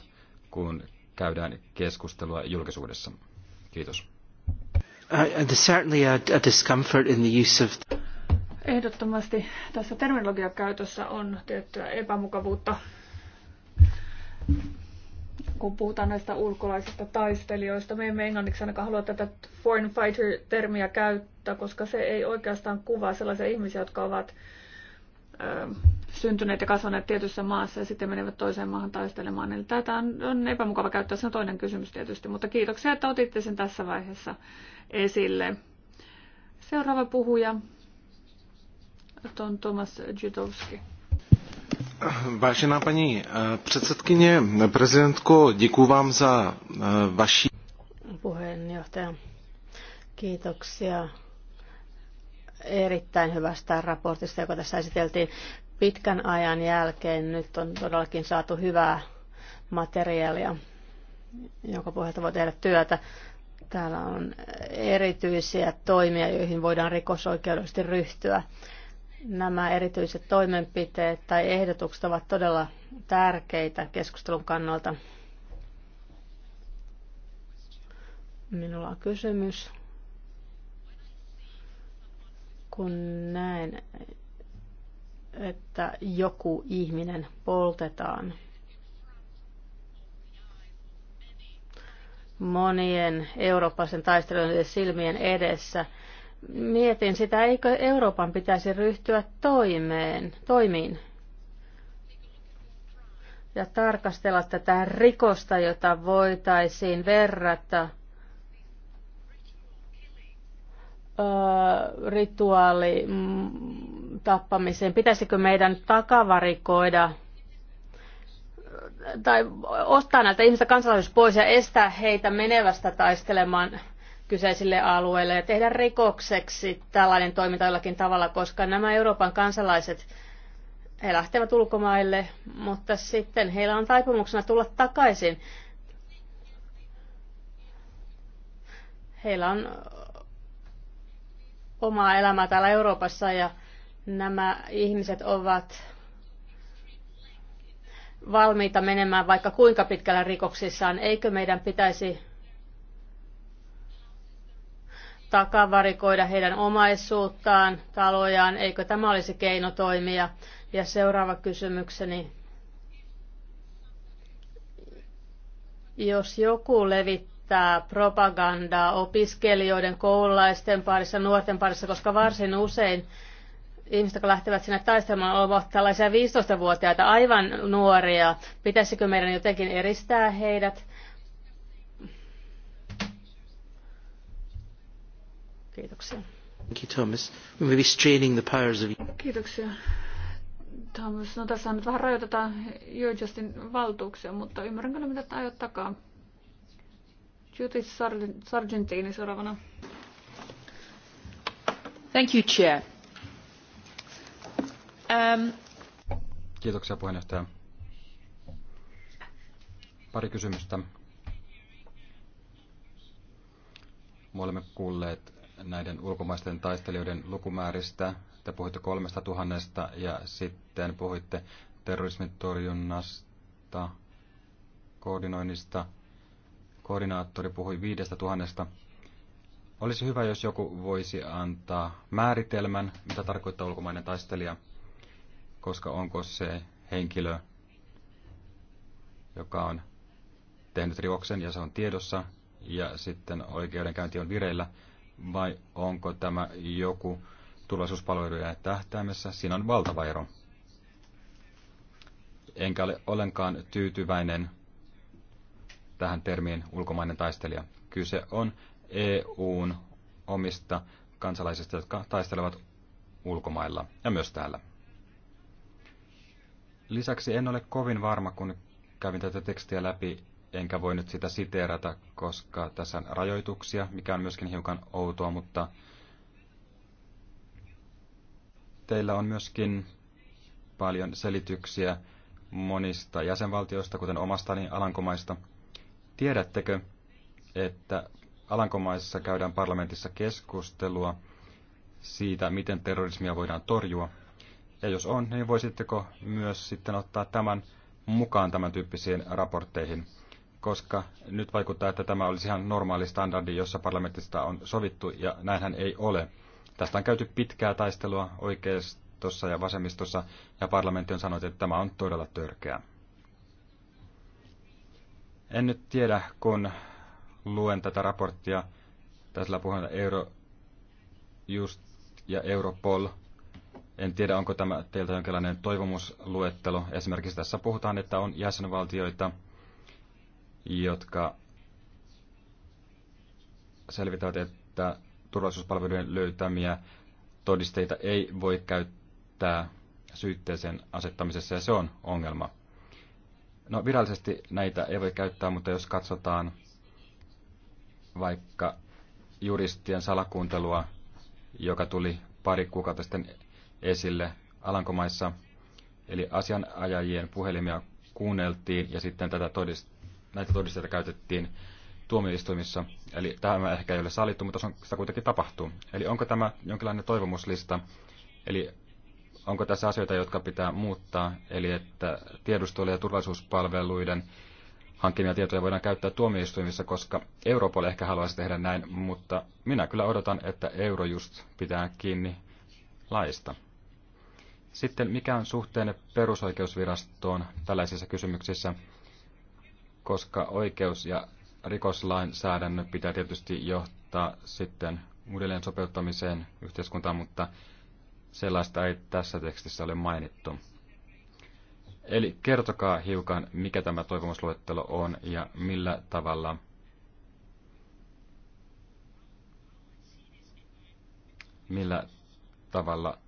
kun käydään keskustelua julkisuudessa. Kiitos. Ehdottomasti tässä terminologian käytössä on tiettyä epämukavuutta, kun puhutaan näistä ulkolaisista taistelijoista. Me emme englanniksi ainakaan halua tätä foreign fighter-termiä käyttää, koska se ei oikeastaan kuvaa sellaisia ihmisiä, jotka ovat ähm, syntyneet ja kasvaneet tietyssä maassa ja sitten menevät toiseen maahan taistelemaan. Eli tätä on, on epämukava käyttää, se on toinen kysymys tietysti, mutta kiitoksia, että otitte sen tässä vaiheessa esille. Seuraava puhuja on Tomas Judowski. Vážená paní eh, předsedkyně, prezidentko, děkuji vám za eh, vaši... Puheenjohtaja, kiitoksia erittäin hyvästä raportista, joka tässä esiteltiin pitkän ajan jälkeen nyt on todellakin saatu hyvää materiaalia, jonka pohjalta voi tehdä työtä. Täällä on erityisiä toimia, joihin voidaan rikosoikeudellisesti ryhtyä. Nämä erityiset toimenpiteet tai ehdotukset ovat todella tärkeitä keskustelun kannalta. Minulla on kysymys. Kun näen että joku ihminen poltetaan. monien eurooppalaisen taistelujen silmien edessä. Mietin sitä, eikö Euroopan pitäisi ryhtyä toimeen, toimiin ja tarkastella tätä rikosta, jota voitaisiin verrata rituaali tappamiseen. Pitäisikö meidän takavarikoida tai ostaa näiltä ihmistä kansalaisuus pois ja estää heitä menevästä taistelemaan kyseisille alueille ja tehdä rikokseksi tällainen toiminta jollakin tavalla, koska nämä Euroopan kansalaiset, he lähtevät ulkomaille, mutta sitten heillä on taipumuksena tulla takaisin. Heillä on omaa elämää täällä Euroopassa ja Nämä ihmiset ovat valmiita menemään vaikka kuinka pitkällä rikoksissaan. Eikö meidän pitäisi takavarikoida heidän omaisuuttaan, talojaan? Eikö tämä olisi keino toimia? Ja seuraava kysymykseni. Jos joku levittää propagandaa opiskelijoiden, koululaisten parissa, nuorten parissa, koska varsin usein ihmiset, jotka lähtevät sinne taistelemaan, ovat tällaisia 15-vuotiaita, aivan nuoria. Pitäisikö meidän jotenkin eristää heidät? Kiitoksia. Thank you, Thomas. We may be straining the powers of... Kiitoksia. Thomas, no tässä nyt vähän rajoitetaan Jojustin valtuuksia, mutta ymmärrän kyllä mitä aiot takaa. Judith Sargentini seuraavana. Thank you, Chair. Ähm, Kiitoksia puheenjohtaja. Pari kysymystä. Me olemme kuulleet näiden ulkomaisten taistelijoiden lukumääristä. Te puhuitte kolmesta tuhannesta ja sitten puhuitte terrorismin torjunnasta, koordinoinnista. Koordinaattori puhui viidestä tuhannesta. Olisi hyvä, jos joku voisi antaa määritelmän, mitä tarkoittaa ulkomainen taistelija – koska onko se henkilö, joka on tehnyt rikoksen ja se on tiedossa ja sitten oikeudenkäynti on vireillä, vai onko tämä joku turvallisuuspalveluiden tähtäimessä. Siinä on valtava ero. Enkä ole ollenkaan tyytyväinen tähän termiin ulkomainen taistelija. Kyse on EUn omista kansalaisista, jotka taistelevat ulkomailla ja myös täällä. Lisäksi en ole kovin varma, kun kävin tätä tekstiä läpi, enkä voi nyt sitä siteerata, koska tässä on rajoituksia, mikä on myöskin hiukan outoa, mutta teillä on myöskin paljon selityksiä monista jäsenvaltioista, kuten omastani Alankomaista. Tiedättekö, että Alankomaissa käydään parlamentissa keskustelua siitä, miten terrorismia voidaan torjua – ja jos on, niin voisitteko myös sitten ottaa tämän mukaan tämän tyyppisiin raportteihin? Koska nyt vaikuttaa, että tämä olisi ihan normaali standardi, jossa parlamentista on sovittu, ja näinhän ei ole. Tästä on käyty pitkää taistelua oikeistossa ja vasemmistossa, ja parlamentti on sanonut, että tämä on todella törkeä. En nyt tiedä, kun luen tätä raporttia, tässä puhutaan Eurojust ja Europol en tiedä, onko tämä teiltä jonkinlainen toivomusluettelo. Esimerkiksi tässä puhutaan, että on jäsenvaltioita, jotka selvitävät, että turvallisuuspalveluiden löytämiä todisteita ei voi käyttää syytteeseen asettamisessa, ja se on ongelma. No virallisesti näitä ei voi käyttää, mutta jos katsotaan vaikka juristien salakuuntelua, joka tuli pari kuukautta sitten esille Alankomaissa. Eli asianajajien puhelimia kuunneltiin ja sitten tätä todist- näitä todisteita käytettiin tuomioistuimissa. Eli tämä ehkä ei ole sallittu, mutta se sitä kuitenkin tapahtuu. Eli onko tämä jonkinlainen toivomuslista? Eli onko tässä asioita, jotka pitää muuttaa? Eli että tiedustelu- ja turvallisuuspalveluiden hankkimia tietoja voidaan käyttää tuomioistuimissa, koska Europol ehkä haluaisi tehdä näin, mutta minä kyllä odotan, että Eurojust pitää kiinni laista. Sitten mikä on suhteen perusoikeusvirastoon tällaisissa kysymyksissä, koska oikeus- ja rikoslainsäädännön pitää tietysti johtaa sitten uudelleen sopeuttamiseen yhteiskuntaan, mutta sellaista ei tässä tekstissä ole mainittu. Eli kertokaa hiukan, mikä tämä toivomusluettelo on ja millä tavalla millä tavalla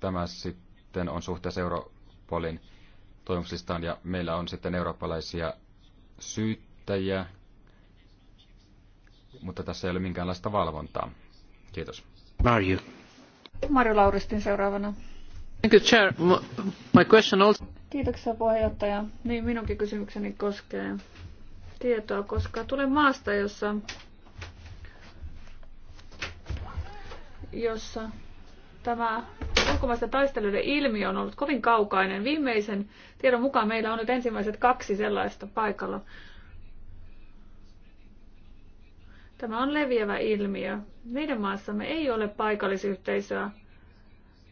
tämä sitten on suhteessa Europolin toimuksistaan ja meillä on sitten eurooppalaisia syyttäjiä, mutta tässä ei ole minkäänlaista valvontaa. Kiitos. Marju. Marju Lauristin seuraavana. Thank you, Chair. My question also... Kiitoksia puheenjohtaja. Niin, minunkin kysymykseni koskee tietoa, koska tulen maasta, jossa, jossa tämä ulkomaisten taisteluiden ilmiö on ollut kovin kaukainen. Viimeisen tiedon mukaan meillä on nyt ensimmäiset kaksi sellaista paikalla. Tämä on leviävä ilmiö. Meidän maassamme ei ole paikallisyhteisöä,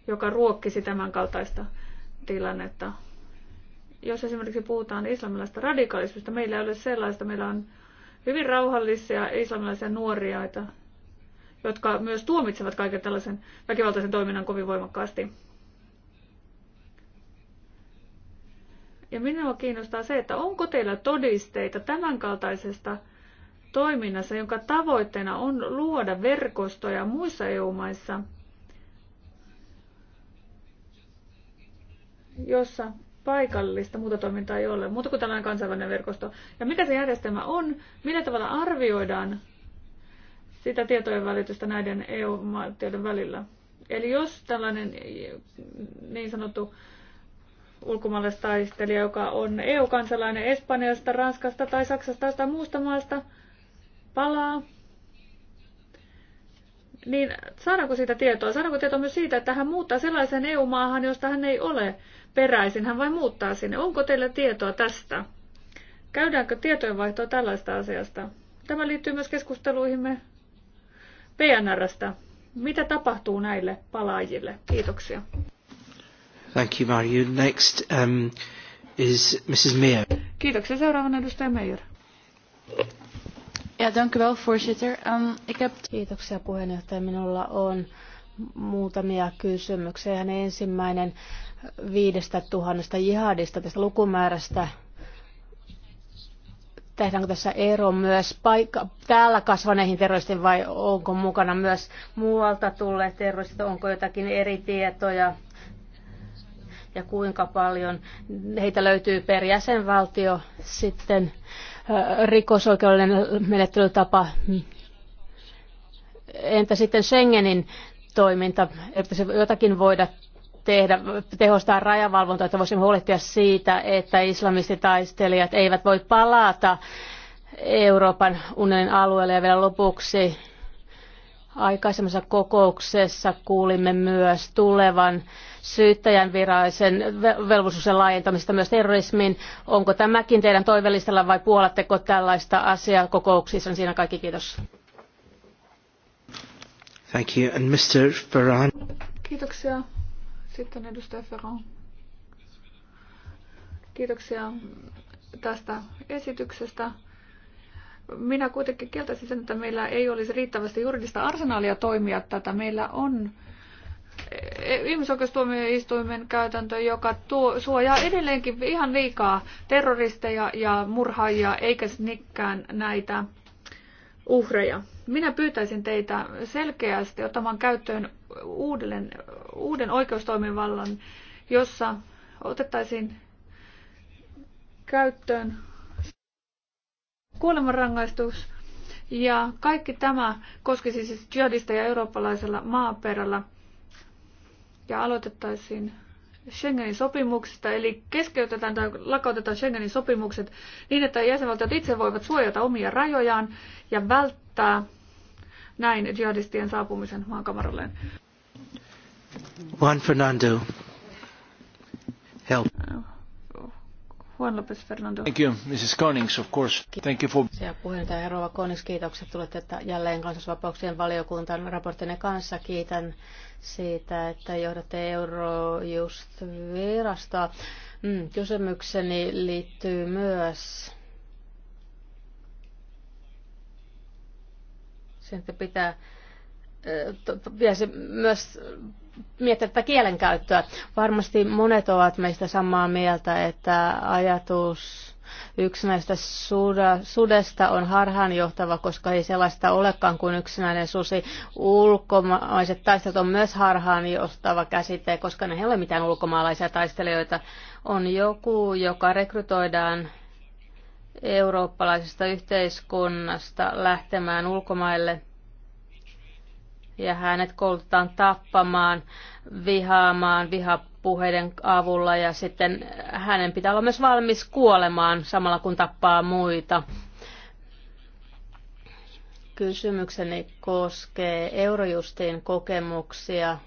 joka ruokkisi tämän kaltaista tilannetta. Jos esimerkiksi puhutaan islamilaista radikalismista, meillä ei ole sellaista. Meillä on hyvin rauhallisia islamilaisia nuoria, joita jotka myös tuomitsevat kaiken tällaisen väkivaltaisen toiminnan kovin voimakkaasti. Ja minua kiinnostaa se, että onko teillä todisteita tämänkaltaisesta toiminnassa, jonka tavoitteena on luoda verkostoja muissa EU-maissa, jossa paikallista muuta toimintaa ei ole, muuta kuin tällainen kansainvälinen verkosto. Ja mikä se järjestelmä on, millä tavalla arvioidaan sitä tietojen välitystä näiden EU-maiden välillä. Eli jos tällainen niin sanottu ulkomaalaistaistelija, joka on EU-kansalainen Espanjasta, Ranskasta tai Saksasta tai muusta maasta, palaa, niin saadaanko siitä tietoa? Saadaanko tietoa myös siitä, että hän muuttaa sellaiseen EU-maahan, josta hän ei ole peräisin, hän vain muuttaa sinne? Onko teillä tietoa tästä? Käydäänkö tietojenvaihtoa tällaista asiasta? Tämä liittyy myös keskusteluihimme PNRstä. Mitä tapahtuu näille palaajille? Kiitoksia. Thank you, Mario. Next um, is Mrs. Meyer. Kiitoksia. Seuraavana edustaja Meijer. Ja, dank u wel, voorzitter. Um, ik heb... Kiitoksia puheenjohtaja. Minulla on muutamia kysymyksiä. Hän ensimmäinen viidestä tuhannesta jihadista tästä lukumäärästä tehdäänkö tässä ero myös paikka, täällä kasvaneihin terroristeihin vai onko mukana myös muualta tulleet terroristit, onko jotakin eri tietoja ja kuinka paljon heitä löytyy per jäsenvaltio sitten rikosoikeudellinen menettelytapa. Entä sitten Schengenin toiminta, että se jotakin voida tehdä, tehostaa rajavalvontaa, että voisimme huolehtia siitä, että islamistitaistelijat eivät voi palata Euroopan unionin alueelle. Ja vielä lopuksi aikaisemmassa kokouksessa kuulimme myös tulevan syyttäjän viraisen velvollisuuden laajentamista myös terrorismiin. Onko tämäkin teidän toivellistalla vai puolatteko tällaista asiaa kokouksissa? Siinä kaikki kiitos. Thank you. And Mr. Kiitoksia. Sitten edustaja Ferron. Kiitoksia tästä esityksestä. Minä kuitenkin kieltäisin sen, että meillä ei olisi riittävästi juridista arsenaalia toimia tätä. Meillä on e, ihmisoikeustuomioistuimen käytäntö, joka tuo, suojaa edelleenkin ihan liikaa terroristeja ja murhaajia, eikä nikkään näitä uhreja. Minä pyytäisin teitä selkeästi ottamaan käyttöön uudelleen, uuden oikeustoimivallan, jossa otettaisiin käyttöön kuolemanrangaistus ja kaikki tämä koskisi siis ja eurooppalaisella maaperällä ja aloitettaisiin Schengenin sopimuksista, eli keskeytetään tai lakautetaan Schengenin sopimukset niin, että jäsenvaltiot itse voivat suojata omia rajojaan ja välttää näin jihadistien saapumisen maankamaralleen. Juan Fernando. Help. Juan Lopez Fernando. Thank you, Mrs. Konings, of course. Thank you for... Ja puheenjohtaja Rova Konings, kiitokset. Tulette jälleen kansallisvapauksien valiokuntan raporttinen kanssa. Kiitän siitä, että johdatte Eurojust-virasta. Mm, kysymykseni liittyy myös sen, pitää pitäisi myös miettiä tätä kielenkäyttöä. Varmasti monet ovat meistä samaa mieltä, että ajatus yksinäistä sudesta on harhaanjohtava, koska ei sellaista olekaan kuin yksinäinen susi. Ulkomaiset taistelut on myös harhaanjohtava käsite, koska ne ei ole mitään ulkomaalaisia taistelijoita. On joku, joka rekrytoidaan eurooppalaisesta yhteiskunnasta lähtemään ulkomaille ja hänet koulutetaan tappamaan, vihaamaan, viha puheiden avulla ja sitten hänen pitää olla myös valmis kuolemaan samalla kun tappaa muita. Kysymykseni koskee Eurojustin kokemuksia.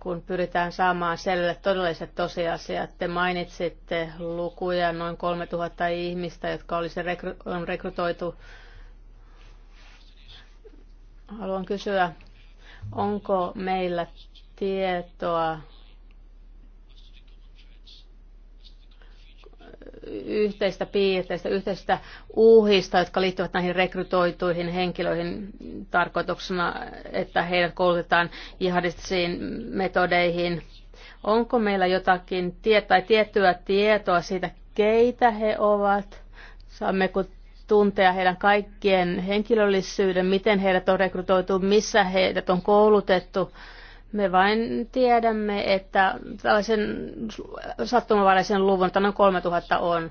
kun pyritään saamaan selle todelliset tosiasiat. Te mainitsitte lukuja noin 3000 ihmistä, jotka olisi rekry- on rekrytoitu Haluan kysyä, onko meillä tietoa yhteistä piirteistä, yhteistä uhista, jotka liittyvät näihin rekrytoituihin henkilöihin tarkoituksena, että heidät koulutetaan jihadistisiin metodeihin. Onko meillä jotakin tietoa, tai tiettyä tietoa siitä, keitä he ovat? Saammeko tuntea heidän kaikkien henkilöllisyyden, miten heidät on rekrytoitu, missä heidät on koulutettu. Me vain tiedämme, että tällaisen sattumavaraisen luvun, että noin 3000 on,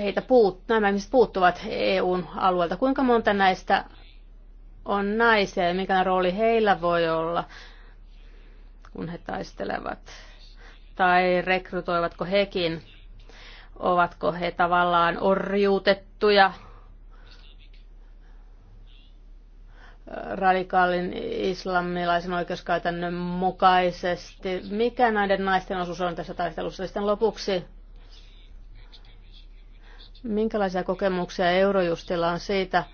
heitä puut, nämä ihmiset puuttuvat EUn alueelta. Kuinka monta näistä on naisia ja mikä rooli heillä voi olla, kun he taistelevat? Tai rekrytoivatko hekin? Ovatko he tavallaan orjuutettu? juttuja äh, radikaalin islamilaisen oikeuskäytännön mukaisesti. Mikä näiden naisten osuus on tässä taistelussa? Sitten lopuksi, minkälaisia kokemuksia Eurojustilla on siitä,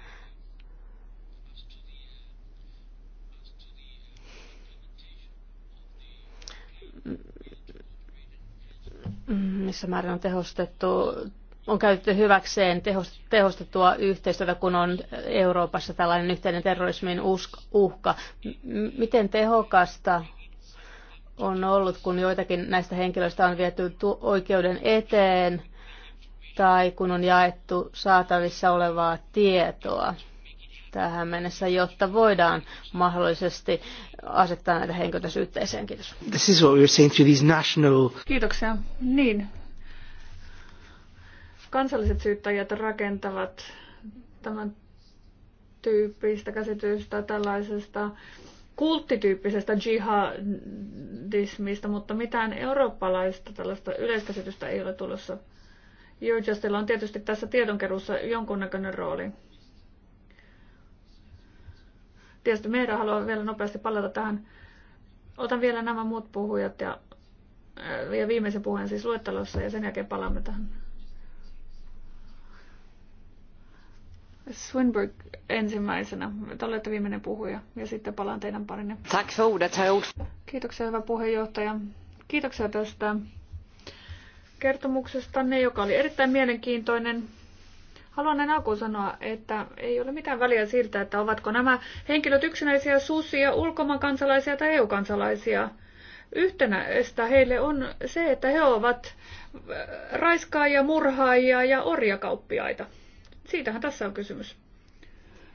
missä määrin on tehostettu on käytetty hyväkseen tehostettua yhteistyötä, kun on Euroopassa tällainen yhteinen terrorismin uhka. Miten tehokasta on ollut, kun joitakin näistä henkilöistä on viety oikeuden eteen tai kun on jaettu saatavissa olevaa tietoa tähän mennessä, jotta voidaan mahdollisesti asettaa näitä henkilöitä syytteeseen. Kiitos. This is what we were saying through these national... Kiitoksia. Niin, kansalliset syyttäjät rakentavat tämän tyyppistä käsitystä tällaisesta kulttityyppisestä jihadismista, mutta mitään eurooppalaista tällaista yleiskäsitystä ei ole tulossa. Eurojustilla on tietysti tässä tiedonkeruussa jonkunnäköinen rooli. Tietysti meidän haluaa vielä nopeasti palata tähän. Otan vielä nämä muut puhujat ja, ja viimeisen puheen siis luettelossa ja sen jälkeen palaamme tähän. Swinburg ensimmäisenä. Te olette viimeinen puhuja ja sitten palaan teidän parinne. Tack för ordet, Kiitoksia hyvä puheenjohtaja. Kiitoksia tästä kertomuksesta ne, joka oli erittäin mielenkiintoinen. Haluan en alkuun sanoa, että ei ole mitään väliä siltä, että ovatko nämä henkilöt yksinäisiä susia, ulkomaan kansalaisia tai EU-kansalaisia. Yhtenäistä heille on se, että he ovat raiskaajia, murhaajia ja orjakauppiaita. Siitähän tässä on kysymys.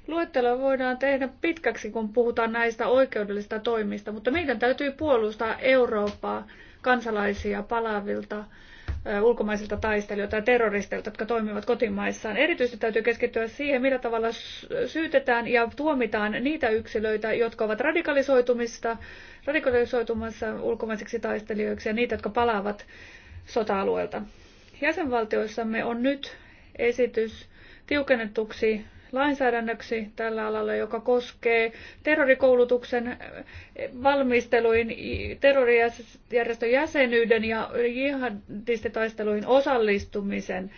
Luettelo voidaan tehdä pitkäksi, kun puhutaan näistä oikeudellisista toimista, mutta meidän täytyy puolustaa Eurooppaa kansalaisia palavilta ulkomaisilta taistelijoilta ja terroristeilta, jotka toimivat kotimaissaan. Erityisesti täytyy keskittyä siihen, millä tavalla syytetään ja tuomitaan niitä yksilöitä, jotka ovat radikalisoitumista, radikalisoitumassa ulkomaisiksi taistelijoiksi ja niitä, jotka palaavat sota-alueelta. Jäsenvaltioissamme on nyt esitys tiukennetuksi lainsäädännöksi tällä alalla, joka koskee terrorikoulutuksen äh, valmisteluin, terrorijärjestön jäsenyyden ja jihadistitaisteluihin osallistumisen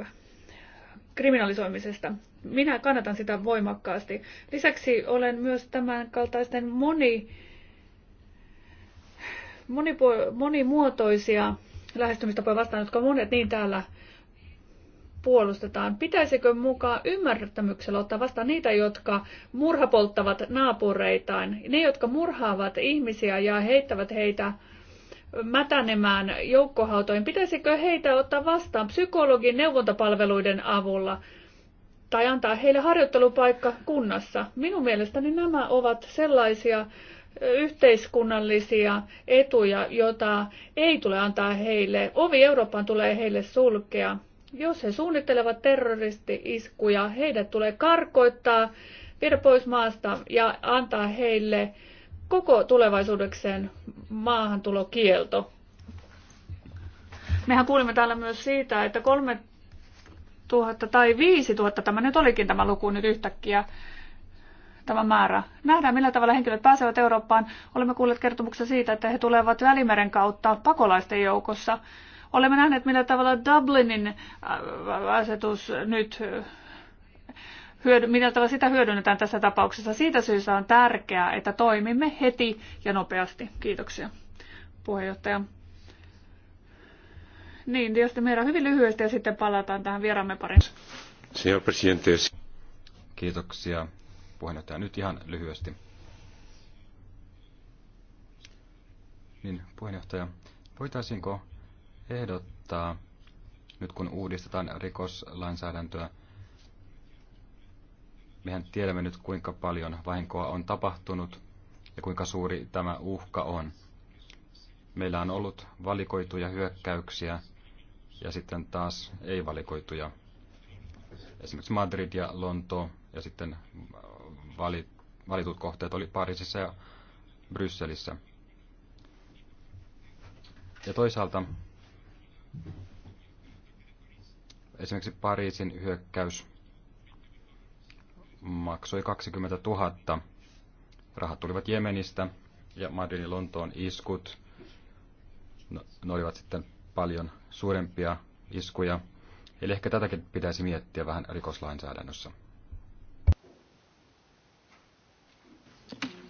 äh, kriminalisoimisesta. Minä kannatan sitä voimakkaasti. Lisäksi olen myös tämän kaltaisten moni, monimuotoisia lähestymistapoja vastaan, jotka monet niin täällä puolustetaan. Pitäisikö mukaan ymmärtämyksellä ottaa vastaan niitä, jotka murhapolttavat naapureitaan, ne, jotka murhaavat ihmisiä ja heittävät heitä mätänemään joukkohautoihin? Pitäisikö heitä ottaa vastaan psykologin neuvontapalveluiden avulla tai antaa heille harjoittelupaikka kunnassa? Minun mielestäni nämä ovat sellaisia yhteiskunnallisia etuja, joita ei tule antaa heille. Ovi Eurooppaan tulee heille sulkea jos he suunnittelevat terroristi-iskuja, heidät tulee karkoittaa, viedä pois maasta ja antaa heille koko tulevaisuudekseen maahantulokielto. Mehän kuulimme täällä myös siitä, että 3000 tai 5000, tämä nyt olikin tämä luku nyt yhtäkkiä, tämä määrä. Nähdään, millä tavalla henkilöt pääsevät Eurooppaan. Olemme kuulleet kertomuksia siitä, että he tulevat Välimeren kautta pakolaisten joukossa. Olemme nähneet, millä tavalla Dublinin äh, asetus nyt äh, hyödy, millä tavalla sitä hyödynnetään tässä tapauksessa. Siitä syystä on tärkeää, että toimimme heti ja nopeasti. Kiitoksia, puheenjohtaja. Niin, tietysti meidän hyvin lyhyesti ja sitten palataan tähän vieraamme parin. Señor presidente. Kiitoksia, puheenjohtaja. Nyt ihan lyhyesti. Niin, puheenjohtaja, voitaisiinko ehdottaa, nyt kun uudistetaan rikoslainsäädäntöä, mehän tiedämme nyt kuinka paljon vahinkoa on tapahtunut ja kuinka suuri tämä uhka on. Meillä on ollut valikoituja hyökkäyksiä ja sitten taas ei-valikoituja. Esimerkiksi Madrid ja Lonto ja sitten valitut kohteet oli Pariisissa ja Brysselissä. Ja toisaalta Esimerkiksi Pariisin hyökkäys maksoi 20 000. Rahat tulivat Jemenistä ja Madridin Lontoon iskut. No, ne olivat sitten paljon suurempia iskuja. Eli ehkä tätäkin pitäisi miettiä vähän rikoslainsäädännössä.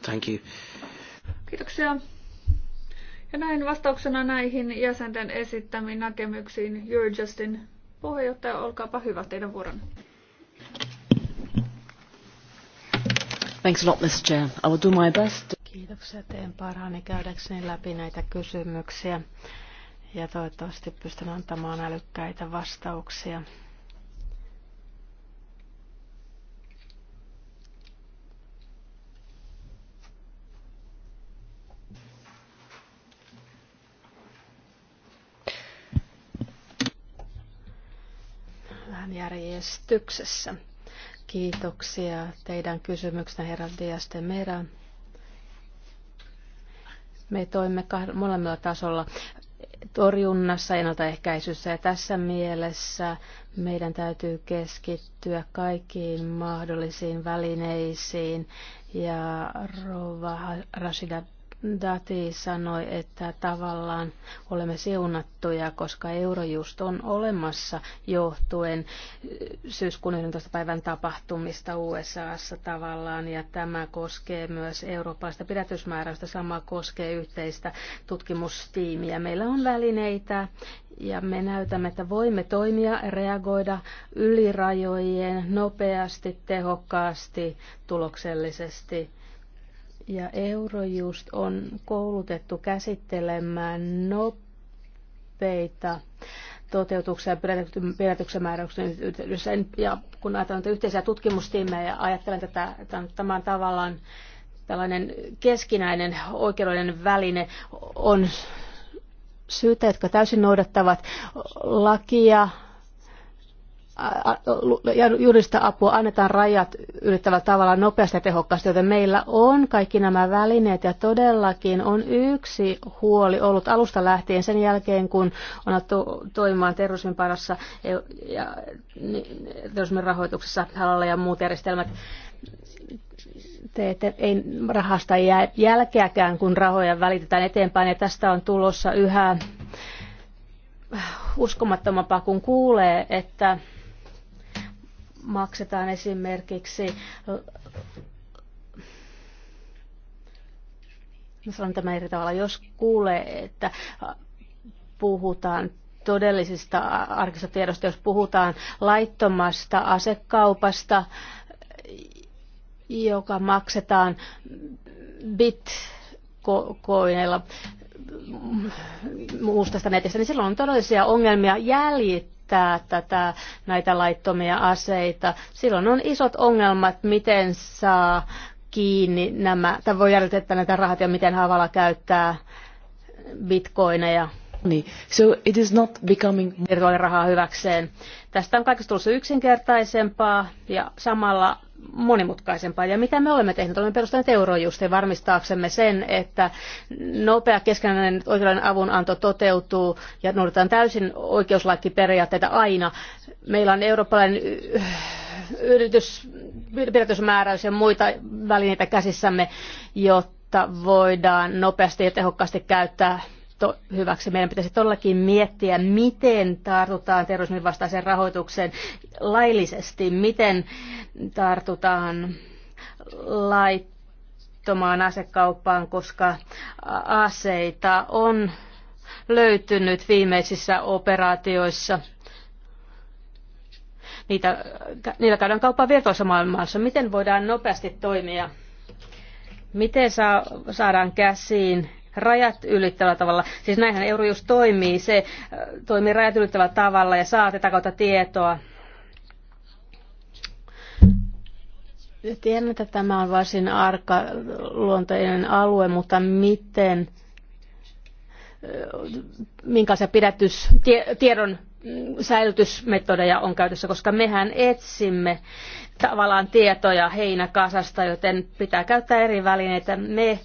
Thank you. Kiitoksia. Ja näin vastauksena näihin jäsenten esittämiin näkemyksiin Jyr Justin puheenjohtaja, olkaapa hyvä teidän vuoronne. Thanks a lot, Mr. Chair. I will do my best. Kiitoksia, teen parhaani käydäkseni läpi näitä kysymyksiä ja toivottavasti pystyn antamaan älykkäitä vastauksia. järjestyksessä. Kiitoksia teidän kysymyksenä, herra Dias de Mera. Me toimme molemmilla tasolla torjunnassa, ennaltaehkäisyssä ja tässä mielessä meidän täytyy keskittyä kaikkiin mahdollisiin välineisiin ja Rova Rashida Dati sanoi, että tavallaan olemme seunattuja, koska Eurojust on olemassa johtuen syyskuun 11. päivän tapahtumista USAssa tavallaan, ja tämä koskee myös eurooppalaista pidätysmääräystä, sama koskee yhteistä tutkimustiimiä. Meillä on välineitä, ja me näytämme, että voimme toimia, reagoida ylirajojen nopeasti, tehokkaasti, tuloksellisesti ja Eurojust on koulutettu käsittelemään nopeita toteutuksia perätyksen määräyksen Ja kun ajatellaan yhteisiä tutkimustiimejä ja ajattelen tätä, tämän tavallaan tällainen keskinäinen oikeudellinen väline on syytä, jotka täysin noudattavat lakia, juridista apua annetaan rajat ylittävällä tavalla nopeasti ja tehokkaasti, joten meillä on kaikki nämä välineet ja todellakin on yksi huoli ollut alusta lähtien sen jälkeen, kun on alettu toimimaan terrorismin parassa e, ja terrorismin rahoituksessa halalla ja muut järjestelmät. Te, te, ei rahasta jää jälkeäkään, kun rahoja välitetään eteenpäin ja tästä on tulossa yhä uskomattomampaa, kun kuulee, että maksetaan esimerkiksi Mä sanon tämä eri tavalla, jos kuulee, että puhutaan todellisista arkista tiedosta, jos puhutaan laittomasta asekaupasta, joka maksetaan bitcoinilla muusta netistä, niin silloin on todellisia ongelmia jäljittää käyttää tätä, näitä laittomia aseita. Silloin on isot ongelmat, miten saa kiinni nämä, tai voi järjestää näitä rahat ja miten Havala käyttää bitcoineja niin, so it is not becoming... rahaa hyväkseen. Tästä on kaikesta tulossa yksinkertaisempaa ja samalla monimutkaisempaa. Ja mitä me olemme tehneet? Olemme perustaneet eurojustin varmistaaksemme sen, että nopea keskenäinen oikeudellinen avunanto toteutuu ja noudatetaan täysin oikeuslaikkiperiaatteita aina. Meillä on eurooppalainen yrityspidätysmääräys ja muita välineitä käsissämme, jotta voidaan nopeasti ja tehokkaasti käyttää to- hyväksi. Meidän pitäisi todellakin miettiä, miten tartutaan terrorismin vastaiseen rahoitukseen laillisesti, miten tartutaan laittomaan asekauppaan, koska aseita on löytynyt viimeisissä operaatioissa niitä, niillä käydään kauppaa virtuaalisessa maailmassa. Miten voidaan nopeasti toimia? Miten saa, saadaan käsiin rajat ylittävällä tavalla. Siis näinhän Eurojust toimii, se äh, toimii rajat ylittävällä tavalla ja saa tätä kautta tietoa. Tiedän, että tämä on varsin arka luonteinen alue, mutta miten, äh, minkälaisia pidätys, tie, tiedon säilytysmetodeja on käytössä, koska mehän etsimme tavallaan tietoja heinäkasasta, joten pitää käyttää eri välineitä. Me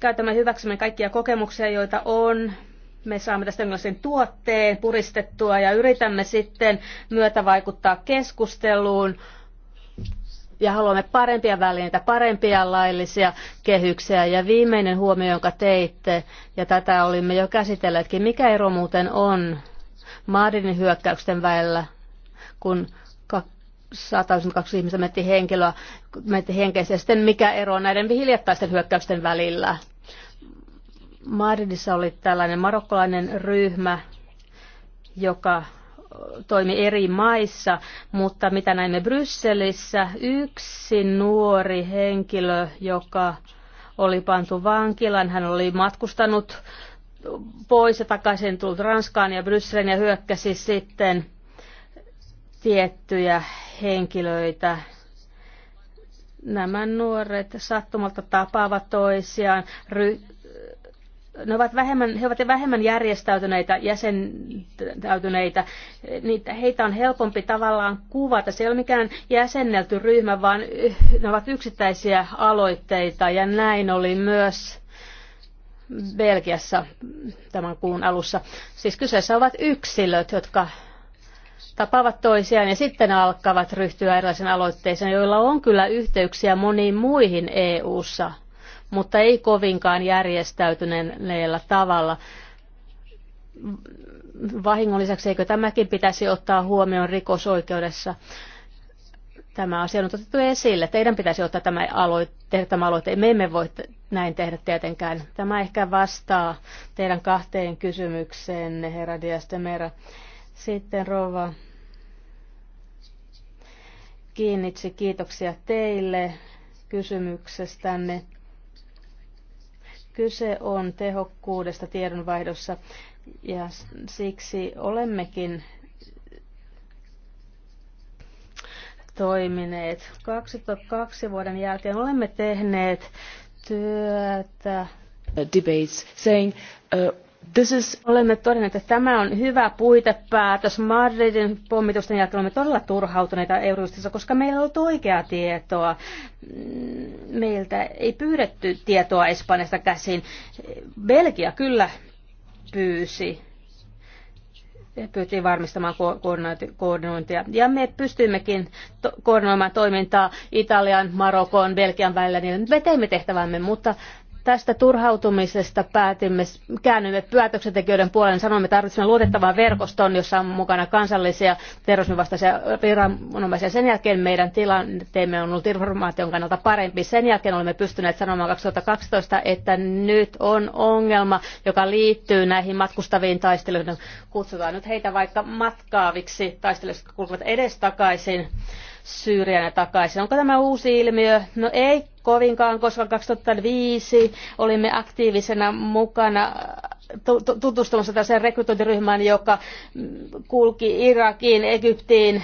käytämme hyväksymme kaikkia kokemuksia, joita on. Me saamme tästä jonkinlaisen tuotteen puristettua ja yritämme sitten myötävaikuttaa keskusteluun ja haluamme parempia välineitä, parempia laillisia kehyksiä. Ja viimeinen huomio, jonka teitte, ja tätä olimme jo käsitelleetkin, mikä ero muuten on Maadinin hyökkäyksen välillä, kun kaksi ihmistä menetti henkilöä, menetti henkeä. Ja sitten mikä ero on näiden hiljattaisten hyökkäysten välillä? Madridissa oli tällainen marokkolainen ryhmä, joka toimi eri maissa, mutta mitä näimme Brysselissä, yksi nuori henkilö, joka oli pantu vankilan, hän oli matkustanut pois ja takaisin tullut Ranskaan ja Brysselin ja hyökkäsi sitten tiettyjä henkilöitä. Nämä nuoret sattumalta tapaavat toisiaan, ry- ne ovat vähemmän, he ovat vähemmän järjestäytyneitä, jäsentäytyneitä. Niitä, heitä on helpompi tavallaan kuvata. Se ei ole mikään jäsennelty ryhmä, vaan ne ovat yksittäisiä aloitteita ja näin oli myös Belgiassa tämän kuun alussa. Siis kyseessä ovat yksilöt, jotka tapaavat toisiaan ja sitten alkavat ryhtyä erilaisiin aloitteisiin, joilla on kyllä yhteyksiä moniin muihin EU-ssa, mutta ei kovinkaan järjestäytyneellä tavalla. Vahingon lisäksi eikö tämäkin pitäisi ottaa huomioon rikosoikeudessa? Tämä asia on otettu esille. Teidän pitäisi ottaa tämä aloite, tämä aloite. Me emme voi näin tehdä tietenkään. Tämä ehkä vastaa teidän kahteen kysymykseen, herra Diastemera. Sitten rouva Kiinnitsi, kiitoksia teille kysymyksestänne. Kyse on tehokkuudesta tiedonvaihdossa ja siksi olemmekin toimineet. 2002 vuoden jälkeen olemme tehneet työtä debates saying uh, Is... Olemme todenneet, että tämä on hyvä puitepäätös. Madridin pommitusten jälkeen olemme todella turhautuneita Eurojustissa, koska meillä on ollut oikeaa tietoa. Meiltä ei pyydetty tietoa Espanjasta käsin. Belgia kyllä pyysi pyytiin varmistamaan koordinointia. Ja me pystyimmekin to- koordinoimaan toimintaa Italian, Marokon, Belgian välillä. Niin me teimme tehtävämme, mutta Tästä turhautumisesta päätimme, käännymme päätöksentekijöiden puoleen, sanomme, että tarvitsemme luotettavan verkoston, jossa on mukana kansallisia terrorisminvastaisia viranomaisia. Sen jälkeen meidän tilanteemme on ollut informaation kannalta parempi. Sen jälkeen olemme pystyneet sanomaan kaksitoista että nyt on ongelma, joka liittyy näihin matkustaviin taisteluihin. Kutsutaan nyt heitä vaikka matkaaviksi taistelijoiksi, jotka kulkevat edestakaisin. Syyrian ja takaisin. Onko tämä uusi ilmiö? No ei kovinkaan, koska 2005 olimme aktiivisena mukana tutustumassa tällaiseen rekrytointiryhmään, joka kulki Irakiin, Egyptiin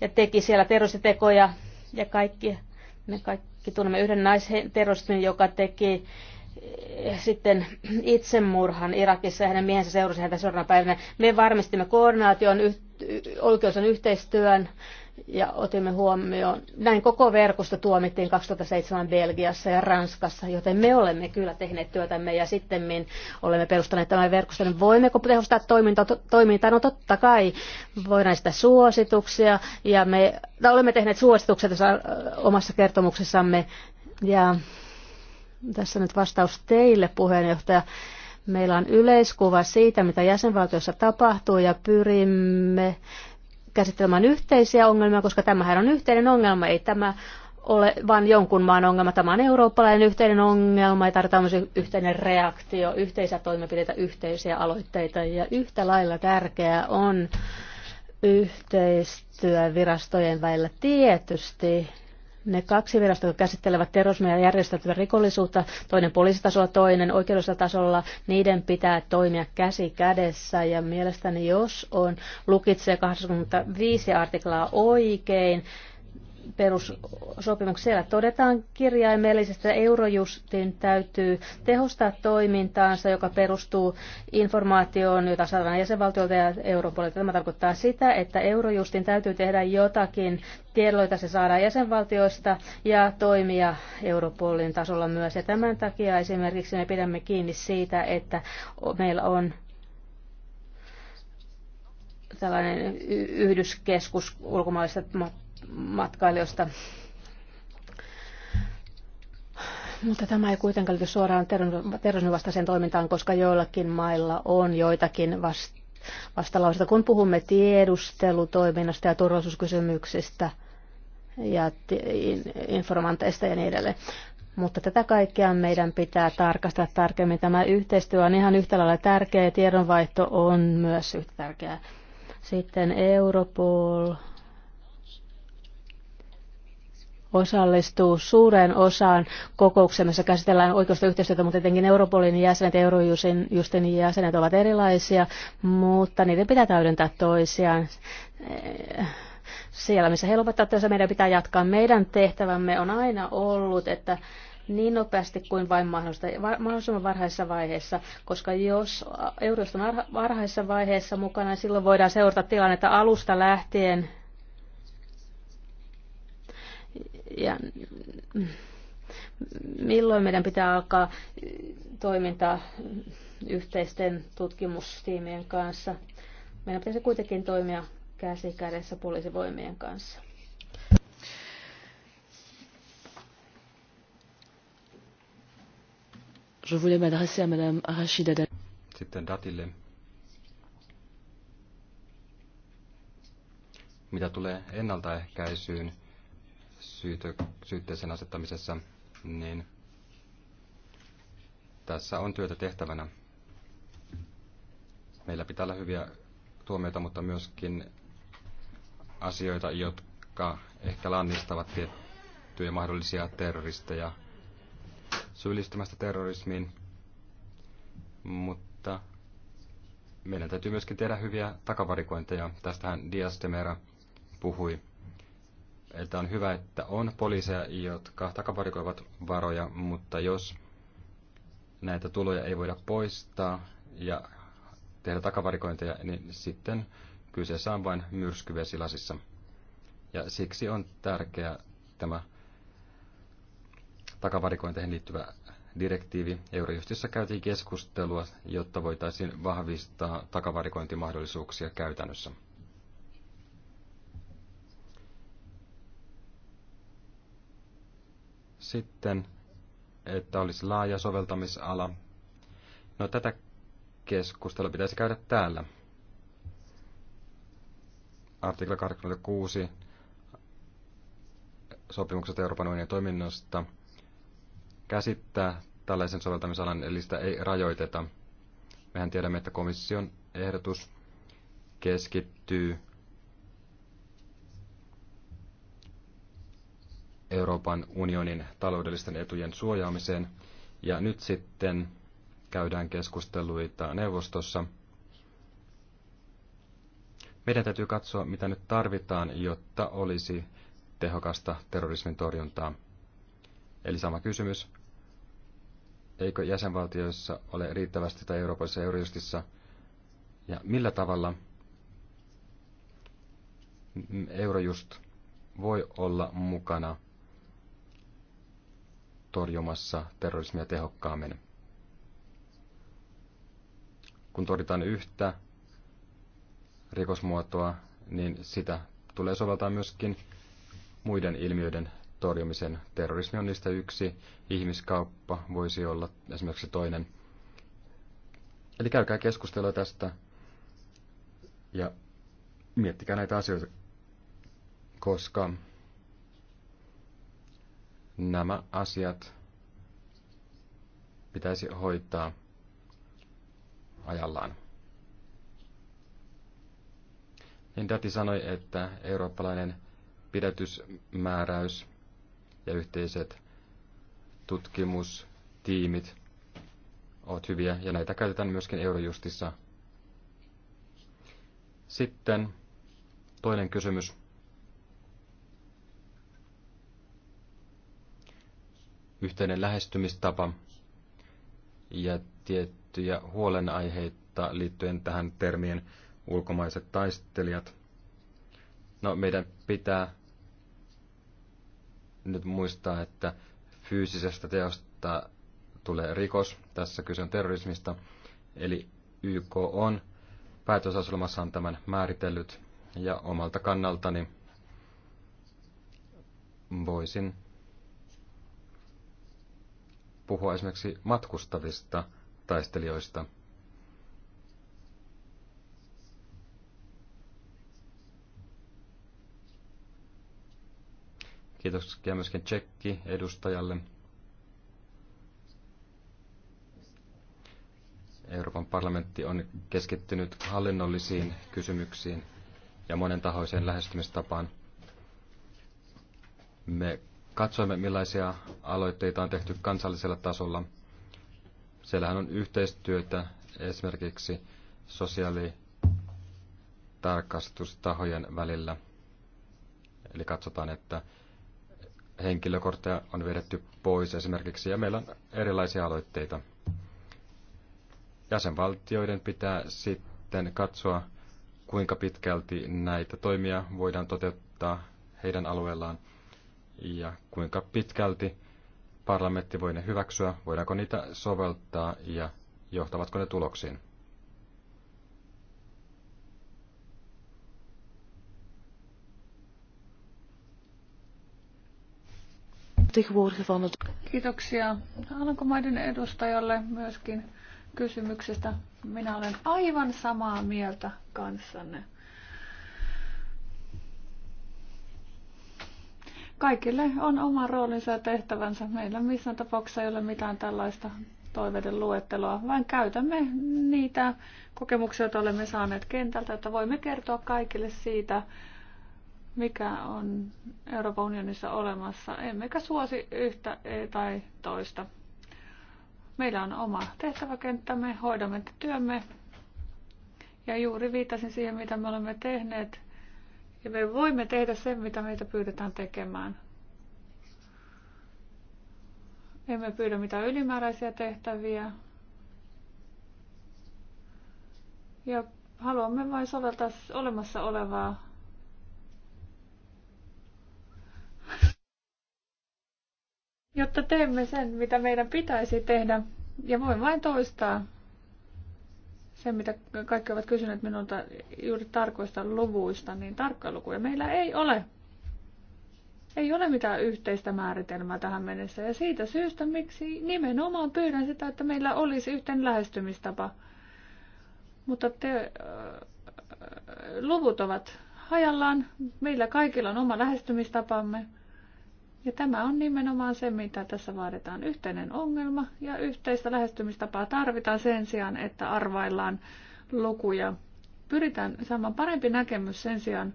ja teki siellä terroristitekoja ja kaikki, me kaikki tunnemme yhden naisterroristin, joka teki eh, sitten itsemurhan Irakissa ja hänen miehensä seurasi häntä seuraavana päivänä. Me varmistimme koordinaation, oikeusan yhteistyön ja otimme huomioon, näin koko verkosto tuomittiin 2007 Belgiassa ja Ranskassa, joten me olemme kyllä tehneet työtämme ja sitten olemme perustaneet tämän verkoston. Niin voimmeko tehostaa toimintaa? Toiminta? No totta kai, voidaan sitä suosituksia ja me tai no, olemme tehneet suositukset tässä omassa kertomuksessamme ja tässä nyt vastaus teille puheenjohtaja. Meillä on yleiskuva siitä, mitä jäsenvaltiossa tapahtuu ja pyrimme käsittelemään yhteisiä ongelmia, koska tämähän on yhteinen ongelma, ei tämä ole vain jonkun maan ongelma. Tämä on eurooppalainen yhteinen ongelma ja tarvitaan myös yhteinen reaktio, yhteisiä toimenpiteitä, yhteisiä aloitteita. Ja yhtä lailla tärkeää on yhteistyö virastojen välillä tietysti ne kaksi virastoa, jotka käsittelevät terrorismia ja järjestäytyvää rikollisuutta, toinen poliisitasolla, toinen oikeudellisella tasolla, niiden pitää toimia käsi kädessä. Ja mielestäni jos on lukitsee 25 artiklaa oikein, perussopimuksessa. Siellä todetaan kirjaimellisesti, että Eurojustin täytyy tehostaa toimintaansa, joka perustuu informaatioon, jota saadaan jäsenvaltiolta ja Europolilta. Tämä tarkoittaa sitä, että Eurojustin täytyy tehdä jotakin tiedolla, jota se saadaan jäsenvaltioista ja toimia Europolin tasolla myös. Ja tämän takia esimerkiksi me pidämme kiinni siitä, että meillä on tällainen yhdyskeskus ulkomaalaisista matkailijoista. Mutta tämä ei kuitenkaan liity suoraan terrorismin toimintaan, koska joillakin mailla on joitakin vast- vastalauseita. Kun puhumme tiedustelutoiminnasta ja turvallisuuskysymyksistä ja informanteista ja niin edelleen, mutta tätä kaikkea meidän pitää tarkastaa tarkemmin. Tämä yhteistyö on ihan yhtä lailla tärkeä ja tiedonvaihto on myös yhtä tärkeää. Sitten Europol, osallistuu suureen osaan kokoukseen, jossa käsitellään oikeusta yhteistyötä, mutta tietenkin Europolin jäsenet ja Eurojustin jäsenet ovat erilaisia, mutta niiden pitää täydentää toisiaan. Siellä, missä he lopettavat työssä, meidän pitää jatkaa. Meidän tehtävämme on aina ollut, että niin nopeasti kuin vain mahdollista, mahdollisimman varhaisessa vaiheessa, koska jos eurosta on varhaisessa vaiheessa mukana, niin silloin voidaan seurata tilannetta alusta lähtien ja milloin meidän pitää alkaa toiminta yhteisten tutkimustiimien kanssa. Meidän pitäisi kuitenkin toimia käsi kädessä poliisivoimien kanssa. Je voulais m'adresser à Madame Rachida Dati. Sitten Datille. Mitä tulee ennaltaehkäisyyn, syytö, syytteeseen asettamisessa, niin tässä on työtä tehtävänä. Meillä pitää olla hyviä tuomioita, mutta myöskin asioita, jotka ehkä lannistavat tiettyjä mahdollisia terroristeja syyllistymästä terrorismiin. Mutta meidän täytyy myöskin tehdä hyviä takavarikointeja. Tästähän Dias Demera puhui että on hyvä, että on poliiseja, jotka takavarikoivat varoja, mutta jos näitä tuloja ei voida poistaa ja tehdä takavarikointeja, niin sitten kyseessä on vain myrskyvesilasissa. Ja siksi on tärkeä tämä takavarikointeihin liittyvä direktiivi. Eurojustissa käytiin keskustelua, jotta voitaisiin vahvistaa takavarikointimahdollisuuksia käytännössä. Sitten, että olisi laaja soveltamisala. No tätä keskustelua pitäisi käydä täällä. Artikla 86 sopimukset Euroopan unionin toiminnosta käsittää tällaisen soveltamisalan, eli sitä ei rajoiteta. Mehän tiedämme, että komission ehdotus keskittyy Euroopan unionin taloudellisten etujen suojaamiseen. Ja nyt sitten käydään keskusteluita neuvostossa. Meidän täytyy katsoa, mitä nyt tarvitaan, jotta olisi tehokasta terrorismin torjuntaa. Eli sama kysymys. Eikö jäsenvaltioissa ole riittävästi tai Euroopassa ja Ja millä tavalla Eurojust voi olla mukana – torjumassa terrorismia tehokkaammin. Kun torjutaan yhtä rikosmuotoa, niin sitä tulee soveltaa myöskin muiden ilmiöiden torjumisen. Terrorismi on niistä yksi, ihmiskauppa voisi olla esimerkiksi toinen. Eli käykää keskustelua tästä ja miettikää näitä asioita, koska Nämä asiat pitäisi hoitaa ajallaan. Niin Dati sanoi, että eurooppalainen pidätysmääräys ja yhteiset tutkimustiimit ovat hyviä, ja näitä käytetään myöskin Eurojustissa. Sitten toinen kysymys. yhteinen lähestymistapa ja tiettyjä huolenaiheita liittyen tähän termiin ulkomaiset taistelijat. No, meidän pitää nyt muistaa, että fyysisestä teosta tulee rikos. Tässä kyse on terrorismista. Eli YK on päätösaselmassaan tämän määritellyt ja omalta kannaltani voisin puhua esimerkiksi matkustavista taistelijoista. Kiitoksia myöskin Tsekki edustajalle. Euroopan parlamentti on keskittynyt hallinnollisiin kysymyksiin ja monen tahoiseen lähestymistapaan. Me katsoimme, millaisia aloitteita on tehty kansallisella tasolla. Siellähän on yhteistyötä esimerkiksi sosiaalitarkastustahojen välillä. Eli katsotaan, että henkilökortteja on vedetty pois esimerkiksi, ja meillä on erilaisia aloitteita. Jäsenvaltioiden pitää sitten katsoa, kuinka pitkälti näitä toimia voidaan toteuttaa heidän alueellaan – ja kuinka pitkälti parlamentti voi ne hyväksyä, voidaanko niitä soveltaa ja johtavatko ne tuloksiin. Kiitoksia Alankomaiden edustajalle myöskin kysymyksestä. Minä olen aivan samaa mieltä kanssanne. Kaikille on oma roolinsa ja tehtävänsä. Meillä missään tapauksessa ei ole mitään tällaista toiveiden luetteloa, vaan käytämme niitä kokemuksia, joita olemme saaneet kentältä, että voimme kertoa kaikille siitä, mikä on Euroopan unionissa olemassa, emmekä suosi yhtä tai toista. Meillä on oma tehtäväkenttämme, hoidamme työmme ja juuri viitasin siihen, mitä me olemme tehneet ja me voimme tehdä sen, mitä meitä pyydetään tekemään. Emme pyydä mitään ylimääräisiä tehtäviä. Ja haluamme vain soveltaa olemassa olevaa jotta teemme sen, mitä meidän pitäisi tehdä. Ja voin vain toistaa se, mitä kaikki ovat kysyneet minulta juuri tarkoista luvuista, niin tarkkoja lukuja meillä ei ole. Ei ole mitään yhteistä määritelmää tähän mennessä ja siitä syystä, miksi nimenomaan pyydän sitä, että meillä olisi yhteen lähestymistapa. Mutta te, äh, äh, luvut ovat hajallaan, meillä kaikilla on oma lähestymistapamme ja tämä on nimenomaan se, mitä tässä vaaditaan. Yhteinen ongelma ja yhteistä lähestymistapaa tarvitaan sen sijaan, että arvaillaan lukuja. Pyritään saamaan parempi näkemys sen sijaan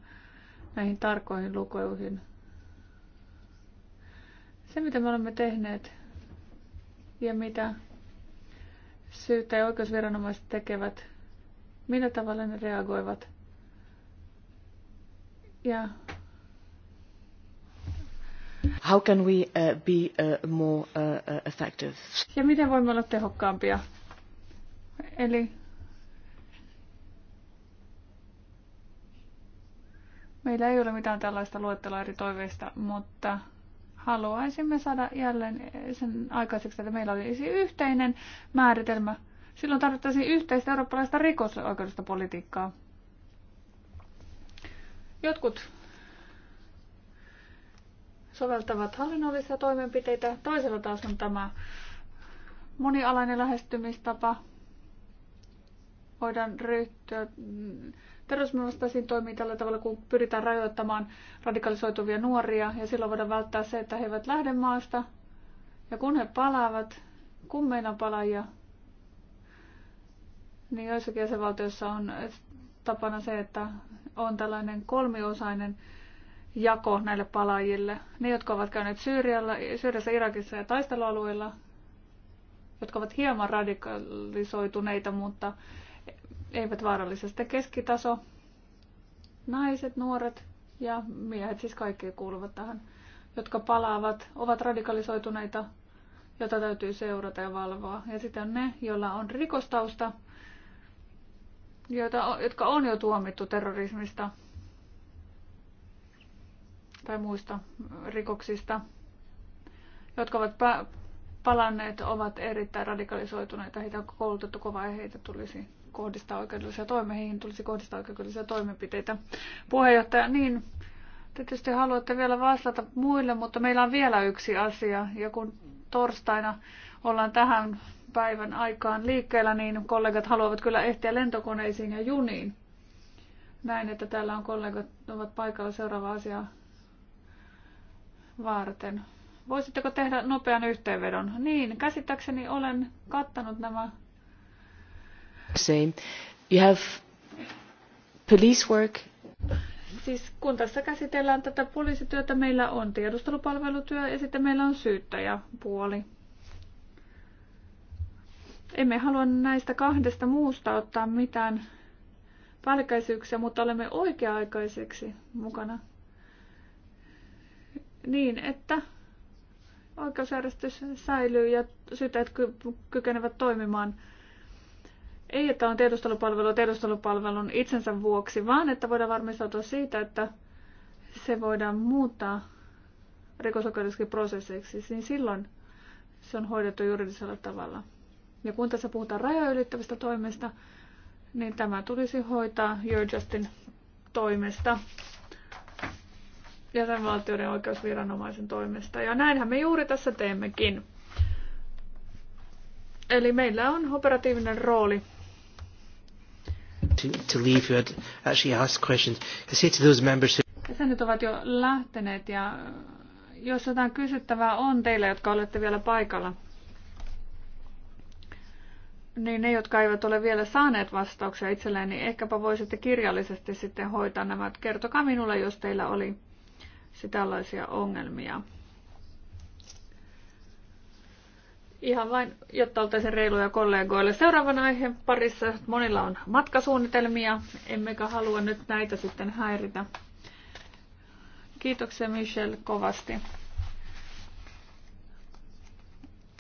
näihin tarkoihin lukuihin. Se, mitä me olemme tehneet ja mitä syyttä ja oikeusviranomaiset tekevät, millä tavalla ne reagoivat. Ja How can we uh, be uh, more uh, effective? Ja miten voimme olla tehokkaampia? Eli meillä ei ole mitään tällaista luettelua eri toiveista, mutta haluaisimme saada jälleen sen aikaiseksi, että meillä olisi yhteinen määritelmä. Silloin tarvittaisiin yhteistä eurooppalaista rikosoikeudellista politiikkaa. Jotkut soveltavat hallinnollisia toimenpiteitä. Toisella taas on tämä monialainen lähestymistapa. Voidaan ryhtyä terrorismivastaisiin toimiin tällä tavalla, kun pyritään rajoittamaan radikalisoituvia nuoria ja silloin voidaan välttää se, että he eivät lähde maasta. Ja kun he palaavat, kun meillä on palaajia, niin joissakin jäsenvaltioissa on tapana se, että on tällainen kolmiosainen jako näille palaajille. Ne, jotka ovat käyneet Syyrialla, Syyriassa, Irakissa ja taistelualueilla, jotka ovat hieman radikalisoituneita, mutta eivät vaarallisesti keskitaso. Naiset, nuoret ja miehet, siis kaikki kuuluvat tähän, jotka palaavat, ovat radikalisoituneita, jota täytyy seurata ja valvoa. Ja sitten on ne, joilla on rikostausta, joita, jotka on jo tuomittu terrorismista tai muista rikoksista, jotka ovat palanneet, ovat erittäin radikalisoituneita, heitä on koulutettu kovaa ja heitä tulisi kohdistaa oikeudellisia toimeihin tulisi kohdistaa oikeudellisia toimenpiteitä. Puheenjohtaja, niin tietysti haluatte vielä vastata muille, mutta meillä on vielä yksi asia. Ja kun torstaina ollaan tähän päivän aikaan liikkeellä, niin kollegat haluavat kyllä ehtiä lentokoneisiin ja juniin. Näin, että täällä on kollegat ovat paikalla seuraava asia varten. Voisitteko tehdä nopean yhteenvedon? Niin, käsittääkseni olen kattanut nämä. Same. You have police work. Siis kun tässä käsitellään tätä poliisityötä, meillä on tiedustelupalvelutyö ja sitten meillä on syyttäjäpuoli. Emme halua näistä kahdesta muusta ottaa mitään päällekkäisyyksiä, mutta olemme oikea-aikaiseksi mukana niin, että oikeusjärjestys säilyy ja sitä syyttäjät kykenevät toimimaan ei, että on tiedustelupalvelu tiedustelupalvelun itsensä vuoksi, vaan että voidaan varmistautua siitä, että se voidaan muuttaa rikosoikeudelliseksi prosesseiksi, niin silloin se on hoidettu juridisella tavalla. Ja kun tässä puhutaan rajoja ylittävistä toimista, niin tämä tulisi hoitaa Your Justin toimesta jäsenvaltioiden oikeusviranomaisen toimesta. Ja näinhän me juuri tässä teemmekin. Eli meillä on operatiivinen rooli. To, to leave you actually ask questions. say to those members Jäsenet ovat jo lähteneet ja äh, jos jotain kysyttävää on teille, jotka olette vielä paikalla, niin ne, jotka eivät ole vielä saaneet vastauksia itselleen, niin ehkäpä voisitte kirjallisesti sitten hoitaa nämä. Kertokaa minulle, jos teillä oli tällaisia ongelmia. Ihan vain, jotta oltaisiin reiluja kollegoille. Seuraavan aiheen parissa monilla on matkasuunnitelmia, emmekä halua nyt näitä sitten häiritä. Kiitoksia Michelle kovasti.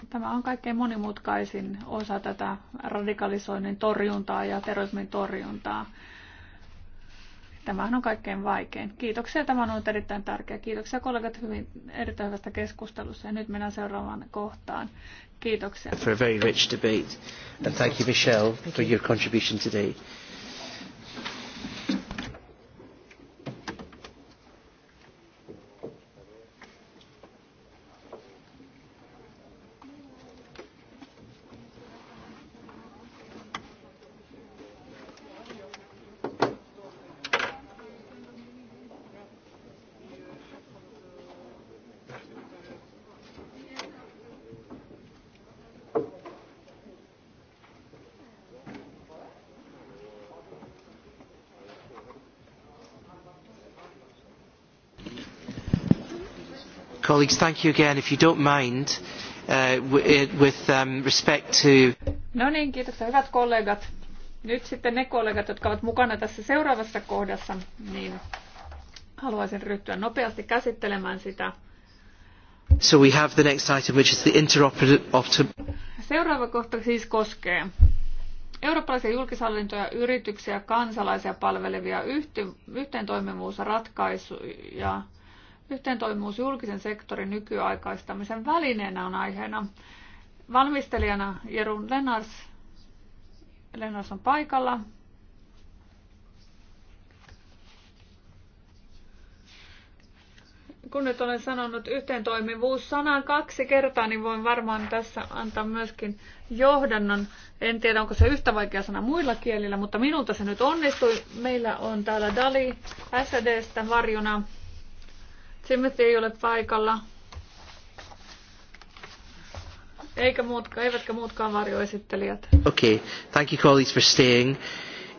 Tämä on kaikkein monimutkaisin osa tätä radikalisoinnin torjuntaa ja terrorismin torjuntaa. Tämähän on kaikkein vaikein. Kiitoksia. Tämä on ollut erittäin tärkeä. Kiitoksia kollegat hyvin erittäin hyvästä keskustelusta. Ja nyt mennään seuraavaan kohtaan. Kiitoksia. For a very rich debate. And thank you, Michelle, for your contribution today. Colleagues, thank you again. If you don't mind, uh, uh with um, respect to... No niin, kiitos hyvät kollegat. Nyt sitten ne kollegat, jotka ovat mukana tässä seuraavassa kohdassa, niin haluaisin ryhtyä nopeasti käsittelemään sitä. So we have the next item, which is the interoperability. Seuraava kohta siis koskee eurooppalaisia julkishallintoja, yrityksiä, kansalaisia palvelevia yhteentoimivuusratkaisuja Yhteentoimivuus julkisen sektorin nykyaikaistamisen välineenä on aiheena. Valmistelijana Jerun Lennars. Lennars on paikalla. kun nyt olen sanonut toimivuus sanan kaksi kertaa, niin voin varmaan tässä antaa myöskin johdannon. En tiedä, onko se yhtä vaikea sana muilla kielillä, mutta minulta se nyt onnistui. Meillä on täällä Dali SDstä varjona. Timothy ei ole paikalla. Eikä muutka, eivätkä muutkaan varjoesittelijät. Okay, thank you colleagues for staying.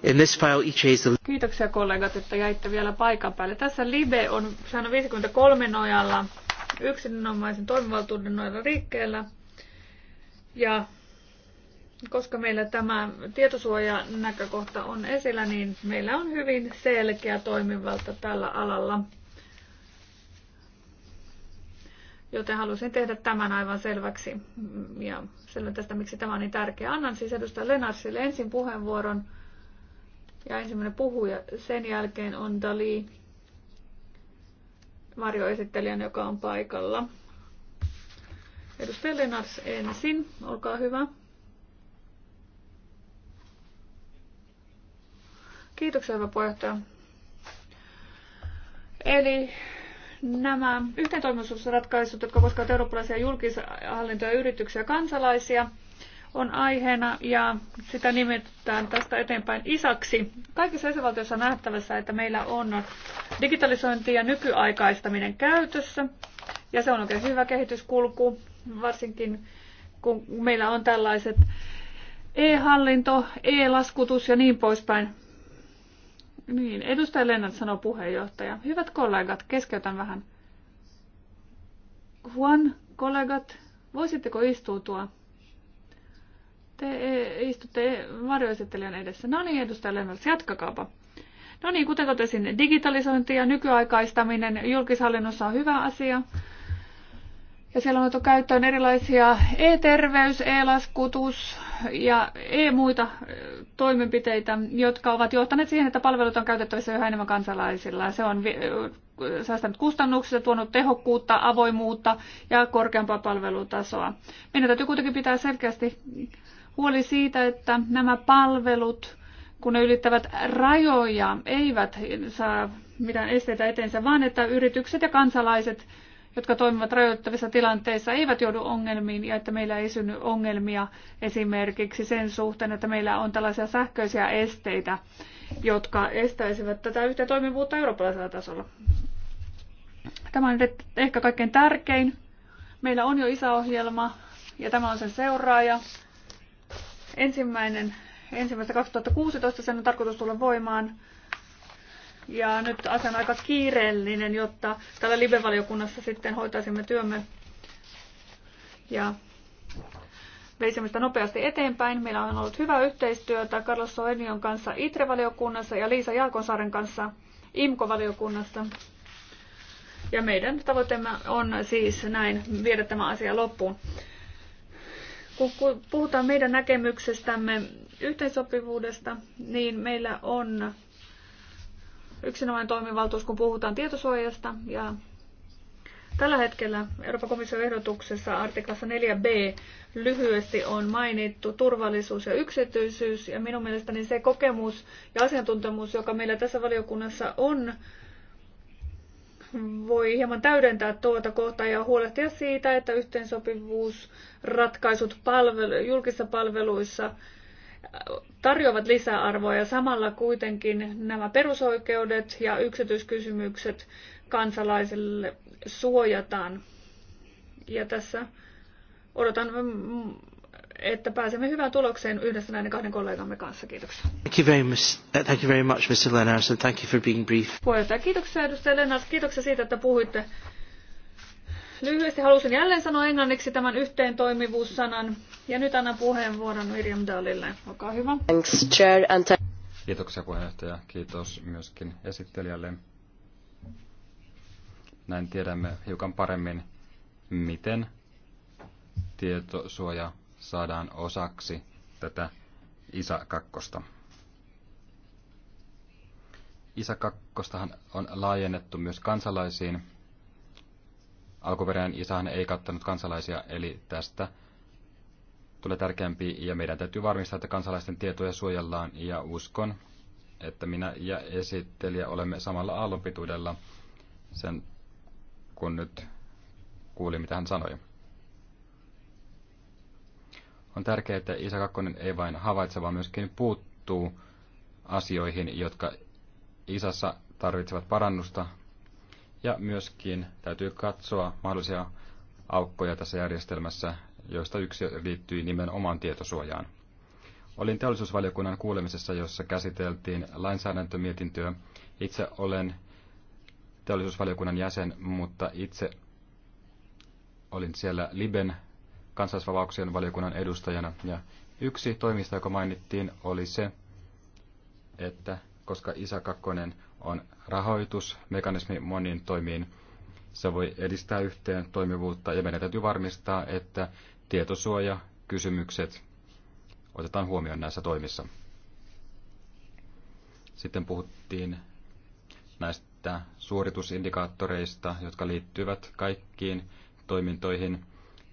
In this file each is the... Kiitoksia kollegat, että jäitte vielä paikan päälle. Tässä Libe on säännön 53 nojalla yksinomaisen toimivaltuuden nojalla rikkeellä. Ja koska meillä tämä tietosuojanäkökohta on esillä, niin meillä on hyvin selkeä toimivalta tällä alalla. Joten halusin tehdä tämän aivan selväksi ja selvä tästä, miksi tämä on niin tärkeä. Annan siis edustaja Lenarsille ensin puheenvuoron ja ensimmäinen puhuja. Sen jälkeen on Dali varjoesittelijän, joka on paikalla. Edustaja Lenars ensin, olkaa hyvä. Kiitoksia, hyvä puheenjohtaja. Eli nämä yhteentoimisuusratkaisut, jotka koskevat eurooppalaisia julkishallintoja, yrityksiä ja kansalaisia, on aiheena ja sitä nimetään tästä eteenpäin isaksi. Kaikissa jäsenvaltioissa on nähtävässä, että meillä on digitalisointi ja nykyaikaistaminen käytössä ja se on oikein hyvä kehityskulku, varsinkin kun meillä on tällaiset e-hallinto, e-laskutus ja niin poispäin. Niin, edustaja Lennart sanoo puheenjohtaja. Hyvät kollegat, keskeytän vähän. Juan, kollegat, voisitteko istuutua? Te e, istutte varjoesittelijän edessä. No niin, edustaja Lennart, jatkakaapa. No niin, kuten totesin, digitalisointi ja nykyaikaistaminen julkishallinnossa on hyvä asia. Ja siellä on otettu käyttöön erilaisia e-terveys, e-laskutus ja e-muita toimenpiteitä, jotka ovat johtaneet siihen, että palvelut on käytettävissä yhä enemmän kansalaisilla. Se on säästänyt kustannuksia, tuonut tehokkuutta, avoimuutta ja korkeampaa palvelutasoa. Meidän täytyy kuitenkin pitää selkeästi huoli siitä, että nämä palvelut, kun ne ylittävät rajoja, eivät saa mitään esteitä eteensä, vaan että yritykset ja kansalaiset jotka toimivat rajoittavissa tilanteissa, eivät joudu ongelmiin ja että meillä ei synny ongelmia esimerkiksi sen suhteen, että meillä on tällaisia sähköisiä esteitä, jotka estäisivät tätä yhteen toimivuutta eurooppalaisella tasolla. Tämä on ehkä kaikkein tärkein. Meillä on jo isäohjelma ja tämä on sen seuraaja. Ensimmäinen, ensimmäistä 2016 sen on tarkoitus tulla voimaan ja nyt asia on aika kiireellinen, jotta täällä live-valiokunnassa sitten hoitaisimme työmme ja veisimme sitä nopeasti eteenpäin. Meillä on ollut hyvää yhteistyötä Carlos Soenion kanssa ITRE-valiokunnassa ja Liisa Jaakonsaaren kanssa IMKO-valiokunnassa. Ja meidän tavoitteemme on siis näin viedä tämä asia loppuun. Kun puhutaan meidän näkemyksestämme yhteensopivuudesta, niin meillä on yksinomainen toimivaltuus, kun puhutaan tietosuojasta. Ja tällä hetkellä Euroopan komission ehdotuksessa artiklassa 4b lyhyesti on mainittu turvallisuus ja yksityisyys. Ja minun mielestäni se kokemus ja asiantuntemus, joka meillä tässä valiokunnassa on, voi hieman täydentää tuota kohtaa ja huolehtia siitä, että yhteensopivuusratkaisut palvelu, julkisissa palveluissa tarjoavat lisäarvoa ja samalla kuitenkin nämä perusoikeudet ja yksityiskysymykset kansalaisille suojataan. Ja tässä odotan, mm, että pääsemme hyvään tulokseen yhdessä näiden kahden kollegamme kanssa. Kiitoksia. Thank you very much, uh, thank you very much Mr. Lennars, thank you for being brief. Puheenjohtaja, kiitoksia edustaja Lennars. Kiitoksia siitä, että puhuitte Lyhyesti halusin jälleen sanoa englanniksi tämän yhteen sanan Ja nyt annan puheenvuoron Miriam Dalille. Olkaa hyvä. Thanks, chair and Kiitoksia puheenjohtaja. Kiitos myöskin esittelijälle. Näin tiedämme hiukan paremmin, miten tietosuoja saadaan osaksi tätä ISA-kakkosta. Isä kakkostahan on laajennettu myös kansalaisiin – alkuperäinen isähän ei kattanut kansalaisia, eli tästä tulee tärkeämpi ja meidän täytyy varmistaa, että kansalaisten tietoja suojellaan ja uskon, että minä ja esittelijä olemme samalla aallonpituudella sen, kun nyt kuulin, mitä hän sanoi. On tärkeää, että Isä Kakkonen ei vain havaitse, vaan myöskin puuttuu asioihin, jotka Isassa tarvitsevat parannusta, ja myöskin täytyy katsoa mahdollisia aukkoja tässä järjestelmässä, joista yksi liittyy nimenomaan tietosuojaan. Olin teollisuusvaliokunnan kuulemisessa, jossa käsiteltiin lainsäädäntömietintöä. Itse olen teollisuusvaliokunnan jäsen, mutta itse olin siellä Liben kansallisvavauksien valiokunnan edustajana. Ja yksi toimista, joka mainittiin, oli se, että koska Isa Kakkonen on rahoitusmekanismi moniin toimiin. Se voi edistää yhteen toimivuutta ja meidän täytyy varmistaa, että tietosuoja, kysymykset otetaan huomioon näissä toimissa. Sitten puhuttiin näistä suoritusindikaattoreista, jotka liittyvät kaikkiin toimintoihin.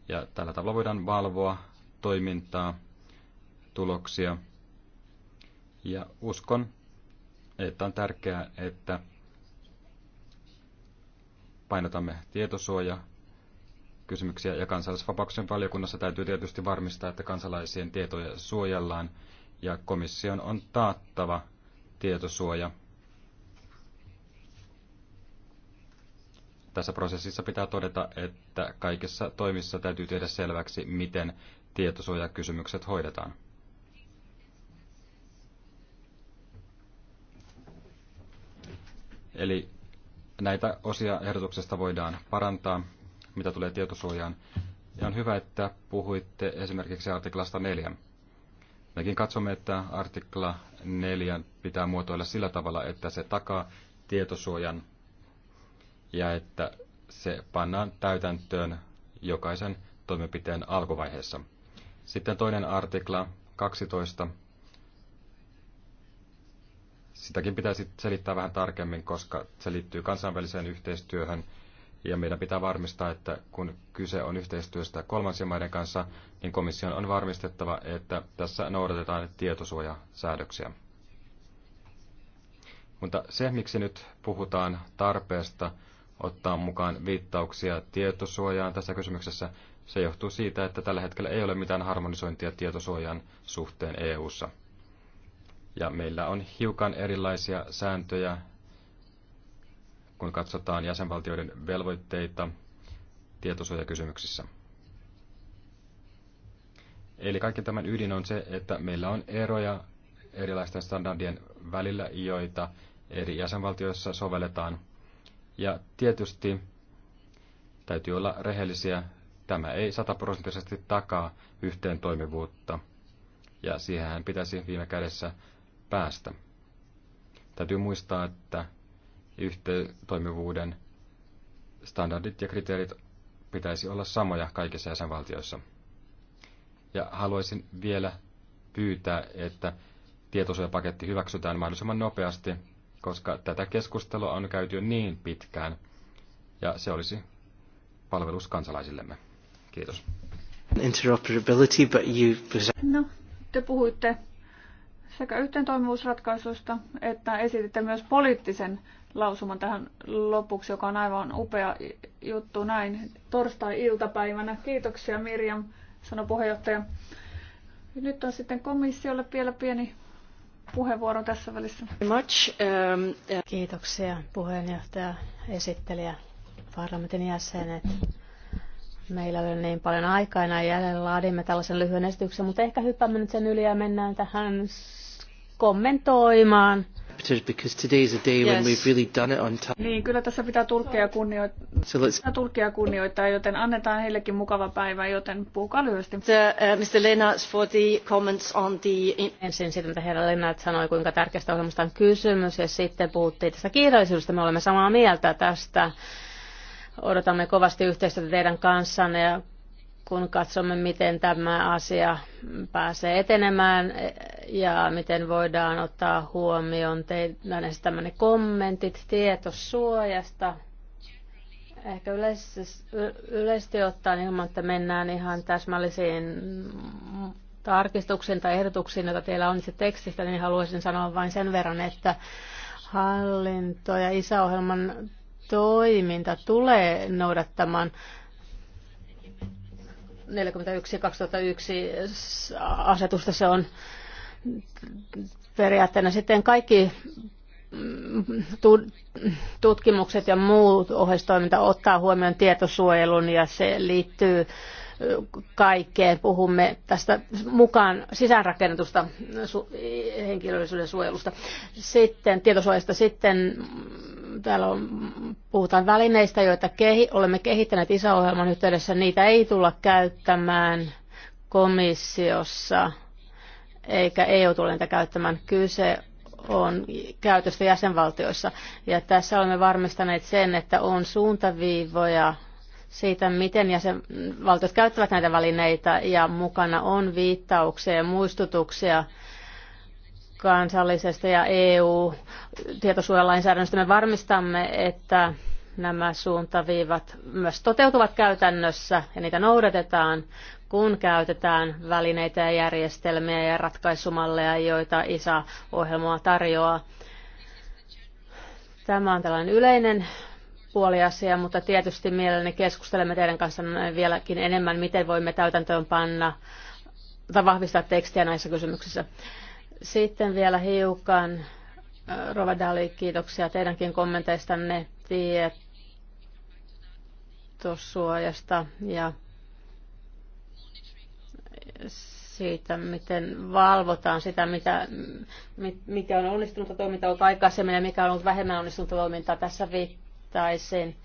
Ja tällä tavalla voidaan valvoa toimintaa, tuloksia. Ja uskon, että on tärkeää, että painotamme tietosuoja kysymyksiä ja kansallisvapauksen valiokunnassa täytyy tietysti varmistaa, että kansalaisien tietoja suojellaan ja komission on taattava tietosuoja. Tässä prosessissa pitää todeta, että kaikissa toimissa täytyy tehdä selväksi, miten tietosuojakysymykset hoidetaan. Eli näitä osia ehdotuksesta voidaan parantaa, mitä tulee tietosuojaan. Ja on hyvä, että puhuitte esimerkiksi artiklasta 4. Mekin katsomme, että artikla 4 pitää muotoilla sillä tavalla, että se takaa tietosuojan ja että se pannaan täytäntöön jokaisen toimenpiteen alkuvaiheessa. Sitten toinen artikla 12 sitäkin sit selittää vähän tarkemmin, koska se liittyy kansainväliseen yhteistyöhön ja meidän pitää varmistaa, että kun kyse on yhteistyöstä kolmansien maiden kanssa, niin komission on varmistettava, että tässä noudatetaan tietosuojasäädöksiä. Mutta se, miksi nyt puhutaan tarpeesta ottaa mukaan viittauksia tietosuojaan tässä kysymyksessä, se johtuu siitä, että tällä hetkellä ei ole mitään harmonisointia tietosuojan suhteen EU:ssa. ssa ja meillä on hiukan erilaisia sääntöjä, kun katsotaan jäsenvaltioiden velvoitteita tietosuojakysymyksissä. Eli kaikki tämän ydin on se, että meillä on eroja erilaisten standardien välillä, joita eri jäsenvaltioissa sovelletaan. Ja tietysti täytyy olla rehellisiä. Tämä ei sataprosenttisesti takaa yhteen toimivuutta. Ja siihen pitäisi viime kädessä päästä. Täytyy muistaa, että yhteentoimivuuden standardit ja kriteerit pitäisi olla samoja kaikissa jäsenvaltioissa. Ja haluaisin vielä pyytää, että tietosuojapaketti hyväksytään mahdollisimman nopeasti, koska tätä keskustelua on käyty jo niin pitkään, ja se olisi palvelus kansalaisillemme. Kiitos. Interoperability, but you... No, te puhuitte sekä toimivuusratkaisusta, että esititte myös poliittisen lausuman tähän lopuksi, joka on aivan upea juttu näin torstai-iltapäivänä. Kiitoksia Mirjam, sanoi puheenjohtaja. Nyt on sitten komissiolle vielä pieni puheenvuoro tässä välissä. Much, um, uh, Kiitoksia puheenjohtaja, esittelijä, parlamentin jäsenet. Meillä oli niin paljon aikaa ja jäljellä, laadimme tällaisen lyhyen esityksen, mutta ehkä hyppäämme nyt sen yli ja mennään tähän kommentoimaan. Because today is a day when we've really done it on time. Niin, kyllä tässä pitää tulkkeja kunnioittaa, so tulkkeja kunnioittaa joten annetaan heillekin mukava päivä, joten puhukaa lyhyesti. The, uh, Mr. Lennart, for the comments on the... Ensin sitä mitä herra Lennart sanoi, kuinka tärkeästä ohjelmasta on kysymys, ja sitten puhuttiin tästä kiireellisyydestä. Me olemme samaa mieltä tästä odotamme kovasti yhteistyötä teidän kanssanne ja kun katsomme, miten tämä asia pääsee etenemään ja miten voidaan ottaa huomioon teidän esittämänne kommentit tietosuojasta. Ehkä yleisesti ottaen ilman, että mennään ihan täsmällisiin tarkistuksiin tai ehdotuksiin, joita teillä on se tekstistä, niin haluaisin sanoa vain sen verran, että hallinto- ja isäohjelman toiminta tulee noudattamaan 41-2001 asetusta se on periaatteena. Sitten kaikki tutkimukset ja muut ohjeistoiminta ottaa huomioon tietosuojelun ja se liittyy kaikkeen. Puhumme tästä mukaan sisäänrakennetusta henkilöllisyyden suojelusta. Sitten tietosuojasta sitten täällä on, puhutaan välineistä, joita kehi, olemme kehittäneet isäohjelman yhteydessä. Niitä ei tulla käyttämään komissiossa, eikä EU tule niitä käyttämään. Kyse on käytöstä jäsenvaltioissa. Ja tässä olemme varmistaneet sen, että on suuntaviivoja siitä, miten jäsenvaltiot käyttävät näitä välineitä ja mukana on viittauksia ja muistutuksia kansallisesta ja EU-tietosuojalainsäädännöstä me varmistamme, että nämä suuntaviivat myös toteutuvat käytännössä ja niitä noudatetaan, kun käytetään välineitä ja järjestelmiä ja ratkaisumalleja, joita isa ohjelmaa tarjoaa. Tämä on tällainen yleinen puoli asia, mutta tietysti mielelläni keskustelemme teidän kanssa vieläkin enemmän, miten voimme täytäntöön panna tai vahvistaa tekstiä näissä kysymyksissä. Sitten vielä hiukan, Rovadali, kiitoksia teidänkin kommenteistanne tietosuojasta ja siitä, miten valvotaan sitä, mitä, mikä on onnistunutta toimintaa ollut aikaisemmin ja mikä on ollut vähemmän onnistunutta toimintaa. Tässä viittaisin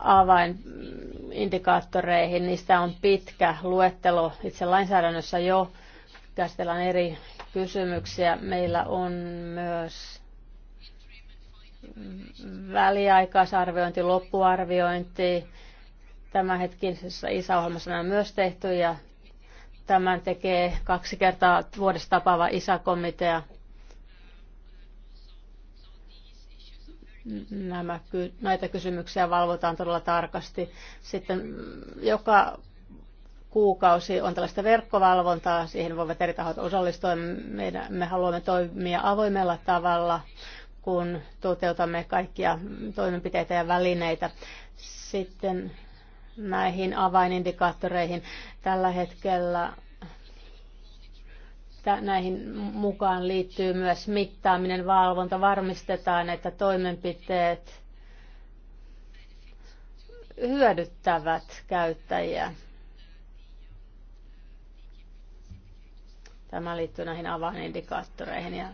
avainindikaattoreihin. Niistä on pitkä luettelo itse lainsäädännössä jo. Käsitellään eri kysymyksiä. Meillä on myös väliaikaisarviointi, loppuarviointi. Tämänhetkisessä isäohjelmassa nämä on myös tehty ja tämän tekee kaksi kertaa vuodessa tapaava isäkomitea. Nämä, näitä kysymyksiä valvotaan todella tarkasti. Sitten joka kuukausi on tällaista verkkovalvontaa, siihen voivat eri tahot osallistua. Meidän, me haluamme toimia avoimella tavalla, kun toteutamme kaikkia toimenpiteitä ja välineitä. Sitten näihin avainindikaattoreihin tällä hetkellä näihin mukaan liittyy myös mittaaminen, valvonta, varmistetaan, että toimenpiteet hyödyttävät käyttäjiä Tämä liittyy näihin avainindikaattoreihin ja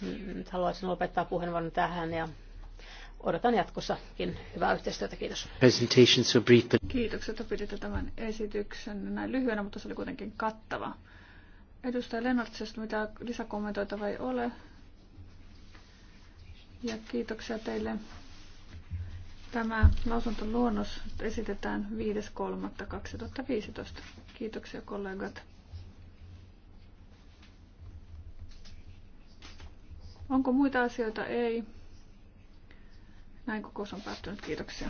mm, nyt haluaisin lopettaa puheenvuoron tähän ja odotan jatkossakin hyvää yhteistyötä. Kiitos. Kiitokset, että piditte tämän esityksen näin lyhyenä, mutta se oli kuitenkin kattava. Edustaja Lennart, jos mitä lisäkommentoita vai ole. Ja kiitoksia teille. Tämä lausuntoluonnos esitetään 5.3.2015. Kiitoksia kollegat. Onko muita asioita? Ei. Näin kokous on päättynyt. Kiitoksia.